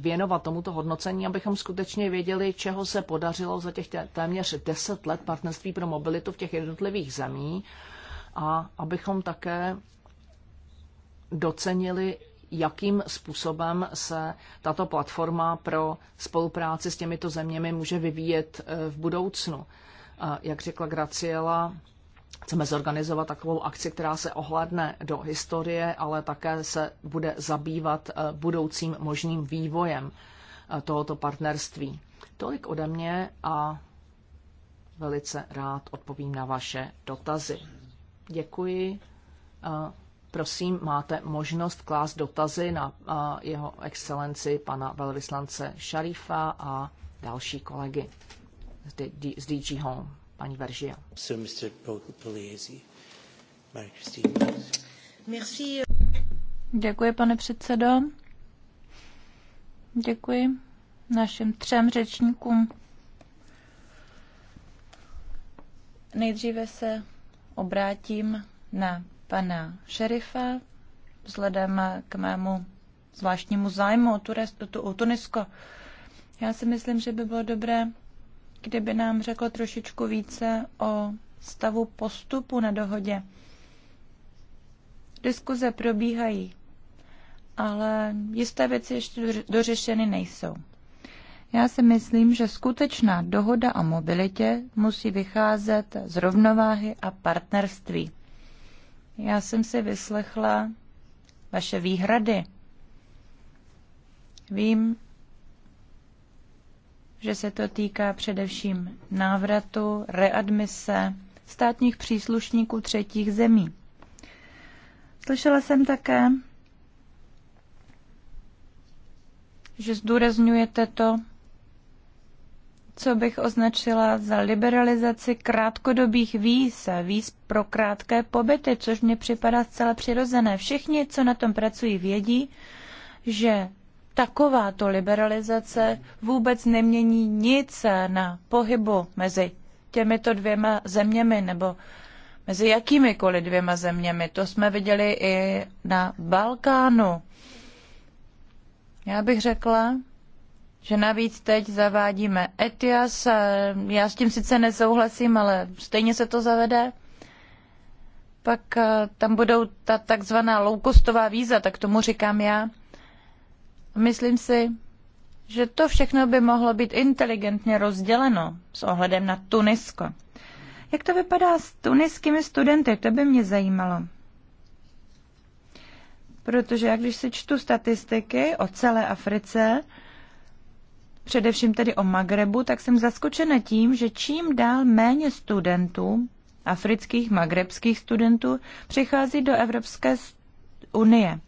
věnovat tomuto hodnocení, abychom skutečně věděli, čeho se podařilo za těch téměř 10 let partnerství pro mobilitu v těch jednotlivých zemí a abychom také docenili, jakým způsobem se tato platforma pro spolupráci s těmito zeměmi může vyvíjet eh, v budoucnu. Jak řekla Graciela, chceme zorganizovat takovou akci, která se ohledne do historie, ale také se bude zabývat eh, budoucím možným vývojem eh, tohoto partnerství. Tolik ode mě a velice rád odpovím na vaše dotazy. Děkuji. Prosím, máte možnost klást dotazy na jeho excelenci pana velvyslance Šarifa a další kolegy z DG Home, paní Veržia. Děkuji, pane předsedo. Děkuji našim třem řečníkům. Nejdříve se obrátím na pana šerifa vzhledem k mému zvláštnímu zájmu o, tu, o Tunisko. Já si myslím, že by bylo dobré, kdyby nám řekl trošičku více o stavu postupu na dohodě. Diskuze probíhají, ale jisté věci ještě dořešeny nejsou. Já si myslím, že skutečná dohoda o mobilitě musí vycházet z rovnováhy a partnerství. Já jsem si vyslechla vaše výhrady. Vím, že se to týká především návratu, readmise státních příslušníků třetích zemí. Slyšela jsem také, že zdůrazňujete to, co bych označila za liberalizaci krátkodobých víz, víz pro krátké pobyty, což mně připadá zcela přirozené. Všichni, co na tom pracují, vědí, že takováto liberalizace vůbec nemění nic na pohybu mezi těmito dvěma zeměmi nebo mezi jakýmikoliv dvěma zeměmi. To jsme viděli i na Balkánu. Já bych řekla, že navíc teď zavádíme ETIAS. Já s tím sice nesouhlasím, ale stejně se to zavede. Pak eh, tam budou ta takzvaná loukostová víza, tak tomu říkám já. Myslím si, že to všechno by mohlo být inteligentně rozděleno s ohledem na Tunisko. Jak to vypadá s tuniskými studenty, to by mě zajímalo. Protože jak když si čtu statistiky o celé Africe, především tedy o Magrebu, tak jsem zaskočena tím, že čím dál méně studentů, afrických, magrebských studentů, přichází do Evropské unie.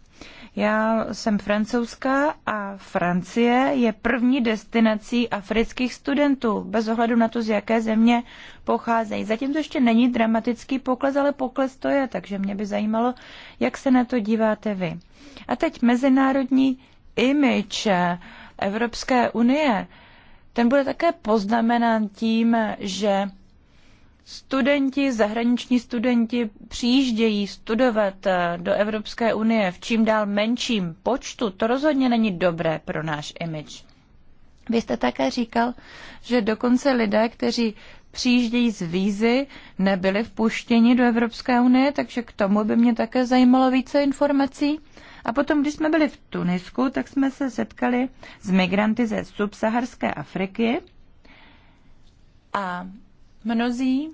Já jsem francouzská a Francie je první destinací afrických studentů, bez ohledu na to, z jaké země pocházejí. Zatím to ještě není dramatický pokles, ale pokles to je, takže mě by zajímalo, jak se na to díváte vy. A teď mezinárodní image. Evropské unie, ten bude také poznamenán tím, že studenti, zahraniční studenti přijíždějí studovat eh, do Evropské unie v čím dál menším počtu. To rozhodně není dobré pro náš image. Vy jste také říkal, že dokonce lidé, kteří přijíždějí z vízy, nebyli vpuštěni do Evropské unie, takže k tomu by mě také zajímalo více informací. A potom, když jsme byli v Tunisku, tak jsme se setkali s migranty ze subsaharské Afriky a mnozí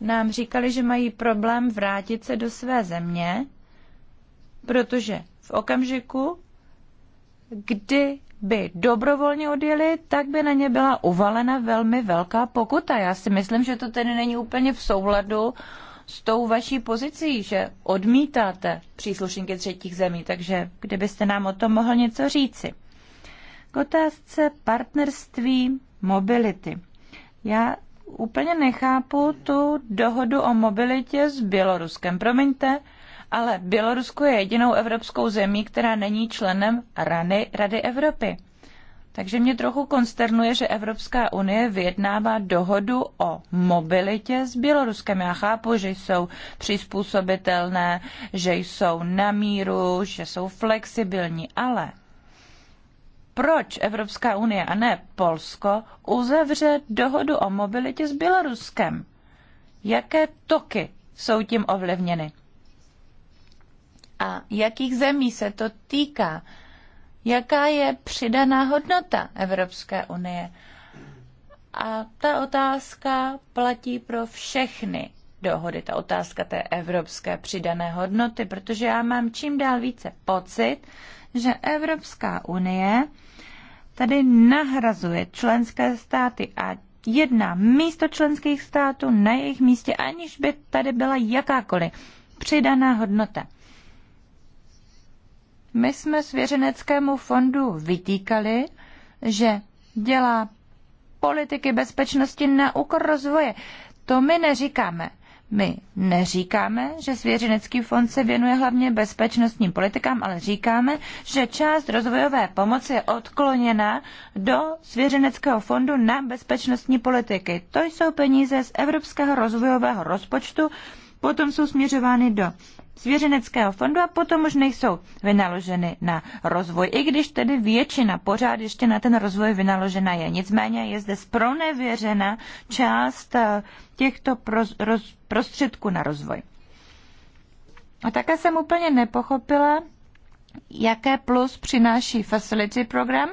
nám říkali, že mají problém vrátit se do své země, protože v okamžiku, kdy by dobrovolně odjeli, tak by na ně byla uvalena velmi velká pokuta. Já si myslím, že to tedy není úplně v souladu s tou vaší pozicí, že odmítáte příslušníky třetích zemí, takže kdybyste nám o tom mohl něco říci. K otázce partnerství mobility. Já úplně nechápu tu dohodu o mobilitě s Běloruskem. Promiňte, ale Bělorusko je jedinou evropskou zemí, která není členem Rady, Rady Evropy. Takže mě trochu konsternuje, že Evropská unie vyjednává dohodu o mobilitě s Běloruskem. Já chápu, že jsou přizpůsobitelné, že jsou na míru, že jsou flexibilní, ale proč Evropská unie a ne Polsko uzavře dohodu o mobilitě s Běloruskem? Jaké toky jsou tím ovlivněny? A jakých zemí se to týká? jaká je přidaná hodnota Evropské unie. A ta otázka platí pro všechny dohody, ta otázka té evropské přidané hodnoty, protože já mám čím dál více pocit, že Evropská unie tady nahrazuje členské státy a jedna místo členských států na jejich místě, aniž by tady byla jakákoliv přidaná hodnota. My jsme svěřeneckému fondu vytýkali, že dělá politiky bezpečnosti na úkor rozvoje. To my neříkáme. My neříkáme, že svěřenecký fond se věnuje hlavně bezpečnostním politikám, ale říkáme, že část rozvojové pomoci je odkloněna do svěřeneckého fondu na bezpečnostní politiky. To jsou peníze z Evropského rozvojového rozpočtu, potom jsou směřovány do svěřeneckého fondu a potom už nejsou vynaloženy na rozvoj, i když tedy většina pořád ještě na ten rozvoj vynaložena je. Nicméně je zde spronevěřena část eh, těchto prostředků na rozvoj. A také jsem úplně nepochopila, jaké plus přináší Facility program.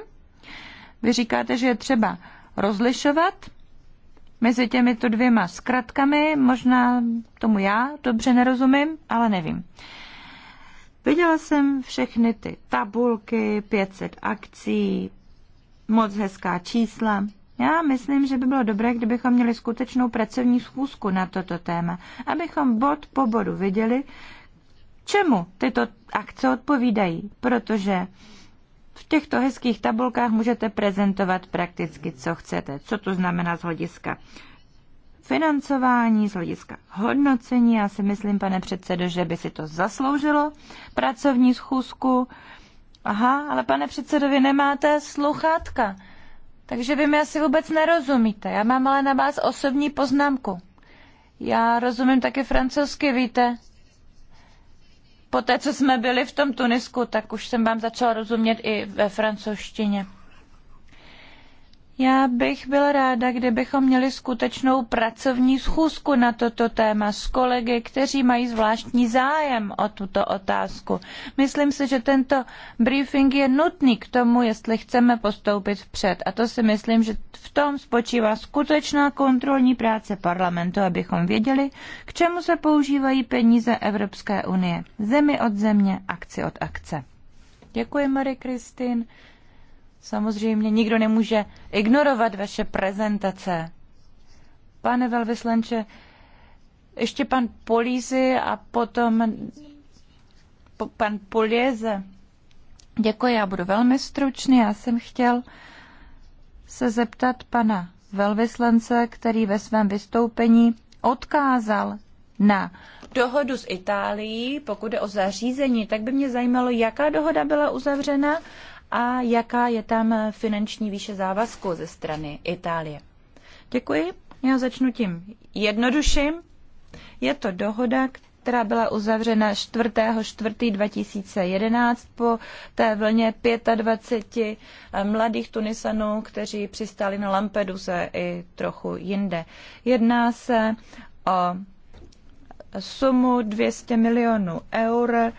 Vy říkáte, že je třeba rozlišovat mezi těmito dvěma zkratkami. Možná tomu já dobře nerozumím, ale nevím. Viděla jsem všechny ty tabulky, 500 akcí, moc hezká čísla. Já myslím, že by bylo dobré, kdybychom měli skutečnou pracovní schůzku na toto téma, abychom bod po bodu viděli, čemu tyto akce odpovídají, protože v těchto hezkých tabulkách můžete prezentovat prakticky, co chcete, co to znamená z hlediska financování, z hlediska hodnocení. Já si myslím, pane předsedo, že by si to zasloužilo pracovní schůzku. Aha, ale pane předsedo, vy nemáte sluchátka, takže vy mi asi vůbec nerozumíte. Já mám ale na vás osobní poznámku. Já rozumím taky francouzsky, víte. Poté, co jsme byli v tom Tunisku, tak už jsem vám začala rozumět i ve francouzštině. Já bych byla ráda, kdybychom měli skutečnou pracovní schůzku na toto téma s kolegy, kteří mají zvláštní zájem o tuto otázku. Myslím si, že tento briefing je nutný k tomu, jestli chceme postoupit vpřed. A to si myslím, že v tom spočívá skutečná kontrolní práce parlamentu, abychom věděli, k čemu se používají peníze Evropské unie. Zemi od země, akci od akce. Děkuji, Marie Kristin. Samozřejmě nikdo nemůže ignorovat vaše prezentace. Pane velvyslanče, ještě pan Polízy a potom po, pan Polieze. Děkuji, já budu velmi stručný. Já jsem chtěl se zeptat pana velvyslance, který ve svém vystoupení odkázal na dohodu s Itálií, pokud je o zařízení, tak by mě zajímalo, jaká dohoda byla uzavřena a jaká je tam finanční výše závazku ze strany Itálie. Děkuji. Já začnu tím jednodušším. Je to dohoda, která byla uzavřena 4. 4. 2011 po té vlně 25 mladých Tunisanů, kteří přistáli na Lampeduse i trochu jinde. Jedná se o sumu 200 milionů eur.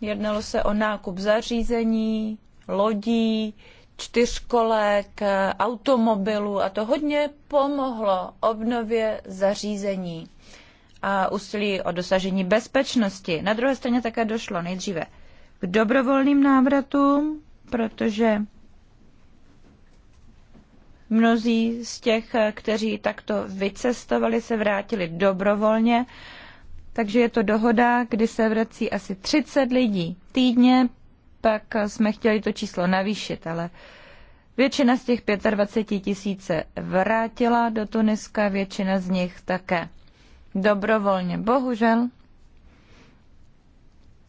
Jednalo se o nákup zařízení, lodí, čtyřkolek, automobilů a to hodně pomohlo obnově zařízení a úsilí o dosažení bezpečnosti. Na druhé straně také došlo nejdříve k dobrovolným návratům, protože mnozí z těch, kteří takto vycestovali, se vrátili dobrovolně. Takže je to dohoda, kdy se vrací asi 30 lidí týdně tak jsme chtěli to číslo navýšit, ale většina z těch 25 tisíc vrátila do Tuniska, většina z nich také dobrovolně. Bohužel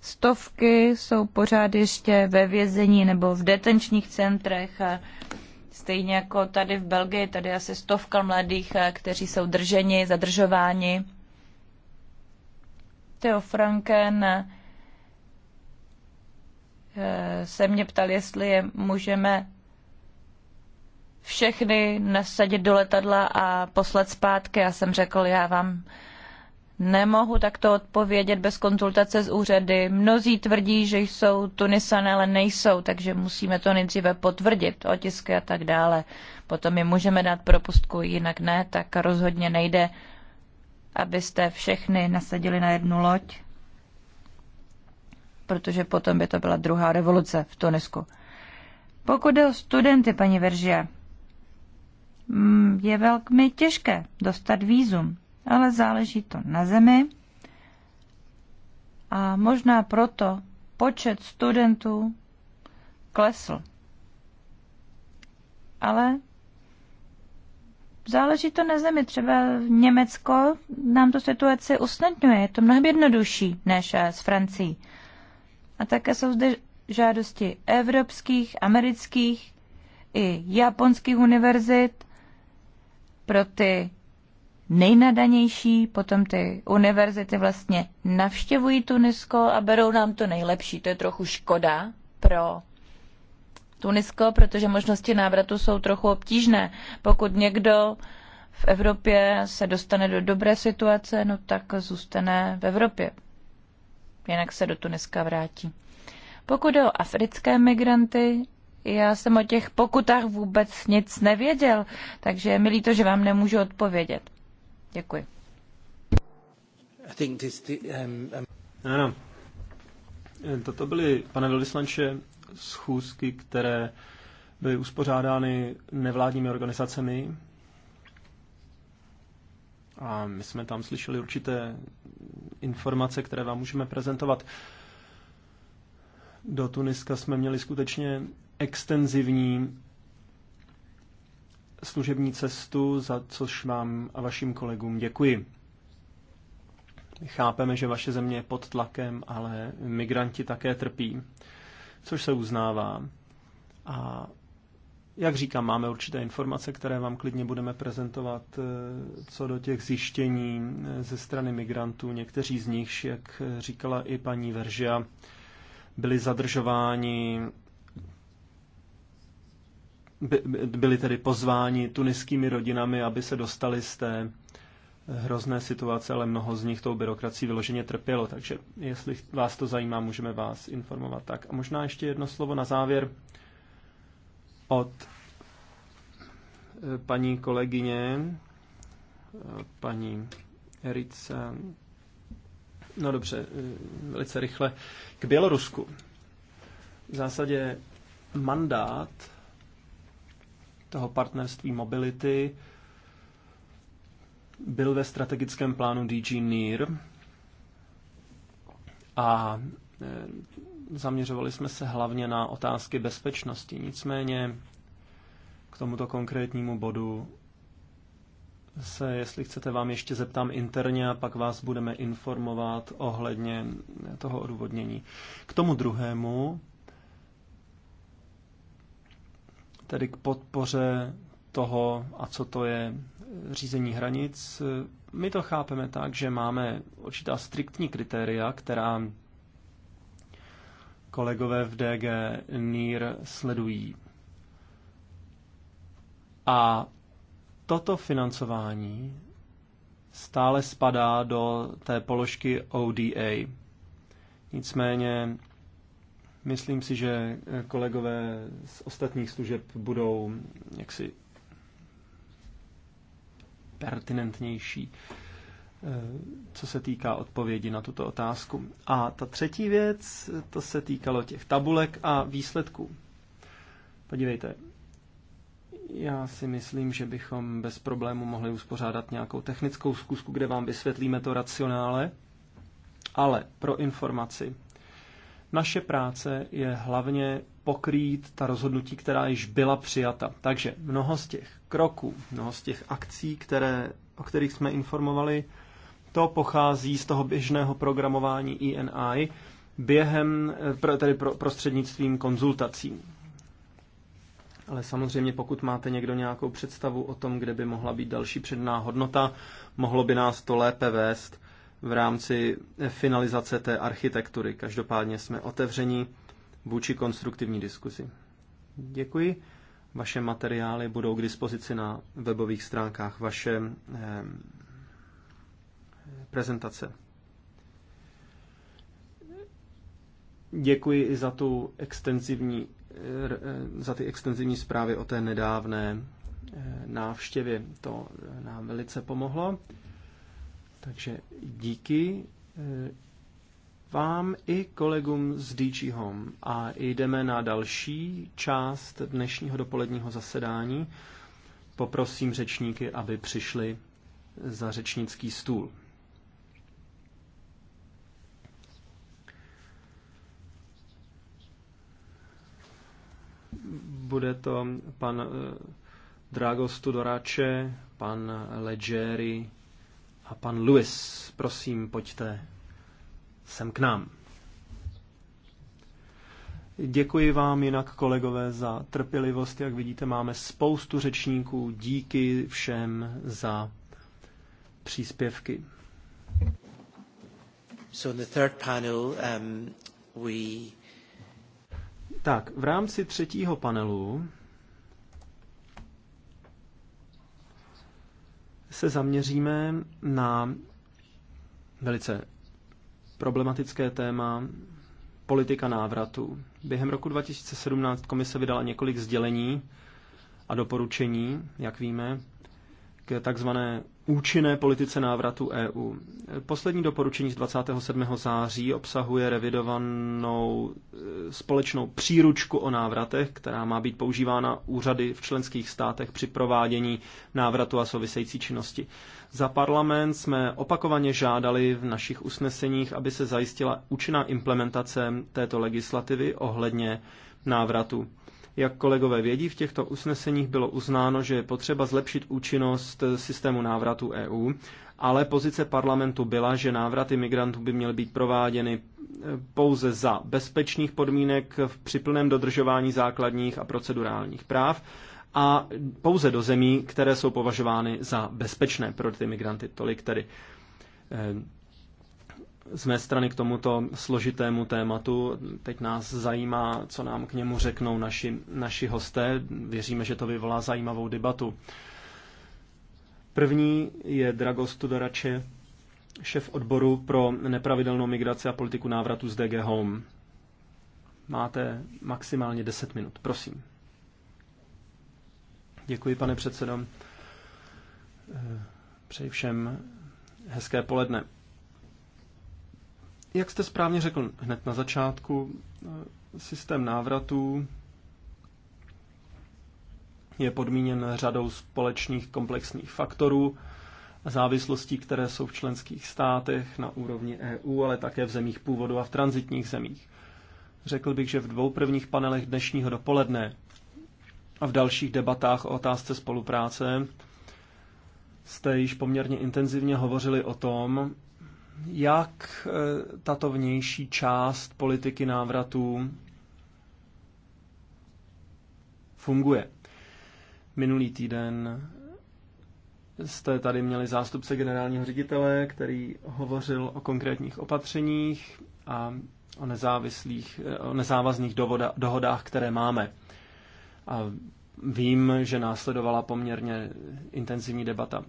stovky jsou pořád ještě ve vězení nebo v detenčních centrech. Stejně jako tady v Belgii, tady asi stovka mladých, kteří jsou drženi, zadržováni. Theo Franken se mě ptal, jestli je můžeme všechny nasadit do letadla a poslat zpátky. Já jsem řekl, já vám nemohu takto odpovědět bez konzultace s úřady. Mnozí tvrdí, že jsou Tunisané, ale nejsou, takže musíme to nejdříve potvrdit, otisky a tak dále. Potom je můžeme dát propustku, jinak ne, tak rozhodně nejde, abyste všechny nasadili na jednu loď protože potom by to byla druhá revoluce v Tunisku. Pokud jde o studenty, paní Veržia, mm, je velmi těžké dostat výzum, ale záleží to na zemi a možná proto počet studentů klesl. Ale záleží to na zemi. Třeba v Německo nám tu situaci usnadňuje. Je to mnohem jednodušší než eh, s Francií. A také jsou zde žádosti evropských, amerických i japonských univerzit pro ty nejnadanější, potom ty univerzity vlastně navštěvují Tunisko a berou nám to nejlepší. To je trochu škoda pro Tunisko, protože možnosti návratu jsou trochu obtížné. Pokud někdo v Evropě se dostane do dobré situace, no tak zůstane v Evropě jinak se do Tuniska vrátí. Pokud jde o africké migranty, já jsem o těch pokutách vůbec nic nevěděl, takže je mi líto, že vám nemůžu odpovědět. Děkuji. Um, um, ano. Toto byly, pane velvyslanče, schůzky, které byly uspořádány nevládními organizacemi, a my jsme tam slyšeli určité informace, které vám můžeme prezentovat. Do Tuniska jsme měli skutečně extenzivní služební cestu, za což vám a vašim kolegům děkuji. My chápeme, že vaše země je pod tlakem, ale migranti také trpí, což se uznává. A jak říkám, máme určité informace, které vám klidně budeme prezentovat eh, co do těch zjištění eh, ze strany migrantů. Někteří z nich, jak eh, říkala i paní Veržia, byli zadržováni, byli tedy pozváni tuniskými rodinami, aby se dostali z té hrozné situace, ale mnoho z nich tou byrokracií vyloženě trpělo. Takže jestli vás to zajímá, můžeme vás informovat tak. A možná ještě jedno slovo na závěr od eh, paní kolegyně, eh, paní Erice, no dobře, eh, velice rychle, k Bělorusku. V zásadě mandát toho partnerství mobility byl ve strategickém plánu DG NIR a zaměřovali jsme se hlavně na otázky bezpečnosti. Nicméně k tomuto konkrétnímu bodu se, jestli chcete, vám ještě zeptám interně a pak vás budeme informovat ohledně toho odůvodnění. K tomu druhému, tedy k podpoře toho, a co to je řízení hranic, my to chápeme tak, že máme určitá striktní kritéria, která kolegové v DG NIR sledují. A toto financování stále spadá do té položky ODA. Nicméně myslím si, že kolegové z ostatních služeb budou jaksi pertinentnější. Eh, co se týká odpovědi na tuto otázku. A ta třetí věc, to se týkalo těch tabulek a výsledků. Podívejte, já si myslím, že bychom bez problému mohli uspořádat nějakou technickou zkusku, kde vám vysvětlíme to racionále, ale pro informaci. Naše práce je hlavně pokrýt ta rozhodnutí, která již byla přijata. Takže mnoho z těch kroků, mnoho z těch akcí, které, o kterých jsme informovali, to pochází z toho běžného programování ENI během, tedy prostřednictvím konzultací. Ale samozřejmě, pokud máte někdo nějakou představu o tom, kde by mohla být další předná hodnota, mohlo by nás to lépe vést v rámci finalizace té architektury. Každopádně jsme otevření vůči konstruktivní diskuzi. Děkuji. Vaše materiály budou k dispozici na webových stránkách vaše eh, prezentace. Děkuji i za, tu extenzivní, eh, za ty extenzivní zprávy o té nedávné eh, návštěvě. To eh, nám velice pomohlo. Takže díky vám i kolegům z DG Home a jdeme na další část dnešního dopoledního zasedání. Poprosím řečníky, aby přišli za řečnický stůl. Bude to pan eh, Dragostu Tudorače, pan Leggeri a pan Luis. Prosím, pojďte sem k nám. Děkuji vám jinak, kolegové, za trpělivost. Jak vidíte, máme spoustu řečníků. Díky všem za příspěvky. So in the third panel, um, we tak, v rámci třetího panelu se zaměříme na velice problematické téma politika návratu. Během roku 2017 komise vydala několik sdělení a doporučení, jak víme, k takzvané účinné politice návratu EU. Poslední doporučení z 27. září obsahuje revidovanou e, společnou příručku o návratech, která má být používána úřady v členských státech při provádění návratu a související činnosti. Za parlament jsme opakovaně žádali v našich usneseních, aby se zajistila účinná implementace této legislativy ohledně návratu jak kolegové vědí, v těchto usneseních bylo uznáno, že je potřeba zlepšit účinnost systému návratu EU, ale pozice parlamentu byla, že návraty migrantů by měly být prováděny eh, pouze za bezpečných podmínek při plném dodržování základních a procedurálních práv a pouze do zemí, které jsou považovány za bezpečné pro ty migranty. Tolik tedy eh, z mé strany k tomuto složitému tématu. Teď nás zajímá, co nám k němu řeknou naši, naši hosté. Věříme, že to vyvolá zajímavou debatu. První je Dragos Tudorače, šef odboru pro nepravidelnou migraci a politiku návratu z DG Home. Máte maximálně 10 minut, prosím. Děkuji, pane předsedo. Přeji všem hezké poledne. Jak jste správně řekl hned na začátku, systém návratů je podmíněn řadou společných komplexních faktorů, závislostí, které jsou v členských státech na úrovni EU, ale také v zemích původu a v transitních zemích. Řekl bych, že v dvou prvních panelech dnešního dopoledne a v dalších debatách o otázce spolupráce jste již poměrně intenzivně hovořili o tom, jak e, tato vnější část politiky návratů funguje. Minulý týden jste tady měli zástupce generálního ředitele, který hovořil o konkrétních opatřeních a o, nezávislých, e, o nezávazných dovoda, dohodách, které máme. A vím, že následovala poměrně intenzivní debata.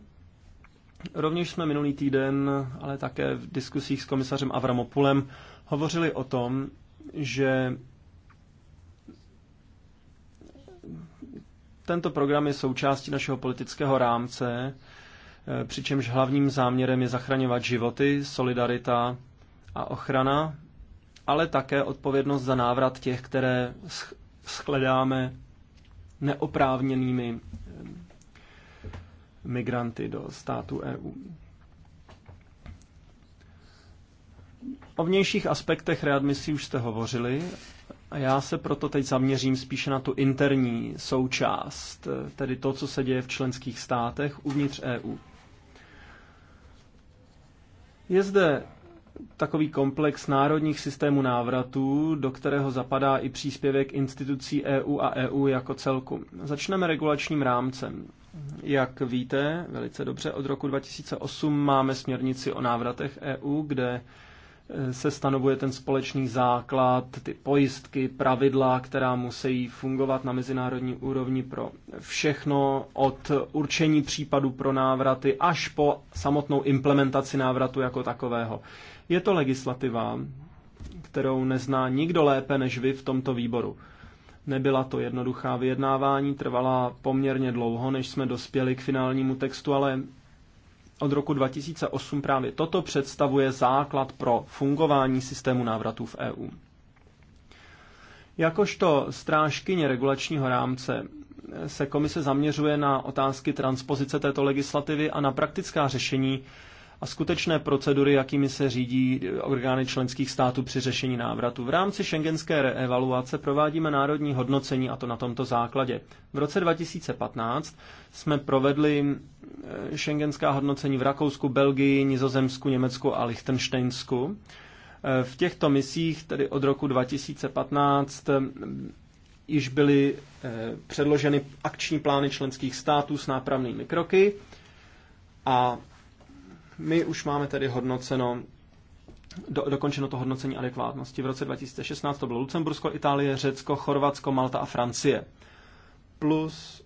Rovněž jsme minulý týden, ale také v diskusích s komisařem Avramopulem hovořili o tom, že tento program je součástí našeho politického rámce, eh, přičemž hlavním záměrem je zachraňovat životy, solidarita a ochrana, ale také odpovědnost za návrat těch, které shledáme neoprávněnými migranty do států EU. O vnějších aspektech readmisí už jste hovořili a já se proto teď zaměřím spíše na tu interní součást, tedy to, co se děje v členských státech uvnitř EU. Je zde takový komplex národních systémů návratů, do kterého zapadá i příspěvek institucí EU a EU jako celku. Začneme regulačním rámcem. Jak víte, velice dobře, od roku 2008 máme směrnici o návratech EU, kde se stanovuje ten společný základ, ty pojistky, pravidla, která musí fungovat na mezinárodní úrovni pro všechno, od určení případů pro návraty až po samotnou implementaci návratu jako takového. Je to legislativa, kterou nezná nikdo lépe než vy v tomto výboru. Nebyla to jednoduchá vyjednávání, trvala poměrně dlouho, než jsme dospěli k finálnímu textu, ale od roku 2008 právě toto představuje základ pro fungování systému návratů v EU. Jakožto strážkyně regulačního rámce se komise zaměřuje na otázky transpozice této legislativy a na praktická řešení a skutečné procedury, jakými se řídí orgány členských států při řešení návratu. V rámci šengenské reevaluace provádíme národní hodnocení a to na tomto základě. V roce 2015 jsme provedli eh, šengenská hodnocení v Rakousku, Belgii, Nizozemsku, Německu a Lichtensteinsku. Eh, v těchto misích, tedy od roku 2015, eh, již byly předloženy akční plány členských států s nápravnými kroky a my už máme tedy hodnoceno, do, dokončeno to hodnocení adekvátnosti. V roce 2016 to bylo Lucembursko, Itálie, Řecko, Chorvatsko, Malta a Francie. Plus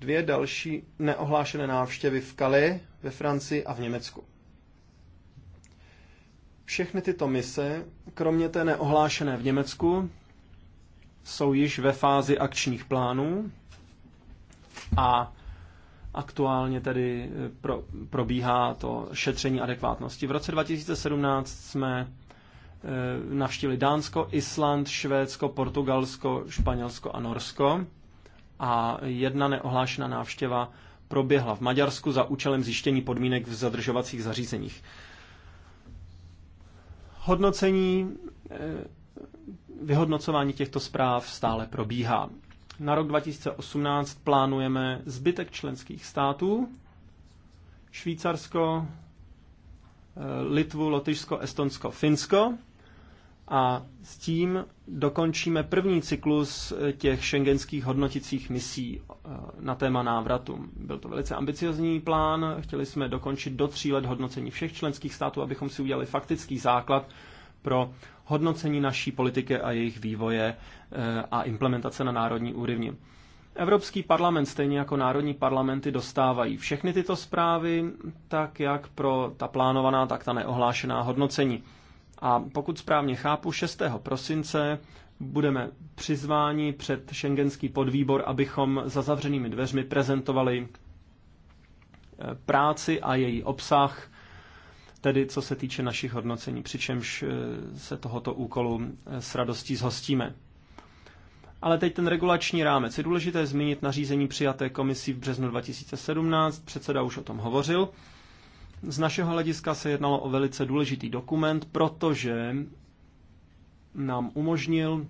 dvě další neohlášené návštěvy v Kali, ve Francii a v Německu. Všechny tyto mise, kromě té neohlášené v Německu, jsou již ve fázi akčních plánů a Aktuálně tedy eh, pro, probíhá to šetření adekvátnosti. V roce 2017 jsme eh, navštívili Dánsko, Island, Švédsko, Portugalsko, Španělsko a Norsko. A jedna neohlášená návštěva proběhla v Maďarsku za účelem zjištění podmínek v zadržovacích zařízeních. Hodnocení, eh, vyhodnocování těchto zpráv stále probíhá. Na rok 2018 plánujeme zbytek členských států, Švýcarsko, eh, Litvu, Lotyšsko, Estonsko, Finsko a s tím dokončíme první cyklus eh, těch šengenských hodnoticích misí eh, na téma návratu. Byl to velice ambiciozní plán, chtěli jsme dokončit do tří let hodnocení všech členských států, abychom si udělali faktický základ pro hodnocení naší politiky a jejich vývoje eh, a implementace na národní úrovni. Evropský parlament, stejně jako národní parlamenty, dostávají všechny tyto zprávy, tak jak pro ta plánovaná, tak ta neohlášená hodnocení. A pokud správně chápu, 6. prosince budeme přizváni před šengenský podvýbor, abychom za zavřenými dveřmi prezentovali eh, práci a její obsah tedy co se týče našich hodnocení, přičemž eh, se tohoto úkolu eh, s radostí zhostíme. Ale teď ten regulační rámec. Je důležité zmínit nařízení přijaté komisí v březnu 2017, předseda už o tom hovořil. Z našeho hlediska se jednalo o velice důležitý dokument, protože nám umožnil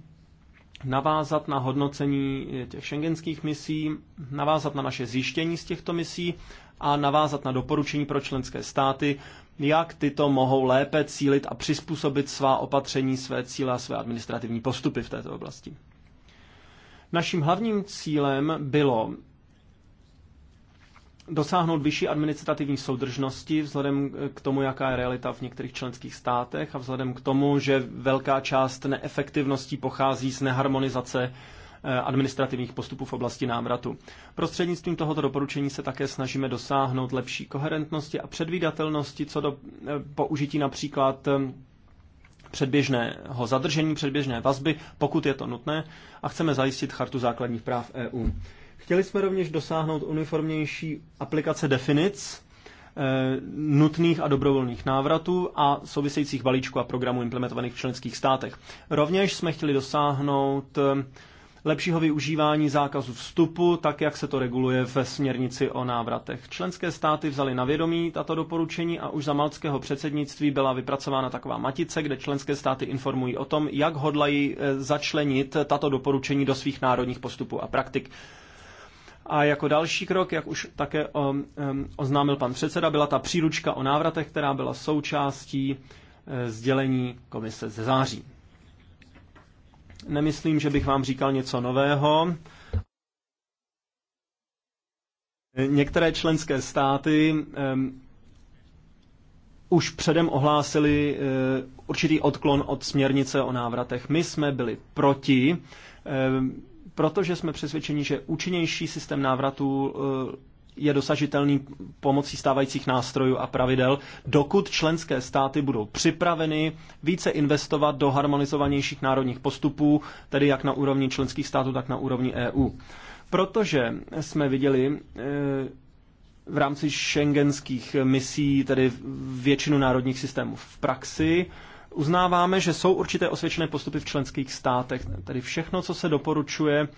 navázat na hodnocení těch šengenských misí, navázat na naše zjištění z těchto misí a navázat na doporučení pro členské státy jak tyto mohou lépe cílit a přizpůsobit svá opatření, své cíle a své administrativní postupy v této oblasti. Naším hlavním cílem bylo dosáhnout vyšší administrativní soudržnosti vzhledem k tomu, jaká je realita v některých členských státech a vzhledem k tomu, že velká část neefektivností pochází z neharmonizace Eh, administrativních postupů v oblasti návratu. Prostřednictvím tohoto doporučení se také snažíme dosáhnout lepší koherentnosti a předvídatelnosti co do eh, použití například eh, předběžného zadržení, předběžné vazby, pokud je to nutné, a chceme zajistit chartu základních práv EU. Chtěli jsme rovněž dosáhnout uniformnější aplikace definic nutných a dobrovolných návratů a souvisejících balíčků a programů implementovaných v členských státech. Rovněž jsme chtěli dosáhnout lepšího využívání zákazu vstupu, tak jak se to reguluje ve směrnici o návratech. Členské státy vzaly na vědomí tato doporučení a už za maltského předsednictví byla vypracována taková matice, kde členské státy informují o tom, jak hodlají e, začlenit tato doporučení do svých národních postupů a praktik. A jako další krok, jak už také o, um, oznámil pan předseda, byla ta příručka o návratech, která byla součástí e, sdělení komise ze září. Nemyslím, že bych vám říkal něco nového. Některé členské státy už předem ohlásili eh, určitý odklon od směrnice o návratech. My jsme byli proti, protože jsme přesvědčeni, že účinnější systém návratů. Eh, je dosažitelný pomocí stávajících nástrojů a pravidel, dokud členské státy budou připraveny více investovat do harmonizovanějších národních postupů, tedy jak na úrovni členských států, tak na úrovni EU. Protože jsme viděli e, v rámci šengenských misí, tedy většinu národních systémů v praxi, uznáváme, že jsou určité osvědčené postupy v členských státech. Tedy všechno, co se doporučuje,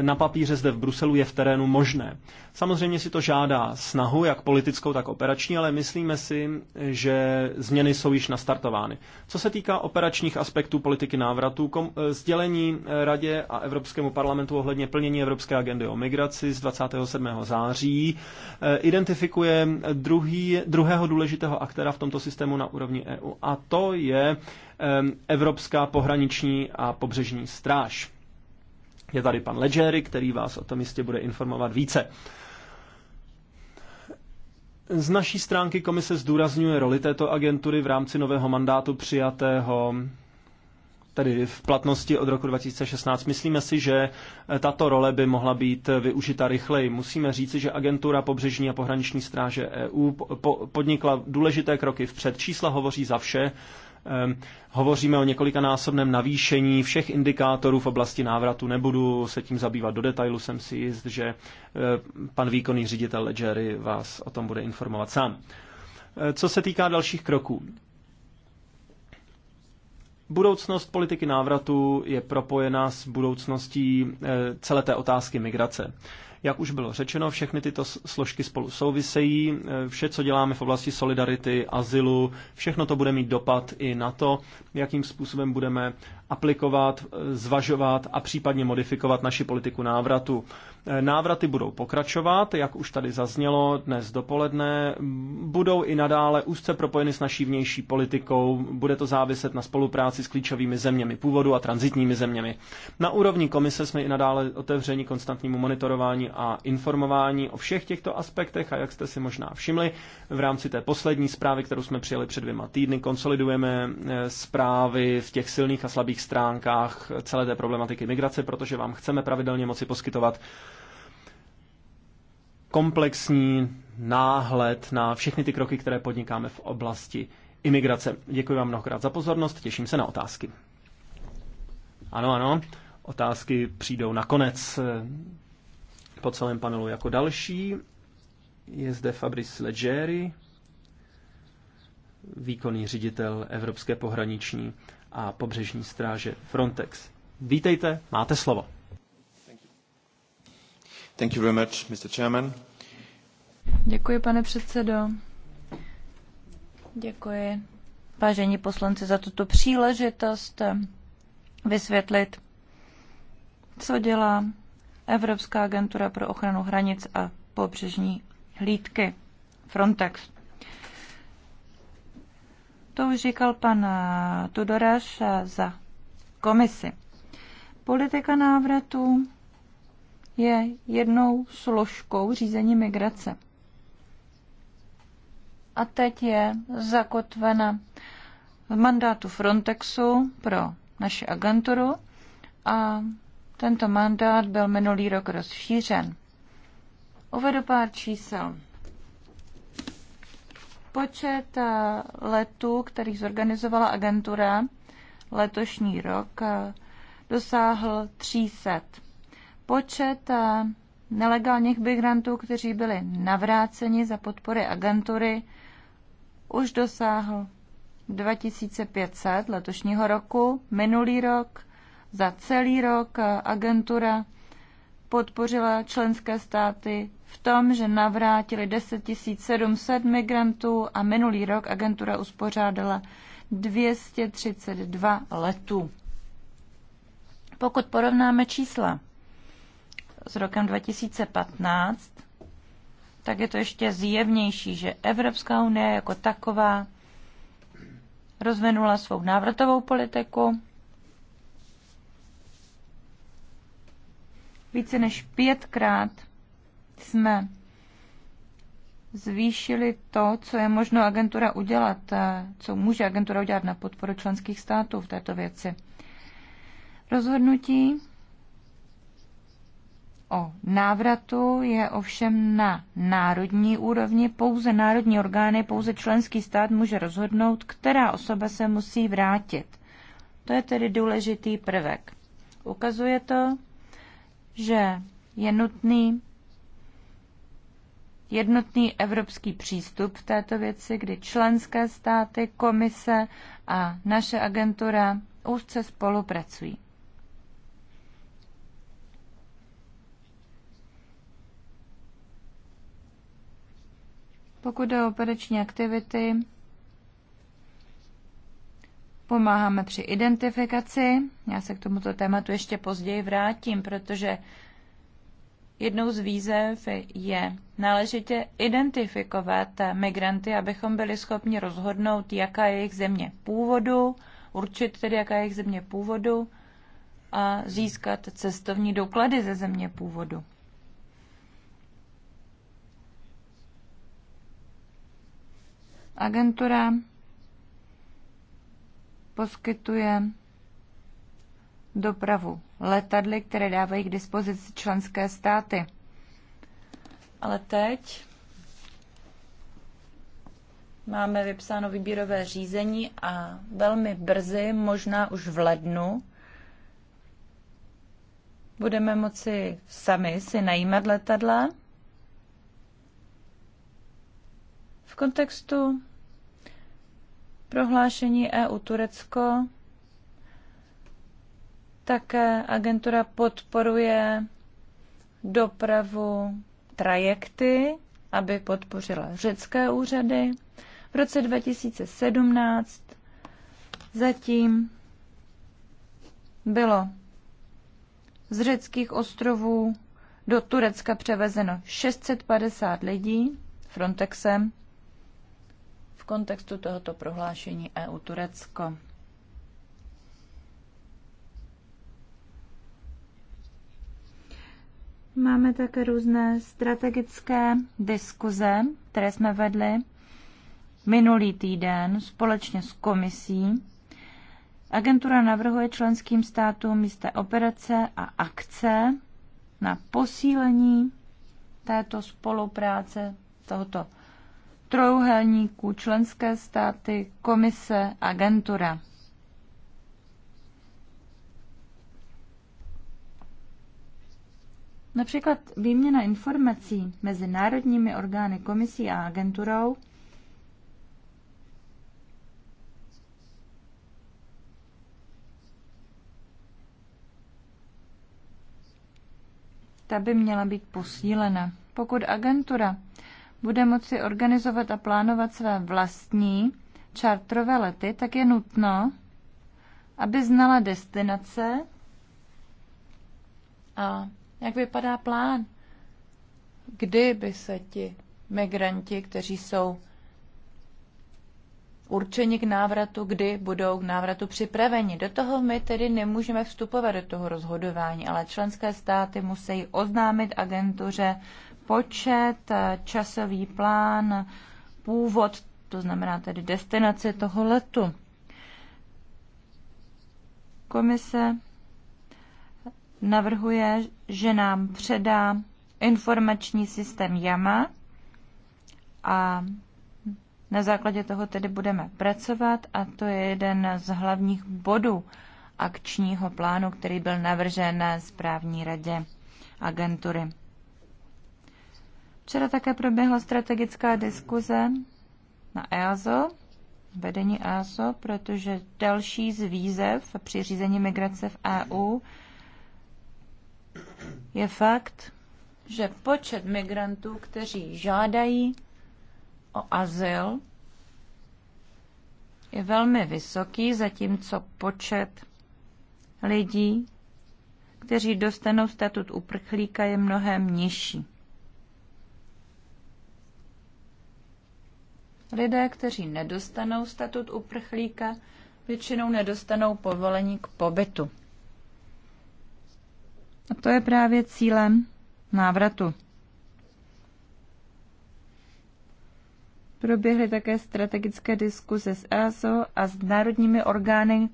na papíře zde v Bruselu je v terénu možné. Samozřejmě si to žádá snahu, jak politickou, tak operační, ale myslíme si, že změny jsou již nastartovány. Co se týká operačních aspektů politiky návratu, kom, eh, sdělení eh, Radě a Evropskému parlamentu ohledně plnění Evropské agendy o migraci z 27. září eh, identifikuje druhý, druhého důležitého aktéra v tomto systému na úrovni EU a to je Evropská pohraniční a pobřežní stráž. Je tady pan Ledgery, který vás o tom jistě bude informovat více. Z naší stránky komise zdůrazňuje roli této agentury v rámci nového mandátu přijatého tedy v platnosti od roku 2016. Myslíme si, že tato role by mohla být využita rychleji. Musíme říci, že agentura pobřežní a pohraniční stráže EU podnikla důležité kroky vpřed. Čísla hovoří za vše Ehm, hovoříme o několikanásobném navýšení všech indikátorů v oblasti návratu. Nebudu se tím zabývat do detailu, jsem si jist, že eh, pan výkonný ředitel Ledgery vás o tom bude informovat sám. Eh, co se týká dalších kroků, budoucnost politiky návratu je propojená s budoucností eh, celé té otázky migrace. Jak už bylo řečeno, všechny tyto složky spolu souvisejí. E, Vše, co děláme v oblasti solidarity, azylu, všechno to bude mít dopad i na to, jakým způsobem budeme aplikovat, zvažovat a případně modifikovat naši politiku návratu. Návraty budou pokračovat, jak už tady zaznělo dnes dopoledne, budou i nadále úzce propojeny s naší vnější politikou, bude to záviset na spolupráci s klíčovými zeměmi původu a transitními zeměmi. Na úrovni komise jsme i nadále otevřeni konstantnímu monitorování a informování o všech těchto aspektech a jak jste si možná všimli, v rámci té poslední zprávy, kterou jsme přijeli před dvěma týdny, konsolidujeme eh, zprávy v těch silných a slabých webových stránkách celé té problematiky migrace, protože vám chceme pravidelně moci poskytovat komplexní náhled na všechny ty kroky, které podnikáme v oblasti imigrace. Děkuji vám mnohokrát za pozornost, těším se na otázky. Ano, ano, otázky přijdou nakonec eh, po celém panelu jako další. Je zde Fabrice Leggeri, výkonný ředitel Evropské pohraniční a pobřežní stráže Frontex. Vítejte, máte slovo. Thank you very much, Mr. Chairman. Děkuji, pane předsedo. Děkuji, vážení poslanci, za tuto příležitost eh, vysvětlit, co dělá Evropská agentura pro ochranu hranic a pobřežní hlídky Frontex. To už říkal pan eh, Tudoraš eh, za komisi. Politika návratu je jednou složkou řízení migrace. A teď je zakotvena v mandátu Frontexu pro naši agenturu a tento mandát byl minulý rok rozšířen. Uvedu pár čísel. Počet eh, letů, kterých zorganizovala agentura letošní rok, eh, dosáhl 300. Počet eh, nelegálních migrantů, kteří byli navráceni za podpory agentury, už dosáhl 2500 letošního roku. Minulý rok za celý rok agentura podpořila členské státy v tom, že navrátili 10 700 migrantů a minulý rok agentura uspořádala 232 letů. Pokud porovnáme čísla s rokem 2015, tak je to ještě zjevnější, že Evropská unie jako taková rozvinula svou návratovou politiku, Více než pětkrát jsme zvýšili to, co je možno agentura udělat, eh, co může agentura udělat na podporu členských států v této věci. Rozhodnutí o návratu je ovšem na národní úrovni. Pouze národní orgány, pouze členský stát může rozhodnout, která osoba se musí vrátit. To je tedy důležitý prvek. Ukazuje to, že je nutný jednotný evropský přístup v této věci, kdy členské státy, komise a naše agentura úzce spolupracují. Pokud jde o operační aktivity, Pomáháme při identifikaci. Já se k tomuto tématu ještě později vrátím, protože jednou z výzev je náležitě identifikovat migranty, abychom byli schopni rozhodnout, jaká je jejich země původu, určit tedy, jaká je jejich země původu a získat cestovní doklady ze země původu. Agentura poskytuje dopravu letadly, které dávají k dispozici členské státy. Ale teď máme vypsáno výběrové řízení a velmi brzy, možná už v lednu, budeme moci sami si najímat letadla v kontextu Prohlášení EU Turecko. Také agentura podporuje dopravu trajekty, aby podpořila řecké úřady. V roce 2017 zatím bylo z řeckých ostrovů do Turecka převezeno 650 lidí Frontexem kontextu tohoto prohlášení EU-Turecko. Máme také různé strategické diskuze, které jsme vedli minulý týden společně s komisí. Agentura navrhuje členským státům jisté operace a akce na posílení této spolupráce, tohoto trojuhelníku členské státy, komise, agentura. Například výměna informací mezi národními orgány komisí a agenturou ta by měla být posílena. Pokud agentura bude moci organizovat a plánovat své vlastní čartrové lety, tak je nutno, aby znala destinace a jak vypadá plán, kdy by se ti migranti, kteří jsou určeni k návratu, kdy budou k návratu připraveni. Do toho my tedy nemůžeme vstupovat do toho rozhodování, ale členské státy musí oznámit agentuře počet, eh, časový plán, původ, to znamená tedy destinace toho letu. Komise navrhuje, že nám předá informační systém JAMA a na základě toho tedy budeme pracovat a to je jeden z hlavních bodů akčního plánu, který byl navržen na správní radě agentury. Včera také proběhla strategická diskuze na EASO, vedení EASO, protože další z výzev při řízení migrace v EU je fakt, že počet migrantů, kteří žádají o azyl, je velmi vysoký, zatímco počet lidí, kteří dostanou statut uprchlíka, je mnohem nižší. Lidé, kteří nedostanou statut uprchlíka, většinou nedostanou povolení k pobytu. A to je právě cílem návratu. Proběhly také strategické diskuze s EASO a s národními orgány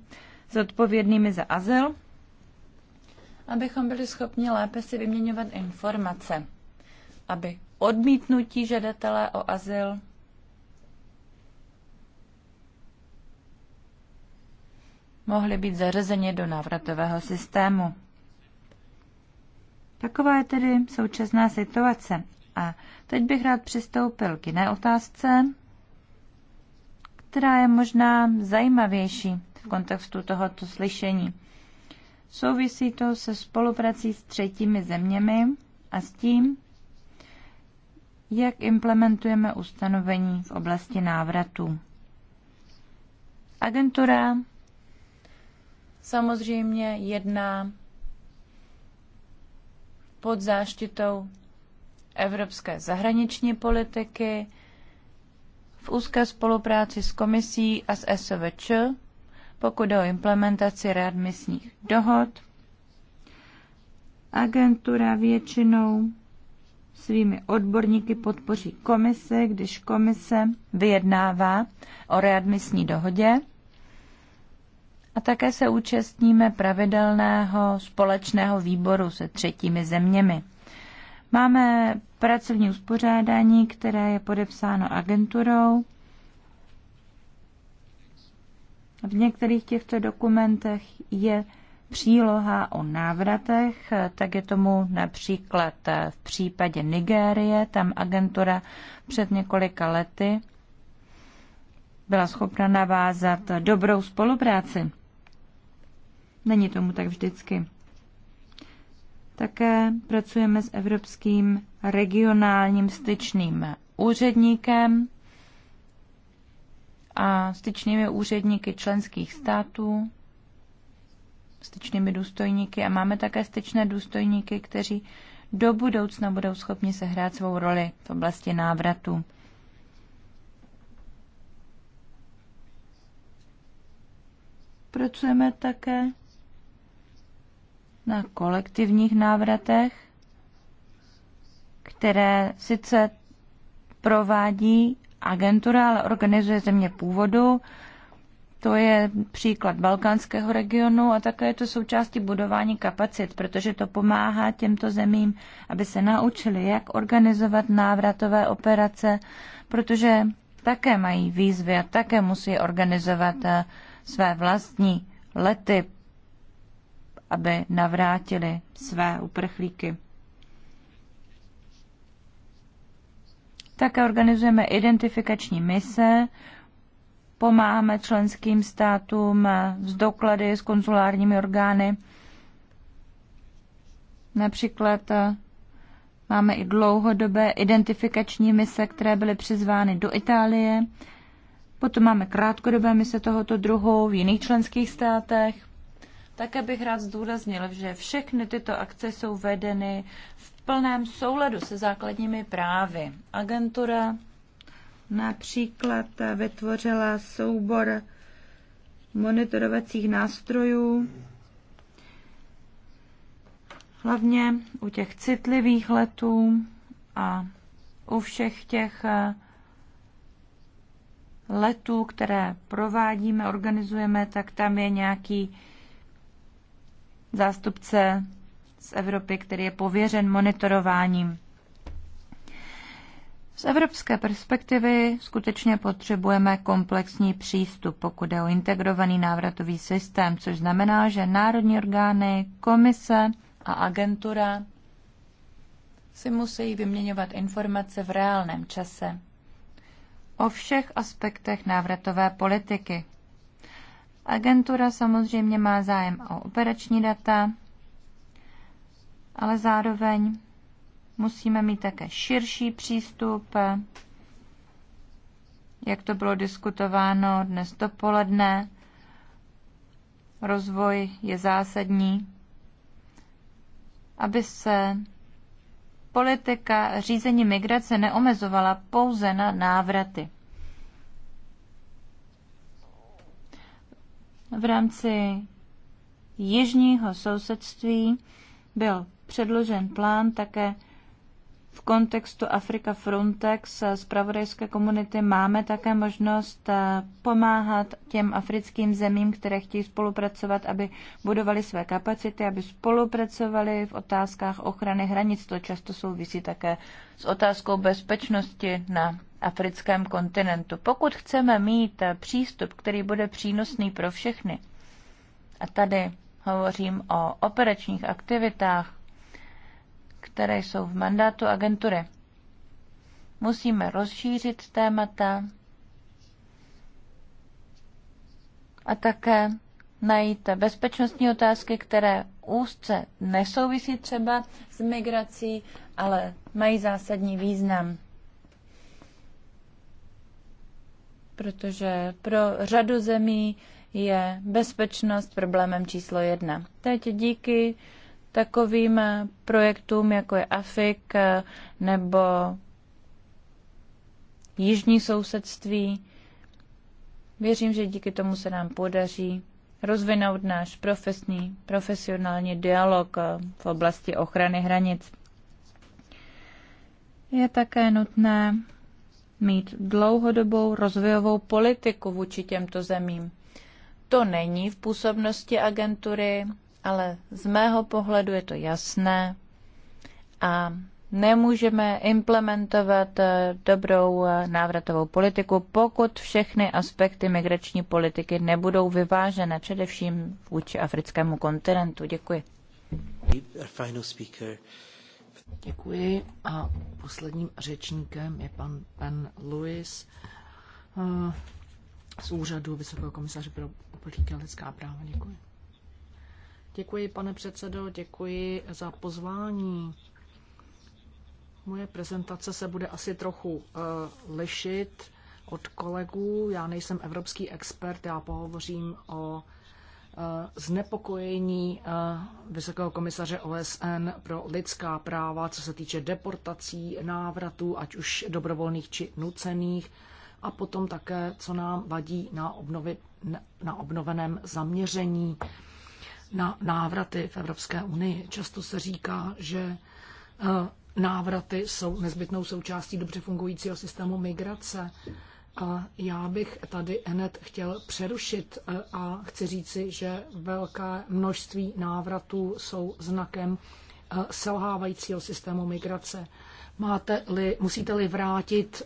zodpovědnými za azyl, abychom byli schopni lépe si vyměňovat informace, aby odmítnutí žadatelé o azyl mohli být zařazeni do návratového systému. Taková je tedy současná situace. A teď bych rád přistoupil k jiné otázce, která je možná zajímavější v kontextu tohoto slyšení. Souvisí to se spoluprací s třetími zeměmi a s tím, jak implementujeme ustanovení v oblasti návratu. Agentura samozřejmě jedná pod záštitou evropské zahraniční politiky v úzké spolupráci s komisí a s SVČ, pokud jde o implementaci readmisních dohod. Agentura většinou svými odborníky podpoří komise, když komise vyjednává o readmisní dohodě a také se účastníme pravidelného společného výboru se třetími zeměmi. Máme pracovní uspořádání, které je podepsáno agenturou. V některých těchto dokumentech je příloha o návratech, tak je tomu například v případě Nigérie, tam agentura před několika lety byla schopna navázat dobrou spolupráci. Není tomu tak vždycky. Také pracujeme s Evropským regionálním styčným úředníkem a styčnými úředníky členských států, styčnými důstojníky a máme také styčné důstojníky, kteří do budoucna budou schopni sehrát svou roli v oblasti návratu. Pracujeme také na kolektivních návratech, které sice provádí agentura, ale organizuje země původu. To je příklad balkánského regionu a také je to součástí budování kapacit, protože to pomáhá těmto zemím, aby se naučili, jak organizovat návratové operace, protože také mají výzvy a také musí organizovat eh, své vlastní lety aby navrátili své uprchlíky. Také organizujeme identifikační mise, pomáháme členským státům s doklady, s konzulárními orgány. Například eh, máme i dlouhodobé identifikační mise, které byly přizvány do Itálie. Potom máme krátkodobé mise tohoto druhu v jiných členských státech. Také bych rád zdůraznil, že všechny tyto akce jsou vedeny v plném souladu se základními právy. Agentura například vytvořila soubor monitorovacích nástrojů, hlavně u těch citlivých letů a u všech těch eh, letů, které provádíme, organizujeme, tak tam je nějaký zástupce z Evropy, který je pověřen monitorováním. Z evropské perspektivy skutečně potřebujeme komplexní přístup, pokud je o integrovaný návratový systém, což znamená, že národní orgány, komise a agentura si musí vyměňovat informace v reálném čase o všech aspektech návratové politiky, Agentura samozřejmě má zájem o operační data, ale zároveň musíme mít také širší přístup, jak to bylo diskutováno dnes dopoledne. Rozvoj je zásadní, aby se politika řízení migrace neomezovala pouze na návraty. v rámci jižního sousedství byl předložen plán také v kontextu Afrika Frontex eh, z pravodajské komunity máme také možnost eh, pomáhat těm africkým zemím, které chtějí spolupracovat, aby budovali své kapacity, aby spolupracovali v otázkách ochrany hranic. To často souvisí také s otázkou bezpečnosti na africkém kontinentu. Pokud chceme mít eh, přístup, který bude přínosný pro všechny, a tady hovořím o operačních aktivitách, které jsou v mandátu agentury. Musíme rozšířit témata a také najít bezpečnostní otázky, které úzce nesouvisí třeba s migrací, ale mají zásadní význam. Protože pro řadu zemí je bezpečnost problémem číslo jedna. Teď díky takovým eh, projektům, jako je AFIK eh, nebo jižní sousedství. Věřím, že díky tomu se nám podaří rozvinout náš profesní, profesionální dialog eh, v oblasti ochrany hranic. Je také nutné mít dlouhodobou rozvojovou politiku vůči těmto zemím. To není v působnosti agentury, ale z mého pohledu je to jasné a nemůžeme implementovat eh, dobrou eh, návratovou politiku, pokud všechny aspekty migrační politiky nebudou vyvážené, především vůči africkému kontinentu. Děkuji. Děkuji a posledním řečníkem je pan Ben Lewis eh, z úřadu Vysokého komisaře pro uprchlíky a lidská práva. Děkuji. Děkuji, pane předsedo, děkuji za pozvání. Moje prezentace se bude asi trochu uh, lišit od kolegů. Já nejsem evropský expert, já pohovořím o eh, znepokojení eh, Vysokého komisaře OSN pro lidská práva, co se týče deportací, návratů, ať už dobrovolných či nucených, a potom také, co nám vadí na, obnovy, na obnoveném zaměření na návraty v Evropské unii. Často se říká, že eh, návraty jsou nezbytnou součástí dobře fungujícího systému migrace. A já bych tady Enet chtěl přerušit eh, a chci říci, že velké množství návratů jsou znakem eh, selhávajícího systému migrace. Máte-li, musíte-li vrátit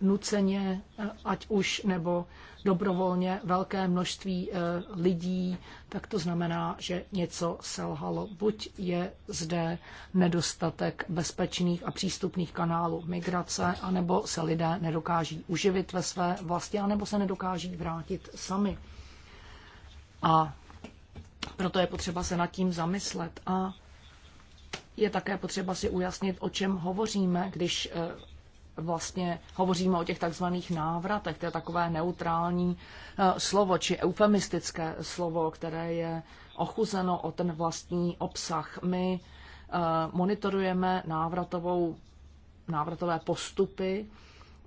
nuceně, ať už nebo dobrovolně velké množství eh, lidí, tak to znamená, že něco selhalo. Buď je zde nedostatek bezpečných a přístupných kanálů migrace, anebo se lidé nedokáží uživit ve své vlasti, anebo se nedokáží vrátit sami. A proto je potřeba se nad tím zamyslet a je také potřeba si ujasnit, o čem hovoříme, když eh, vlastně hovoříme o těch takzvaných návratech, to je takové neutrální eh, slovo či eufemistické slovo, které je ochuzeno o ten vlastní obsah. My eh, monitorujeme návratovou, návratové postupy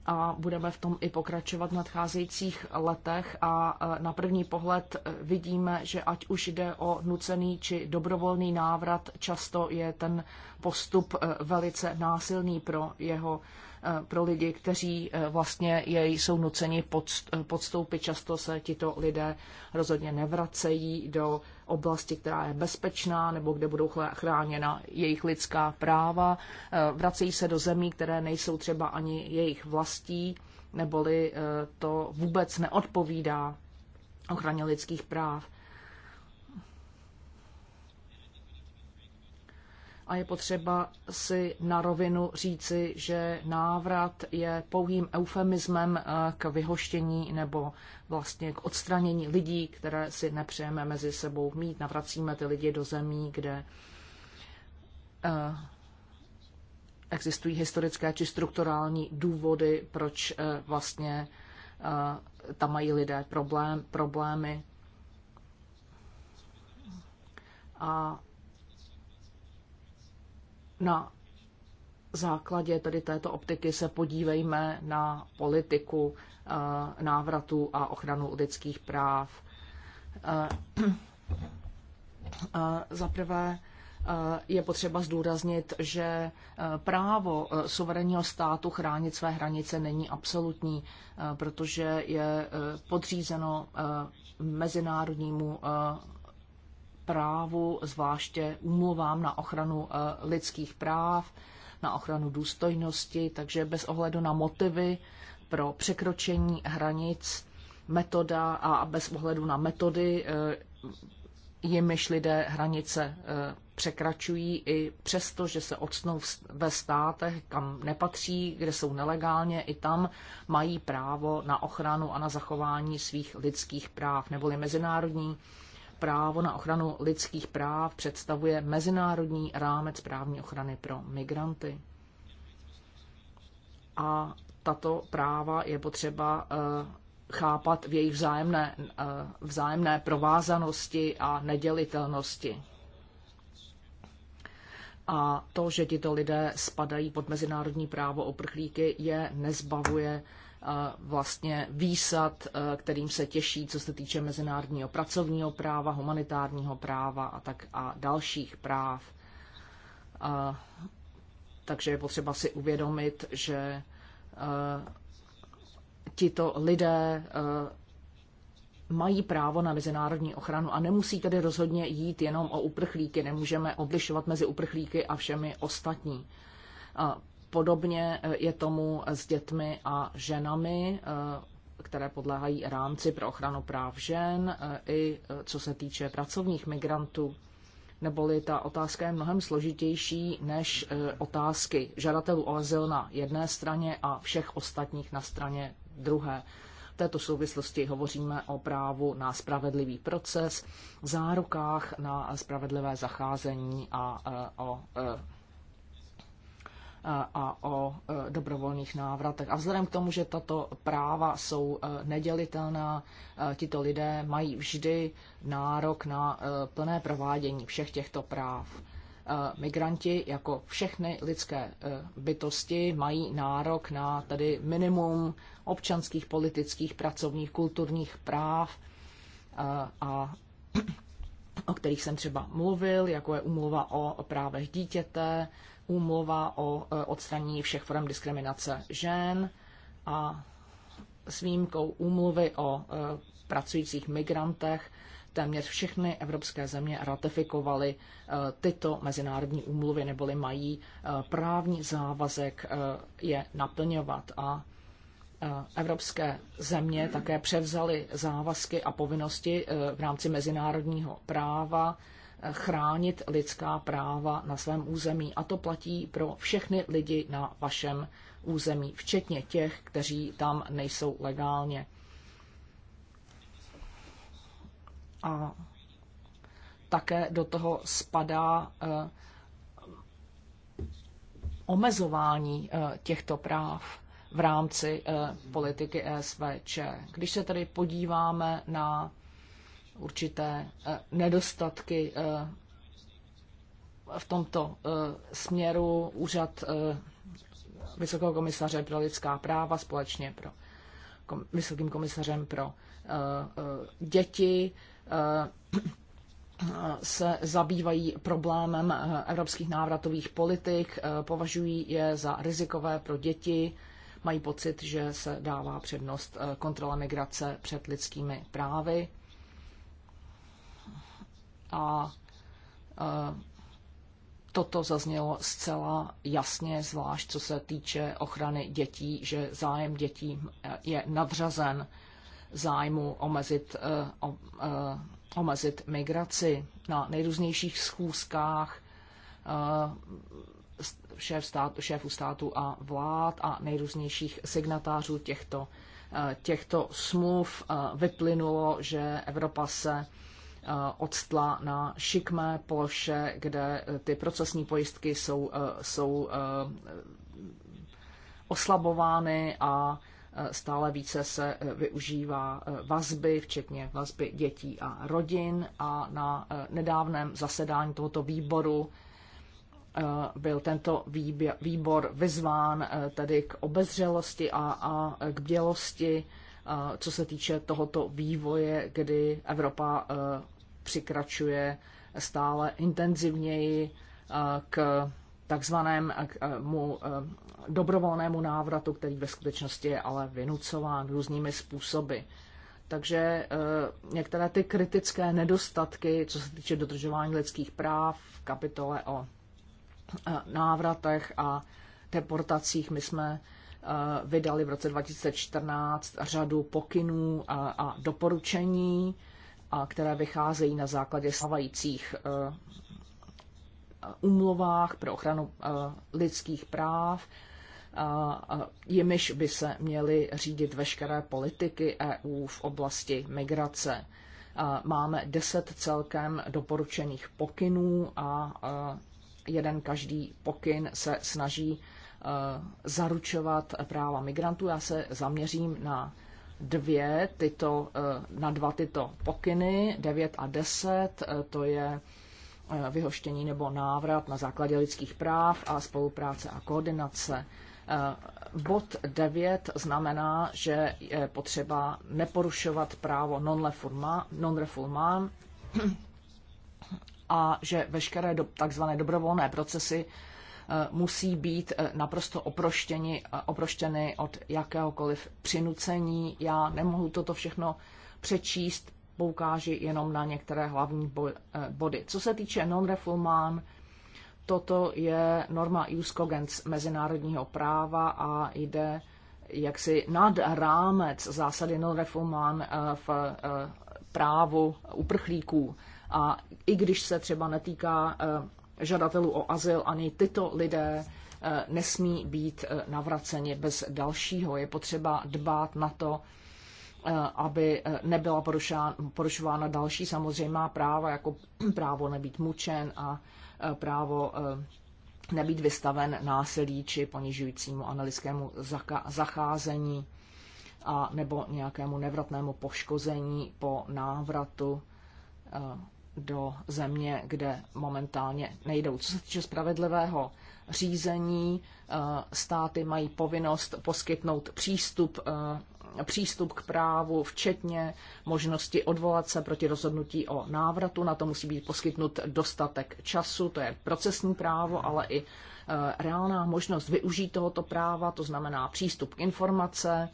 a budeme v tom i pokračovat v nadcházejících letech a eh, na první pohled vidíme, že ať už jde o nucený či dobrovolný návrat, často je ten postup velice násilný pro jeho Eh, pro lidi, kteří eh, vlastně jej jsou nuceni eh, podstoupit. Často se tito lidé rozhodně nevracejí do oblasti, která je bezpečná nebo kde budou chráněna jejich lidská práva. Vracejí se do zemí, které nejsou třeba ani jejich vlastí, neboli to vůbec neodpovídá ochraně lidských práv. a je potřeba si na rovinu říci, že návrat je pouhým eufemismem eh, k vyhoštění nebo vlastně k odstranění lidí, které si nepřejeme mezi sebou mít. Navracíme ty lidi do zemí, kde eh, existují historické či strukturální důvody, proč eh, vlastně tam mají lidé problém, problémy. A na základě tedy této optiky se podívejme na politiku eh, návratu a ochranu lidských práv. Eh, eh, za prvé je potřeba zdůraznit, že právo suverénního státu chránit své hranice není absolutní, protože je podřízeno mezinárodnímu právu, zvláště umluvám na ochranu eh, lidských práv, na ochranu důstojnosti, takže bez ohledu na motivy pro překročení hranic, metoda a bez ohledu na metody, eh, jimiž lidé hranice eh, překračují i přesto, že se odsnou ve státech, kam nepatří, kde jsou nelegálně, i tam mají právo na ochranu a na zachování svých lidských práv, neboli mezinárodní právo na ochranu lidských práv představuje mezinárodní rámec právní ochrany pro migranty. A tato práva je potřeba eh, chápat v jejich vzájemné, eh, vzájemné provázanosti a nedělitelnosti. A to, že tito lidé spadají pod mezinárodní právo oprchlíky, je nezbavuje vlastně výsad, e, kterým se těší, co se týče mezinárodního pracovního práva, humanitárního práva a tak a dalších práv. takže je potřeba si uvědomit, že e, tito lidé e, mají právo na mezinárodní ochranu a nemusí tedy rozhodně jít jenom o uprchlíky. Nemůžeme oblišovat mezi uprchlíky a všemi ostatní. Podobně eh, je tomu eh, s dětmi a ženami, eh, které podléhají rámci pro ochranu práv žen i co se týče pracovních migrantů. Neboli ta otázka je mnohem složitější než otázky žadatelů o azyl na jedné straně a všech ostatních na straně druhé. V této souvislosti hovoříme o právu na spravedlivý proces, zárukách na spravedlivé zacházení a o a o e, dobrovolných návratech. A vzhledem k tomu, že tato práva jsou e, nedělitelná, e, tito lidé mají vždy nárok na plné provádění všech těchto práv. Migranti, jako všechny lidské bytosti, mají nárok na tedy minimum občanských, politických, pracovních, kulturních práv a o kterých jsem třeba mluvil, jako je umluva o právech dítěte, úmluva o e, odstranění všech forem diskriminace žen a s výjimkou úmluvy o e, pracujících migrantech téměř všechny evropské země ratifikovaly e, tyto mezinárodní úmluvy, neboli mají právní závazek je naplňovat. A evropské země také převzaly závazky a povinnosti v rámci mezinárodního práva chránit lidská práva na svém území. A to platí pro všechny lidi na vašem území, včetně těch, kteří tam nejsou legálně. A také do toho spadá eh, omezování eh, těchto práv v rámci eh, politiky ESVČ. Když se tedy podíváme na určité eh, nedostatky eh, v tomto eh, směru. Úřad Vysokého komisaře pro lidská práva společně pro Vysokým komisařem pro děti se zabývají problémem evropských návratových politik, považují je za rizikové pro děti, mají pocit, že se dává přednost kontrole migrace před lidskými právy a e, toto zaznělo zcela jasně, zvlášť co se týče ochrany dětí, že zájem dětí je nadřazen zájmu omezit, e, e, omezit migraci. Na nejrůznějších schůzkách šéf státu, šéfů státu a vlád a nejrůznějších signatářů těchto, těchto smluv vyplynulo, že Evropa se Eh, octla na šikmé ploše, kde eh, ty procesní pojistky jsou, eh, jsou oslabovány a stále více se využívá vazby, včetně vazby dětí a rodin. A na nedávném zasedání tohoto výboru byl tento výbor vyzván tedy k obezřelosti a, a k bdělosti, co se týče tohoto vývoje, kdy Evropa přikračuje stále intenzivněji eh, k takzvanému eh, eh, dobrovolnému návratu, který ve skutečnosti je ale vynucován různými způsoby. Takže některé ty kritické nedostatky, co se týče dodržování lidských práv v kapitole o návratech a deportacích, my jsme vydali v roce 2014 řadu pokynů a doporučení a které vycházejí na základě stávajících eh, umluvách pro ochranu eh, lidských práv, jimiž by se měly řídit veškeré politiky EU v oblasti migrace. Máme deset celkem doporučených pokynů a jeden každý pokyn se snaží eh, zaručovat práva migrantů. Já se zaměřím na dvě tyto, eh, na dva tyto pokyny, 9 a 10, eh, to je eh, vyhoštění nebo návrat na základě lidských práv a spolupráce a koordinace. Bod 9 znamená, že je potřeba neporušovat právo non reformán non a že veškeré takzvané dobrovolné procesy Eh, musí být eh, naprosto oproštěni, eh, oproštěny od jakéhokoliv přinucení. Já nemohu toto všechno přečíst, poukáži jenom na některé hlavní body. Co se týče non-refulmán, toto je norma jus cogens mezinárodního práva a jde jaksi nad rámec zásady non-refulmán v právu uprchlíků. A i když se třeba netýká žadatelů o azyl, ani tyto lidé eh, nesmí být eh, navraceni bez dalšího. Je potřeba dbát na to, eh, aby nebyla porušována další samozřejmá práva, jako právo nebýt mučen a právo nebýt vystaven násilí či ponižujícímu analytickému zacházení a nebo nějakému nevratnému poškození po návratu do země, kde momentálně nejdou. Co se týče spravedlivého řízení, eh, státy mají povinnost poskytnout přístup eh, přístup k právu, včetně možnosti odvolat se proti rozhodnutí o návratu. Na to musí být poskytnut dostatek času, to je procesní právo, ale i eh, reálná možnost využít tohoto práva, to znamená přístup k informace,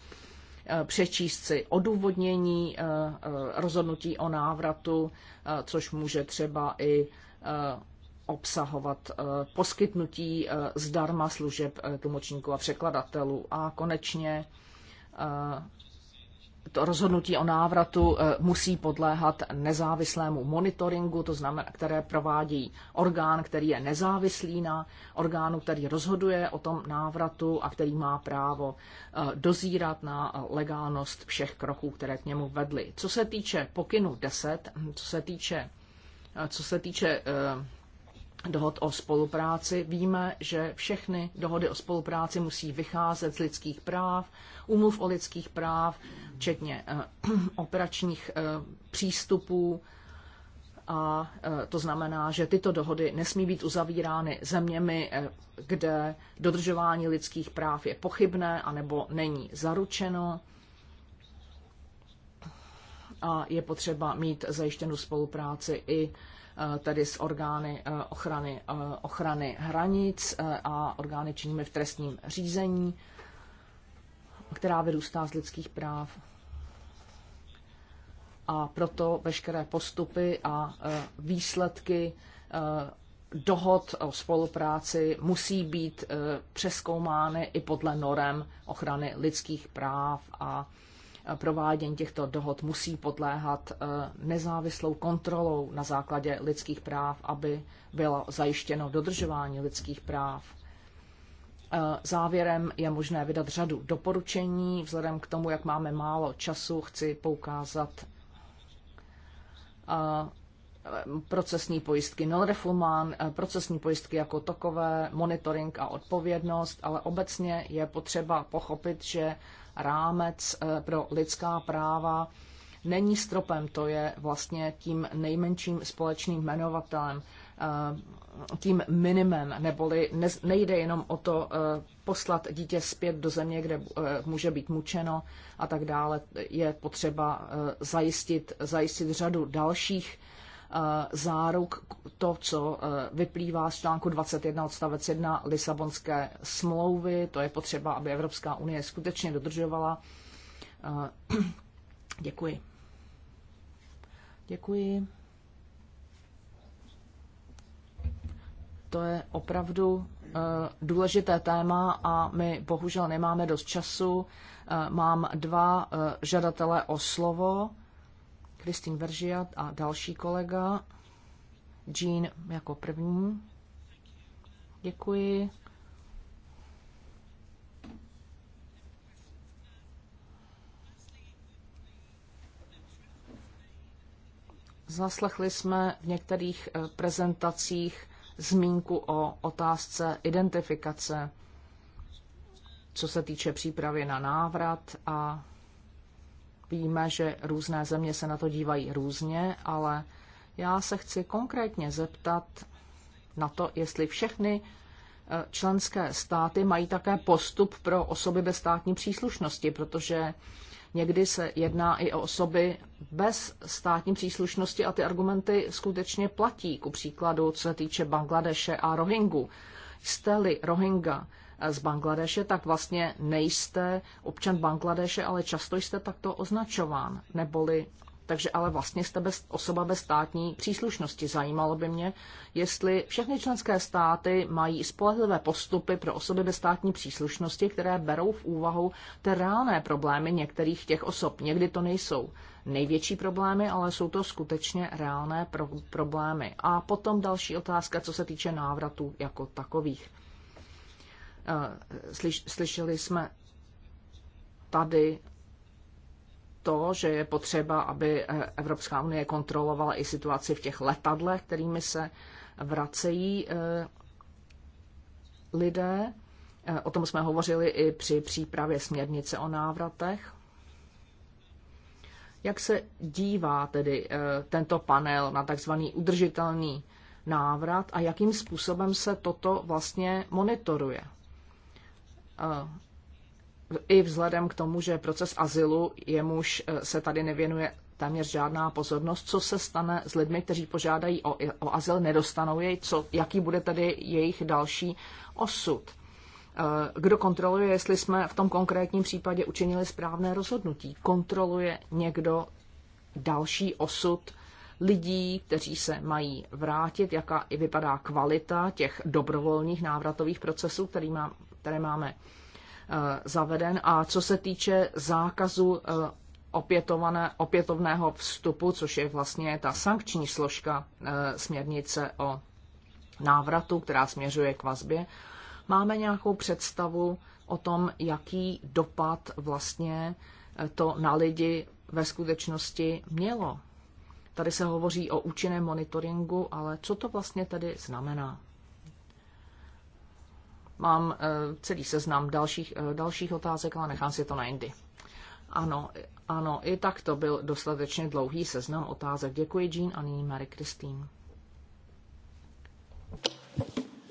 Eh, přečíst si odůvodnění eh, eh, rozhodnutí o návratu, což může třeba i obsahovat poskytnutí zdarma služeb tlumočníků a překladatelů. A konečně to rozhodnutí o návratu eh, musí podléhat nezávislému monitoringu, to znamená, které provádí orgán, který je nezávislý na orgánu, který rozhoduje o tom návratu a který má právo eh, dozírat na eh, legálnost všech kroků, které k němu vedly. Co se týče pokynu 10, hm, co se týče, co se týče dohod o spolupráci. Víme, že všechny dohody o spolupráci musí vycházet z lidských práv, umluv o lidských práv, včetně eh, operačních eh, přístupů. A eh, to znamená, že tyto dohody nesmí být uzavírány zeměmi, kde dodržování lidských práv je pochybné anebo není zaručeno a je potřeba mít zajištěnou spolupráci i Eh, tedy s orgány eh, ochrany, eh, ochrany hranic a orgány činnými v trestním řízení, která vyrůstá z lidských práv. A proto veškeré postupy a výsledky dohod o spolupráci musí být přeskoumány i podle norem ochrany lidských práv a provádění těchto dohod musí podléhat eh, nezávislou kontrolou na základě lidských práv, aby bylo zajištěno dodržování lidských práv. Eh, závěrem je možné vydat řadu doporučení. Vzhledem k tomu, jak máme málo času, chci poukázat eh, procesní pojistky non-refulmán, procesní pojistky jako takové, monitoring a odpovědnost, ale obecně je potřeba pochopit, že rámec eh, pro lidská práva není stropem, to je vlastně tím nejmenším společným jmenovatelem, eh, tím minimem, neboli nejde jenom o to eh, poslat dítě zpět do země, kde může být mučeno a tak dále. Je potřeba zajistit, zajistit řadu dalších Eh, záruk to, co eh, vyplývá z článku 21 odstavec 1 Lisabonské smlouvy. To je potřeba, aby Evropská unie skutečně dodržovala. Eh, děkuji. Děkuji. To je opravdu důležité téma a my bohužel nemáme dost času. Mám dva žadatele o slovo Kristin Veržiat a další kolega. Jean jako první. Děkuji. Zaslechli jsme v některých eh, prezentacích zmínku o otázce identifikace, co se týče přípravy na návrat a Víme, že různé země se na to dívají různě, ale já se chci konkrétně zeptat na to, jestli všechny e, členské státy mají také postup pro osoby bez státní příslušnosti, protože někdy se jedná i o osoby bez státní příslušnosti a ty argumenty skutečně platí. Ku příkladu, co se týče Bangladeše a Rohingu. Jste-li Rohingya z Bangladeše, tak vlastně nejste občan Bangladeše, ale často jste takto označován, neboli takže ale vlastně jste bez, osoba bez státní příslušnosti. Zajímalo by mě, jestli všechny členské státy mají spolehlivé postupy pro osoby bez státní příslušnosti, které berou v úvahu ty reálné problémy některých těch osob. Někdy to nejsou největší problémy, ale jsou to skutečně reálné pro, problémy. A potom další otázka, co se týče návratů jako takových. Slyšeli jsme tady to, že je potřeba, aby e, Evropská unie kontrolovala i situaci v těch letadlech, kterými se vracejí e, lidé. E, o tom jsme hovořili i při přípravě směrnice o návratech. Jak se dívá tedy tento panel na takzvaný udržitelný návrat a jakým způsobem se toto vlastně monitoruje? i vzhledem k tomu, že proces azylu jemuž e, se tady nevěnuje téměř žádná pozornost, co se stane s lidmi, kteří požádají o, o azyl, nedostanou jej, co, jaký bude tedy jejich další osud. E, kdo kontroluje, jestli jsme v tom konkrétním případě učinili správné rozhodnutí? Kontroluje někdo další osud lidí, kteří se mají vrátit, jaká i vypadá kvalita těch dobrovolných návratových procesů, který má, které máme eh, zaveden. A co se týče zákazu eh, opětovného vstupu, což je vlastně ta sankční složka eh, směrnice o návratu, která směřuje k vazbě, máme nějakou představu o tom, jaký dopad vlastně to na lidi ve skutečnosti mělo. Tady se hovoří o účinném monitoringu, ale co to vlastně tedy znamená? Mám eh, celý seznam dalších, eh, dalších otázek, ale nechám si to na jindy. Ano, ano, i tak to byl dostatečně dlouhý seznam otázek. Děkuji, Jean, a nyní Marie Christine.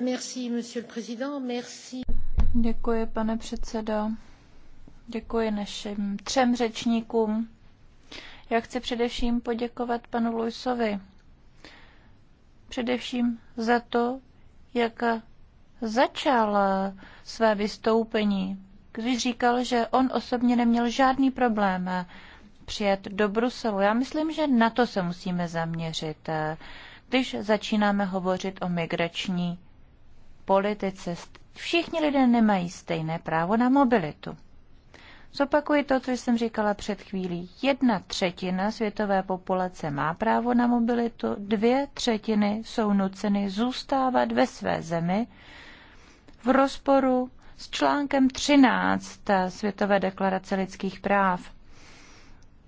Merci, monsieur le président. Merci. Děkuji, pane předsedo. Děkuji našim třem řečníkům. Já chci především poděkovat panu Luisovi. Především za to, jak začal eh, své vystoupení, když říkal, že on osobně neměl žádný problém eh, přijet do Bruselu. Já myslím, že na to se musíme zaměřit, eh, když začínáme hovořit o migrační politice. Všichni lidé nemají stejné právo na mobilitu. Zopakuji to, co jsem říkala před chvílí. Jedna třetina světové populace má právo na mobilitu, dvě třetiny jsou nuceny zůstávat ve své zemi v rozporu s článkem 13 Světové deklarace lidských práv.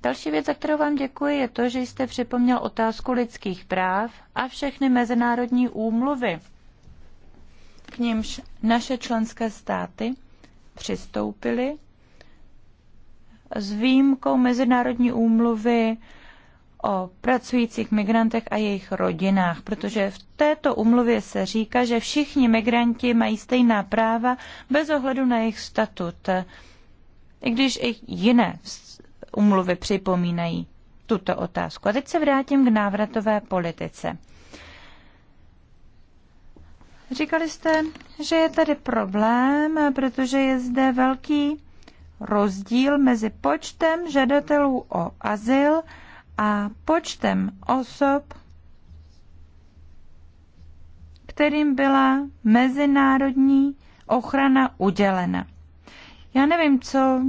Další věc, za kterou vám děkuji, je to, že jste připomněl otázku lidských práv a všechny mezinárodní úmluvy, k nímž naše členské státy přistoupily s výjimkou Mezinárodní úmluvy o pracujících migrantech a jejich rodinách, protože v této umluvě se říká, že všichni migranti mají stejná práva bez ohledu na jejich statut, i když i jiné umluvy připomínají tuto otázku. A teď se vrátím k návratové politice. Říkali jste, že je tady problém, protože je zde velký rozdíl mezi počtem žadatelů o azyl a počtem osob, kterým byla mezinárodní ochrana udělena. Já nevím, co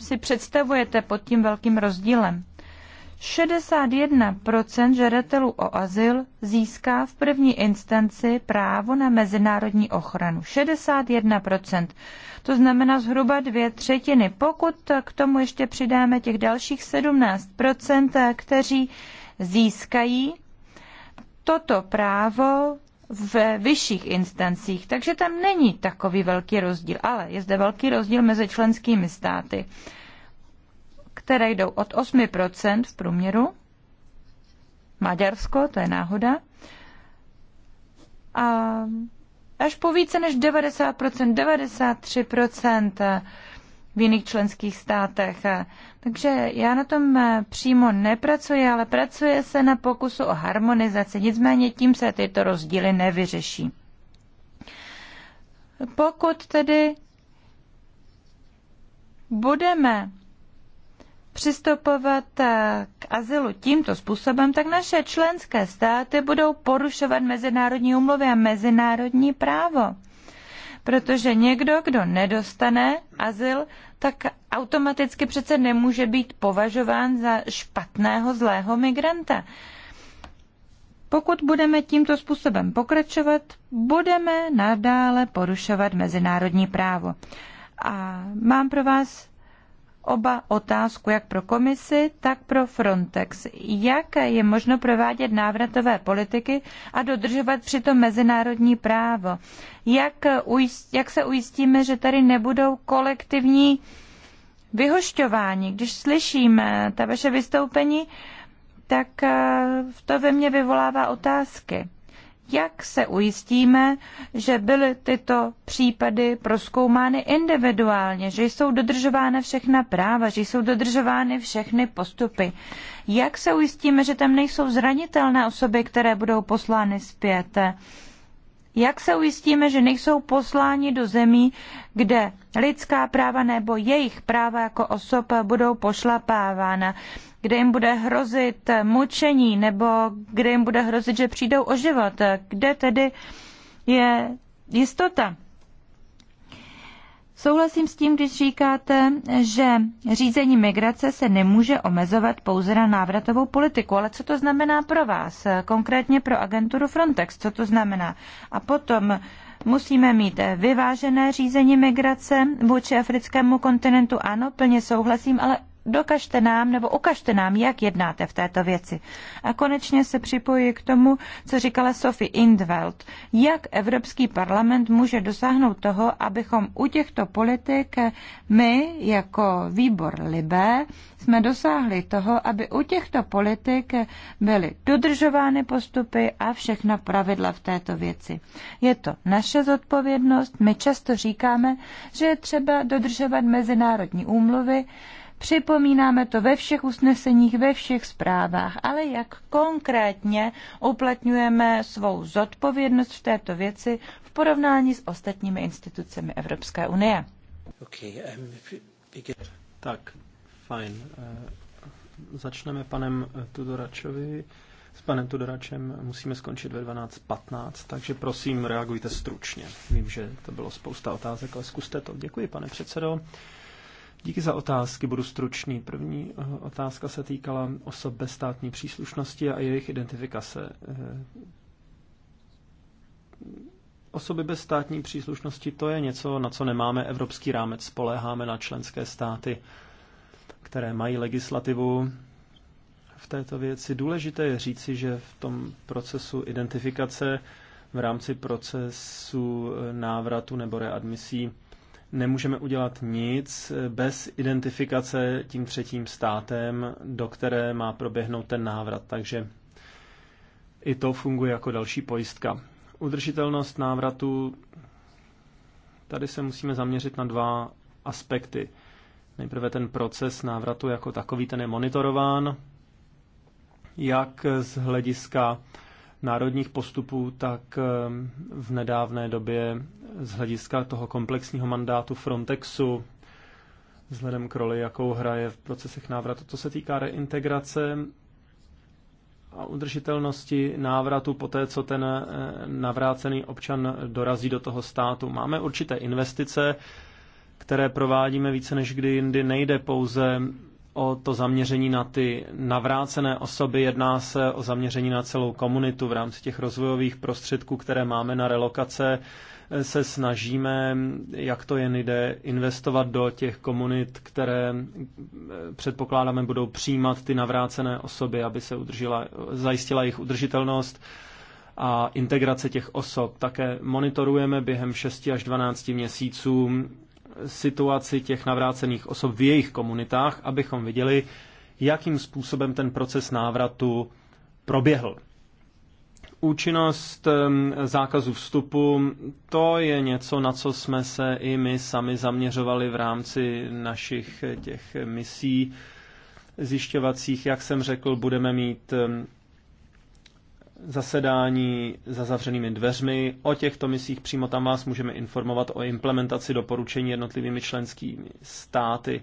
si představujete pod tím velkým rozdílem. 61% žadatelů o azyl získá v první instanci právo na mezinárodní ochranu. 61%. To znamená zhruba dvě třetiny. Pokud k tomu ještě přidáme těch dalších 17%, kteří získají toto právo v vyšších instancích, takže tam není takový velký rozdíl, ale je zde velký rozdíl mezi členskými státy které jdou od 8% v průměru, Maďarsko, to je náhoda, a až po více než 90%, 93% v jiných členských státech. Takže já na tom přímo nepracuji, ale pracuje se na pokusu o harmonizaci. Nicméně tím se tyto rozdíly nevyřeší. Pokud tedy budeme přistupovat eh, k azylu tímto způsobem, tak naše členské státy budou porušovat mezinárodní umluvy a mezinárodní právo. Protože někdo, kdo nedostane azyl, tak automaticky přece nemůže být považován za špatného, zlého migranta. Pokud budeme tímto způsobem pokračovat, budeme nadále porušovat mezinárodní právo. A mám pro vás oba otázku jak pro komisi, tak pro Frontex. Jak je možno provádět návratové politiky a dodržovat přitom mezinárodní právo? Jak, ujist, jak se ujistíme, že tady nebudou kolektivní vyhošťování? Když slyšíme ta vaše vystoupení, tak eh, to ve mně vyvolává otázky. Jak se ujistíme, že byly tyto případy proskoumány individuálně, že jsou dodržována všechna práva, že jsou dodržovány všechny postupy? Jak se ujistíme, že tam nejsou zranitelné osoby, které budou poslány zpět? Jak se ujistíme, že nejsou posláni do zemí, kde lidská práva nebo jejich práva jako osob budou pošlapávána, kde jim bude hrozit mučení nebo kde jim bude hrozit, že přijdou o život? Kde tedy je jistota? Souhlasím s tím, když říkáte, že řízení migrace se nemůže omezovat pouze na návratovou politiku, ale co to znamená pro vás, konkrétně pro agenturu Frontex, co to znamená? A potom musíme mít vyvážené řízení migrace vůči africkému kontinentu, ano, plně souhlasím, ale dokažte nám nebo ukažte nám, jak jednáte v této věci. A konečně se připojuji k tomu, co říkala Sophie Indveld. Jak Evropský parlament může dosáhnout toho, abychom u těchto politik my jako výbor Libé jsme dosáhli toho, aby u těchto politik byly dodržovány postupy a všechna pravidla v této věci. Je to naše zodpovědnost. My často říkáme, že je třeba dodržovat mezinárodní úmluvy, Připomínáme to ve všech usneseních, ve všech zprávách, ale jak konkrétně uplatňujeme svou zodpovědnost v této věci v porovnání s ostatními institucemi Evropské unie. Okay, um, tak, fajn. Eh, začneme panem eh, Tudoračovi. S panem Tudoračem musíme skončit ve 12.15, takže prosím, reagujte stručně. Vím, že to bylo spousta otázek, ale zkuste to. Děkuji, pane předsedo. Díky za otázky, budu stručný. První eh, otázka se týkala osob bez státní příslušnosti a jejich identifikace. Eh, osoby bez státní příslušnosti, to je něco, na co nemáme evropský rámec. Spoléháme na členské státy, které mají legislativu v této věci. Důležité je říci, že v tom procesu identifikace v rámci procesu eh, návratu nebo readmisí nemůžeme udělat nic eh, bez identifikace tím třetím státem, do které má proběhnout ten návrat. Takže i to funguje jako další pojistka. Udržitelnost návratu. Tady se musíme zaměřit na dva aspekty. Nejprve ten proces návratu jako takový, ten je monitorován, jak z hlediska národních postupů, tak ehm, v nedávné době z hlediska toho komplexního mandátu Frontexu, vzhledem k roli, jakou hraje v procesech návratu, co se týká reintegrace a udržitelnosti návratu po té, co ten eh, navrácený občan dorazí do toho státu. Máme určité investice, které provádíme více než kdy jindy. Nejde pouze o to zaměření na ty navrácené osoby, jedná se o zaměření na celou komunitu. V rámci těch rozvojových prostředků, které máme na relokace, se snažíme, jak to jen jde, investovat do těch komunit, které eh, předpokládáme budou přijímat ty navrácené osoby, aby se udržila, zajistila jejich udržitelnost a integrace těch osob. Také monitorujeme během 6 až 12 měsíců situaci těch navrácených osob v jejich komunitách, abychom viděli, jakým způsobem ten proces návratu proběhl. Účinnost zákazu vstupu, to je něco, na co jsme se i my sami zaměřovali v rámci našich těch misí zjišťovacích. Jak jsem řekl, budeme mít zasedání za zavřenými dveřmi. O těchto misích přímo tam vás můžeme informovat o implementaci doporučení jednotlivými členskými státy.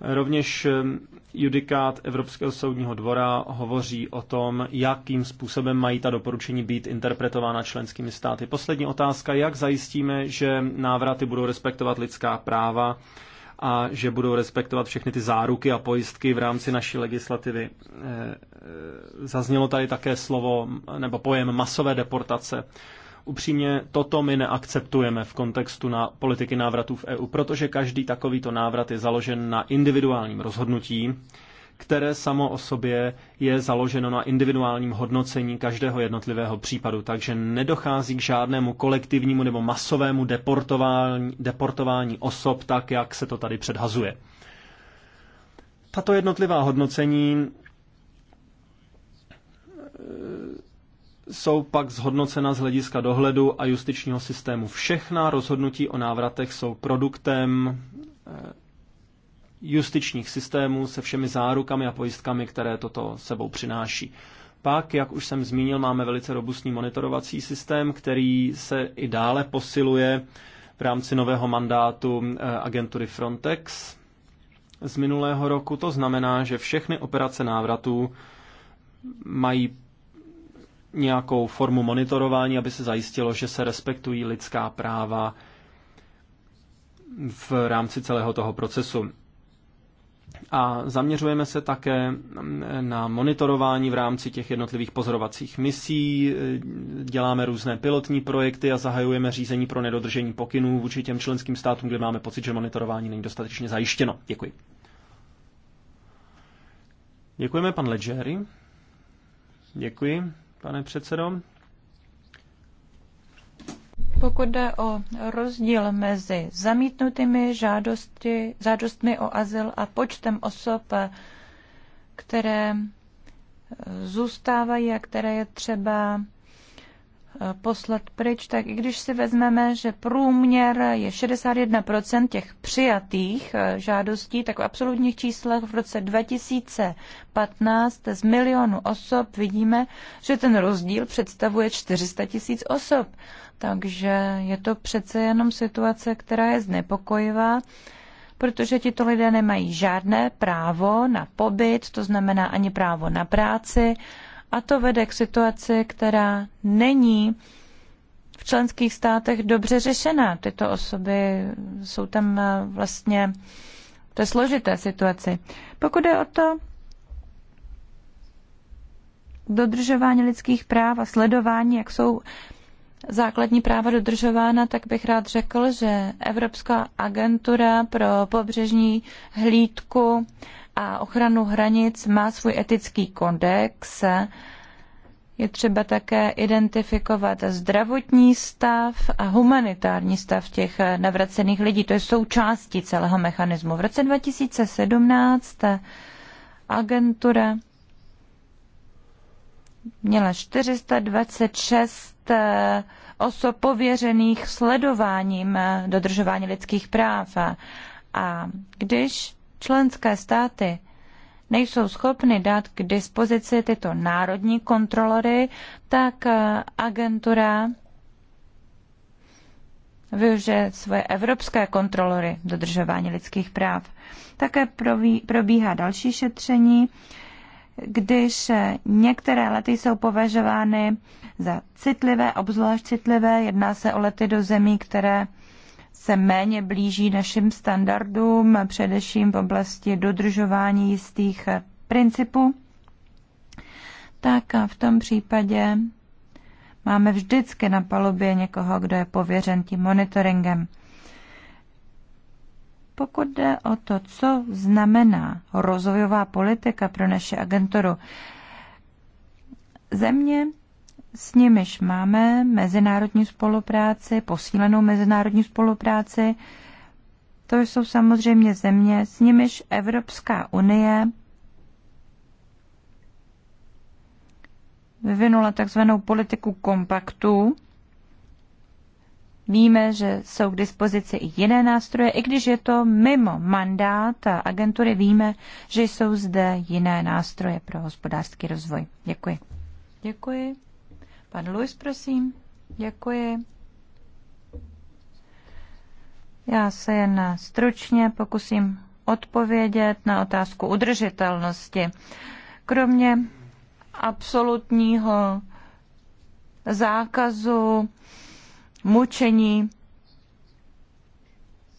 Rovněž ehm, judikát Evropského soudního dvora hovoří o tom, jakým způsobem mají ta doporučení být interpretována členskými státy. Poslední otázka, jak zajistíme, že návraty budou respektovat lidská práva a že budou respektovat všechny ty záruky a pojistky v rámci naší legislativy. Eh, Eh, zaznělo tady také slovo nebo pojem masové deportace. Upřímně toto my neakceptujeme v kontextu na politiky návratů v EU, protože každý takovýto návrat je založen na individuálním rozhodnutí, které samo o sobě je založeno na individuálním hodnocení každého jednotlivého případu, takže nedochází k žádnému kolektivnímu nebo masovému deportování, deportování osob tak, jak se to tady předhazuje. Tato jednotlivá hodnocení jsou pak zhodnocena z hlediska dohledu a justičního systému. Všechna rozhodnutí o návratech jsou produktem eh, justičních systémů se všemi zárukami a pojistkami, které toto sebou přináší. Pak, jak už jsem zmínil, máme velice robustní monitorovací systém, který se i dále posiluje v rámci nového mandátu eh, agentury Frontex z minulého roku. To znamená, že všechny operace návratů mají nějakou formu monitorování, aby se zajistilo, že se respektují lidská práva v rámci celého toho procesu. A zaměřujeme se také na monitorování v rámci těch jednotlivých pozorovacích misí, děláme různé pilotní projekty a zahajujeme řízení pro nedodržení pokynů vůči těm členským státům, kde máme pocit, že monitorování není dostatečně zajištěno. Děkuji. Děkujeme, pan Ledgeri. Děkuji pane předsedo. Pokud jde o rozdíl mezi zamítnutými žádosti, žádostmi o azyl a počtem osob, které zůstávají a které je třeba poslat pryč, tak i když si vezmeme, že průměr je 61% těch přijatých eh, žádostí, tak v absolutních číslech v roce 2015 z milionu osob vidíme, že ten rozdíl představuje 400 tisíc osob. Takže je to přece jenom situace, která je znepokojivá protože tito lidé nemají žádné právo na pobyt, to znamená ani právo na práci a to vede k situaci, která není v členských státech dobře řešená. Tyto osoby jsou tam eh, vlastně v té složité situaci. Pokud je o to dodržování lidských práv a sledování, jak jsou základní práva dodržována, tak bych rád řekl, že Evropská agentura pro pobřežní hlídku a ochranu hranic má svůj etický kodex. Je třeba také identifikovat zdravotní stav a humanitární stav těch navracených lidí. To je součástí celého mechanismu. V roce 2017 agentura měla 426 osob pověřených sledováním dodržování lidských práv. A když členské státy nejsou schopny dát k dispozici tyto národní kontrolory, tak eh, agentura využije svoje evropské kontrolory dodržování lidských práv. Také probíhá další šetření, když eh, některé lety jsou považovány za citlivé, obzvlášť citlivé, jedná se o lety do zemí, které se méně blíží našim standardům, především v oblasti dodržování jistých principů, tak v tom případě máme vždycky na palubě někoho, kdo je pověřen tím monitoringem. Pokud jde o to, co znamená rozvojová politika pro naše agenturu, země s nimiž máme mezinárodní spolupráci, posílenou mezinárodní spolupráci. To jsou samozřejmě země, s nimiž Evropská unie vyvinula takzvanou politiku kompaktu. Víme, že jsou k dispozici i jiné nástroje, i když je to mimo mandát a agentury, víme, že jsou zde jiné nástroje pro hospodářský rozvoj. Děkuji. Děkuji. Pan Luis, prosím. Děkuji. Já se jen stručně pokusím odpovědět na otázku udržitelnosti. Kromě absolutního zákazu mučení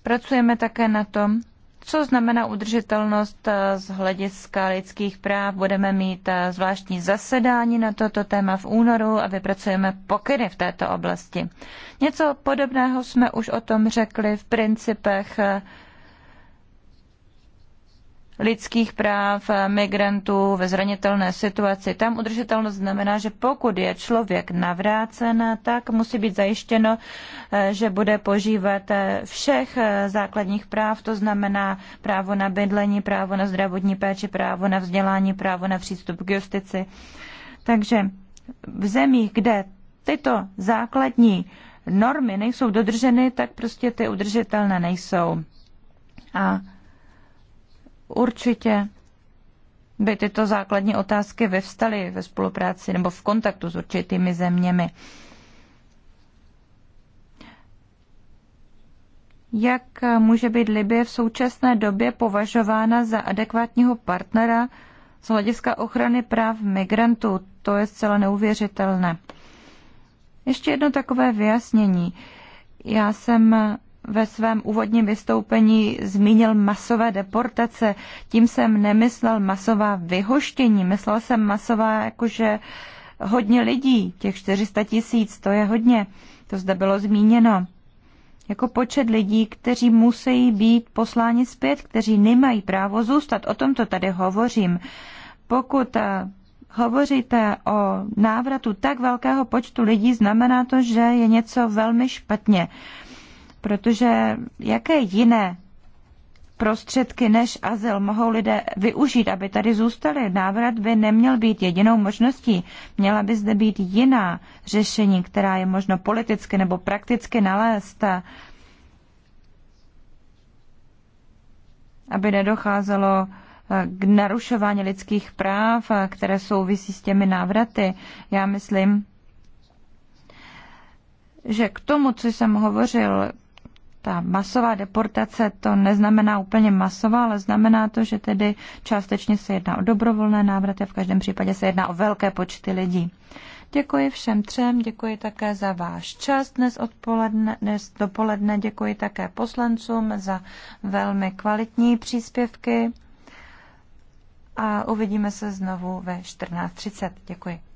pracujeme také na tom, co znamená udržitelnost eh, z hlediska lidských práv. Budeme mít eh, zvláštní zasedání na toto téma v únoru a vypracujeme pokyny v této oblasti. Něco podobného jsme už o tom řekli v principech eh, lidských práv migrantů ve zranitelné situaci. Tam udržitelnost znamená, že pokud je člověk navrácen, tak musí být zajištěno, eh, že bude požívat eh, všech eh, základních práv, to znamená právo na bydlení, právo na zdravotní péči, právo na vzdělání, právo na přístup k justici. Takže v zemích, kde tyto základní normy nejsou dodrženy, tak prostě ty udržitelné nejsou. A Určitě by tyto základní otázky vyvstaly ve spolupráci nebo v kontaktu s určitými zeměmi. Jak může být Libie v současné době považována za adekvátního partnera z hlediska ochrany práv migrantů? To je zcela neuvěřitelné. Ještě jedno takové vyjasnění. Já jsem ve svém úvodním vystoupení zmínil masové deportace. Tím jsem nemyslel masová vyhoštění, myslel jsem masová jakože hodně lidí, těch 400 tisíc, to je hodně, to zde bylo zmíněno. Jako počet lidí, kteří musí být posláni zpět, kteří nemají právo zůstat, o tom to tady hovořím. Pokud eh, hovoříte o návratu tak velkého počtu lidí, znamená to, že je něco velmi špatně. Uh, Protože jaké jiné prostředky než azyl mohou lidé využít, aby tady zůstali. Návrat by neměl být jedinou možností. Měla by zde být jiná řešení, která je možno politicky nebo prakticky nalézt, aby nedocházelo eh, k narušování lidských práv, eh, které souvisí s těmi návraty. Já myslím, že k tomu, co jsem hovořil, ta masová deportace to neznamená úplně masová, ale znamená to, že tedy částečně se jedná o dobrovolné návraty a v každém případě se jedná o velké počty lidí. Děkuji všem třem, děkuji také za váš čas dnes odpoledne, dnes dopoledne, děkuji také poslancům za velmi kvalitní příspěvky a uvidíme se znovu ve 14.30. Děkuji.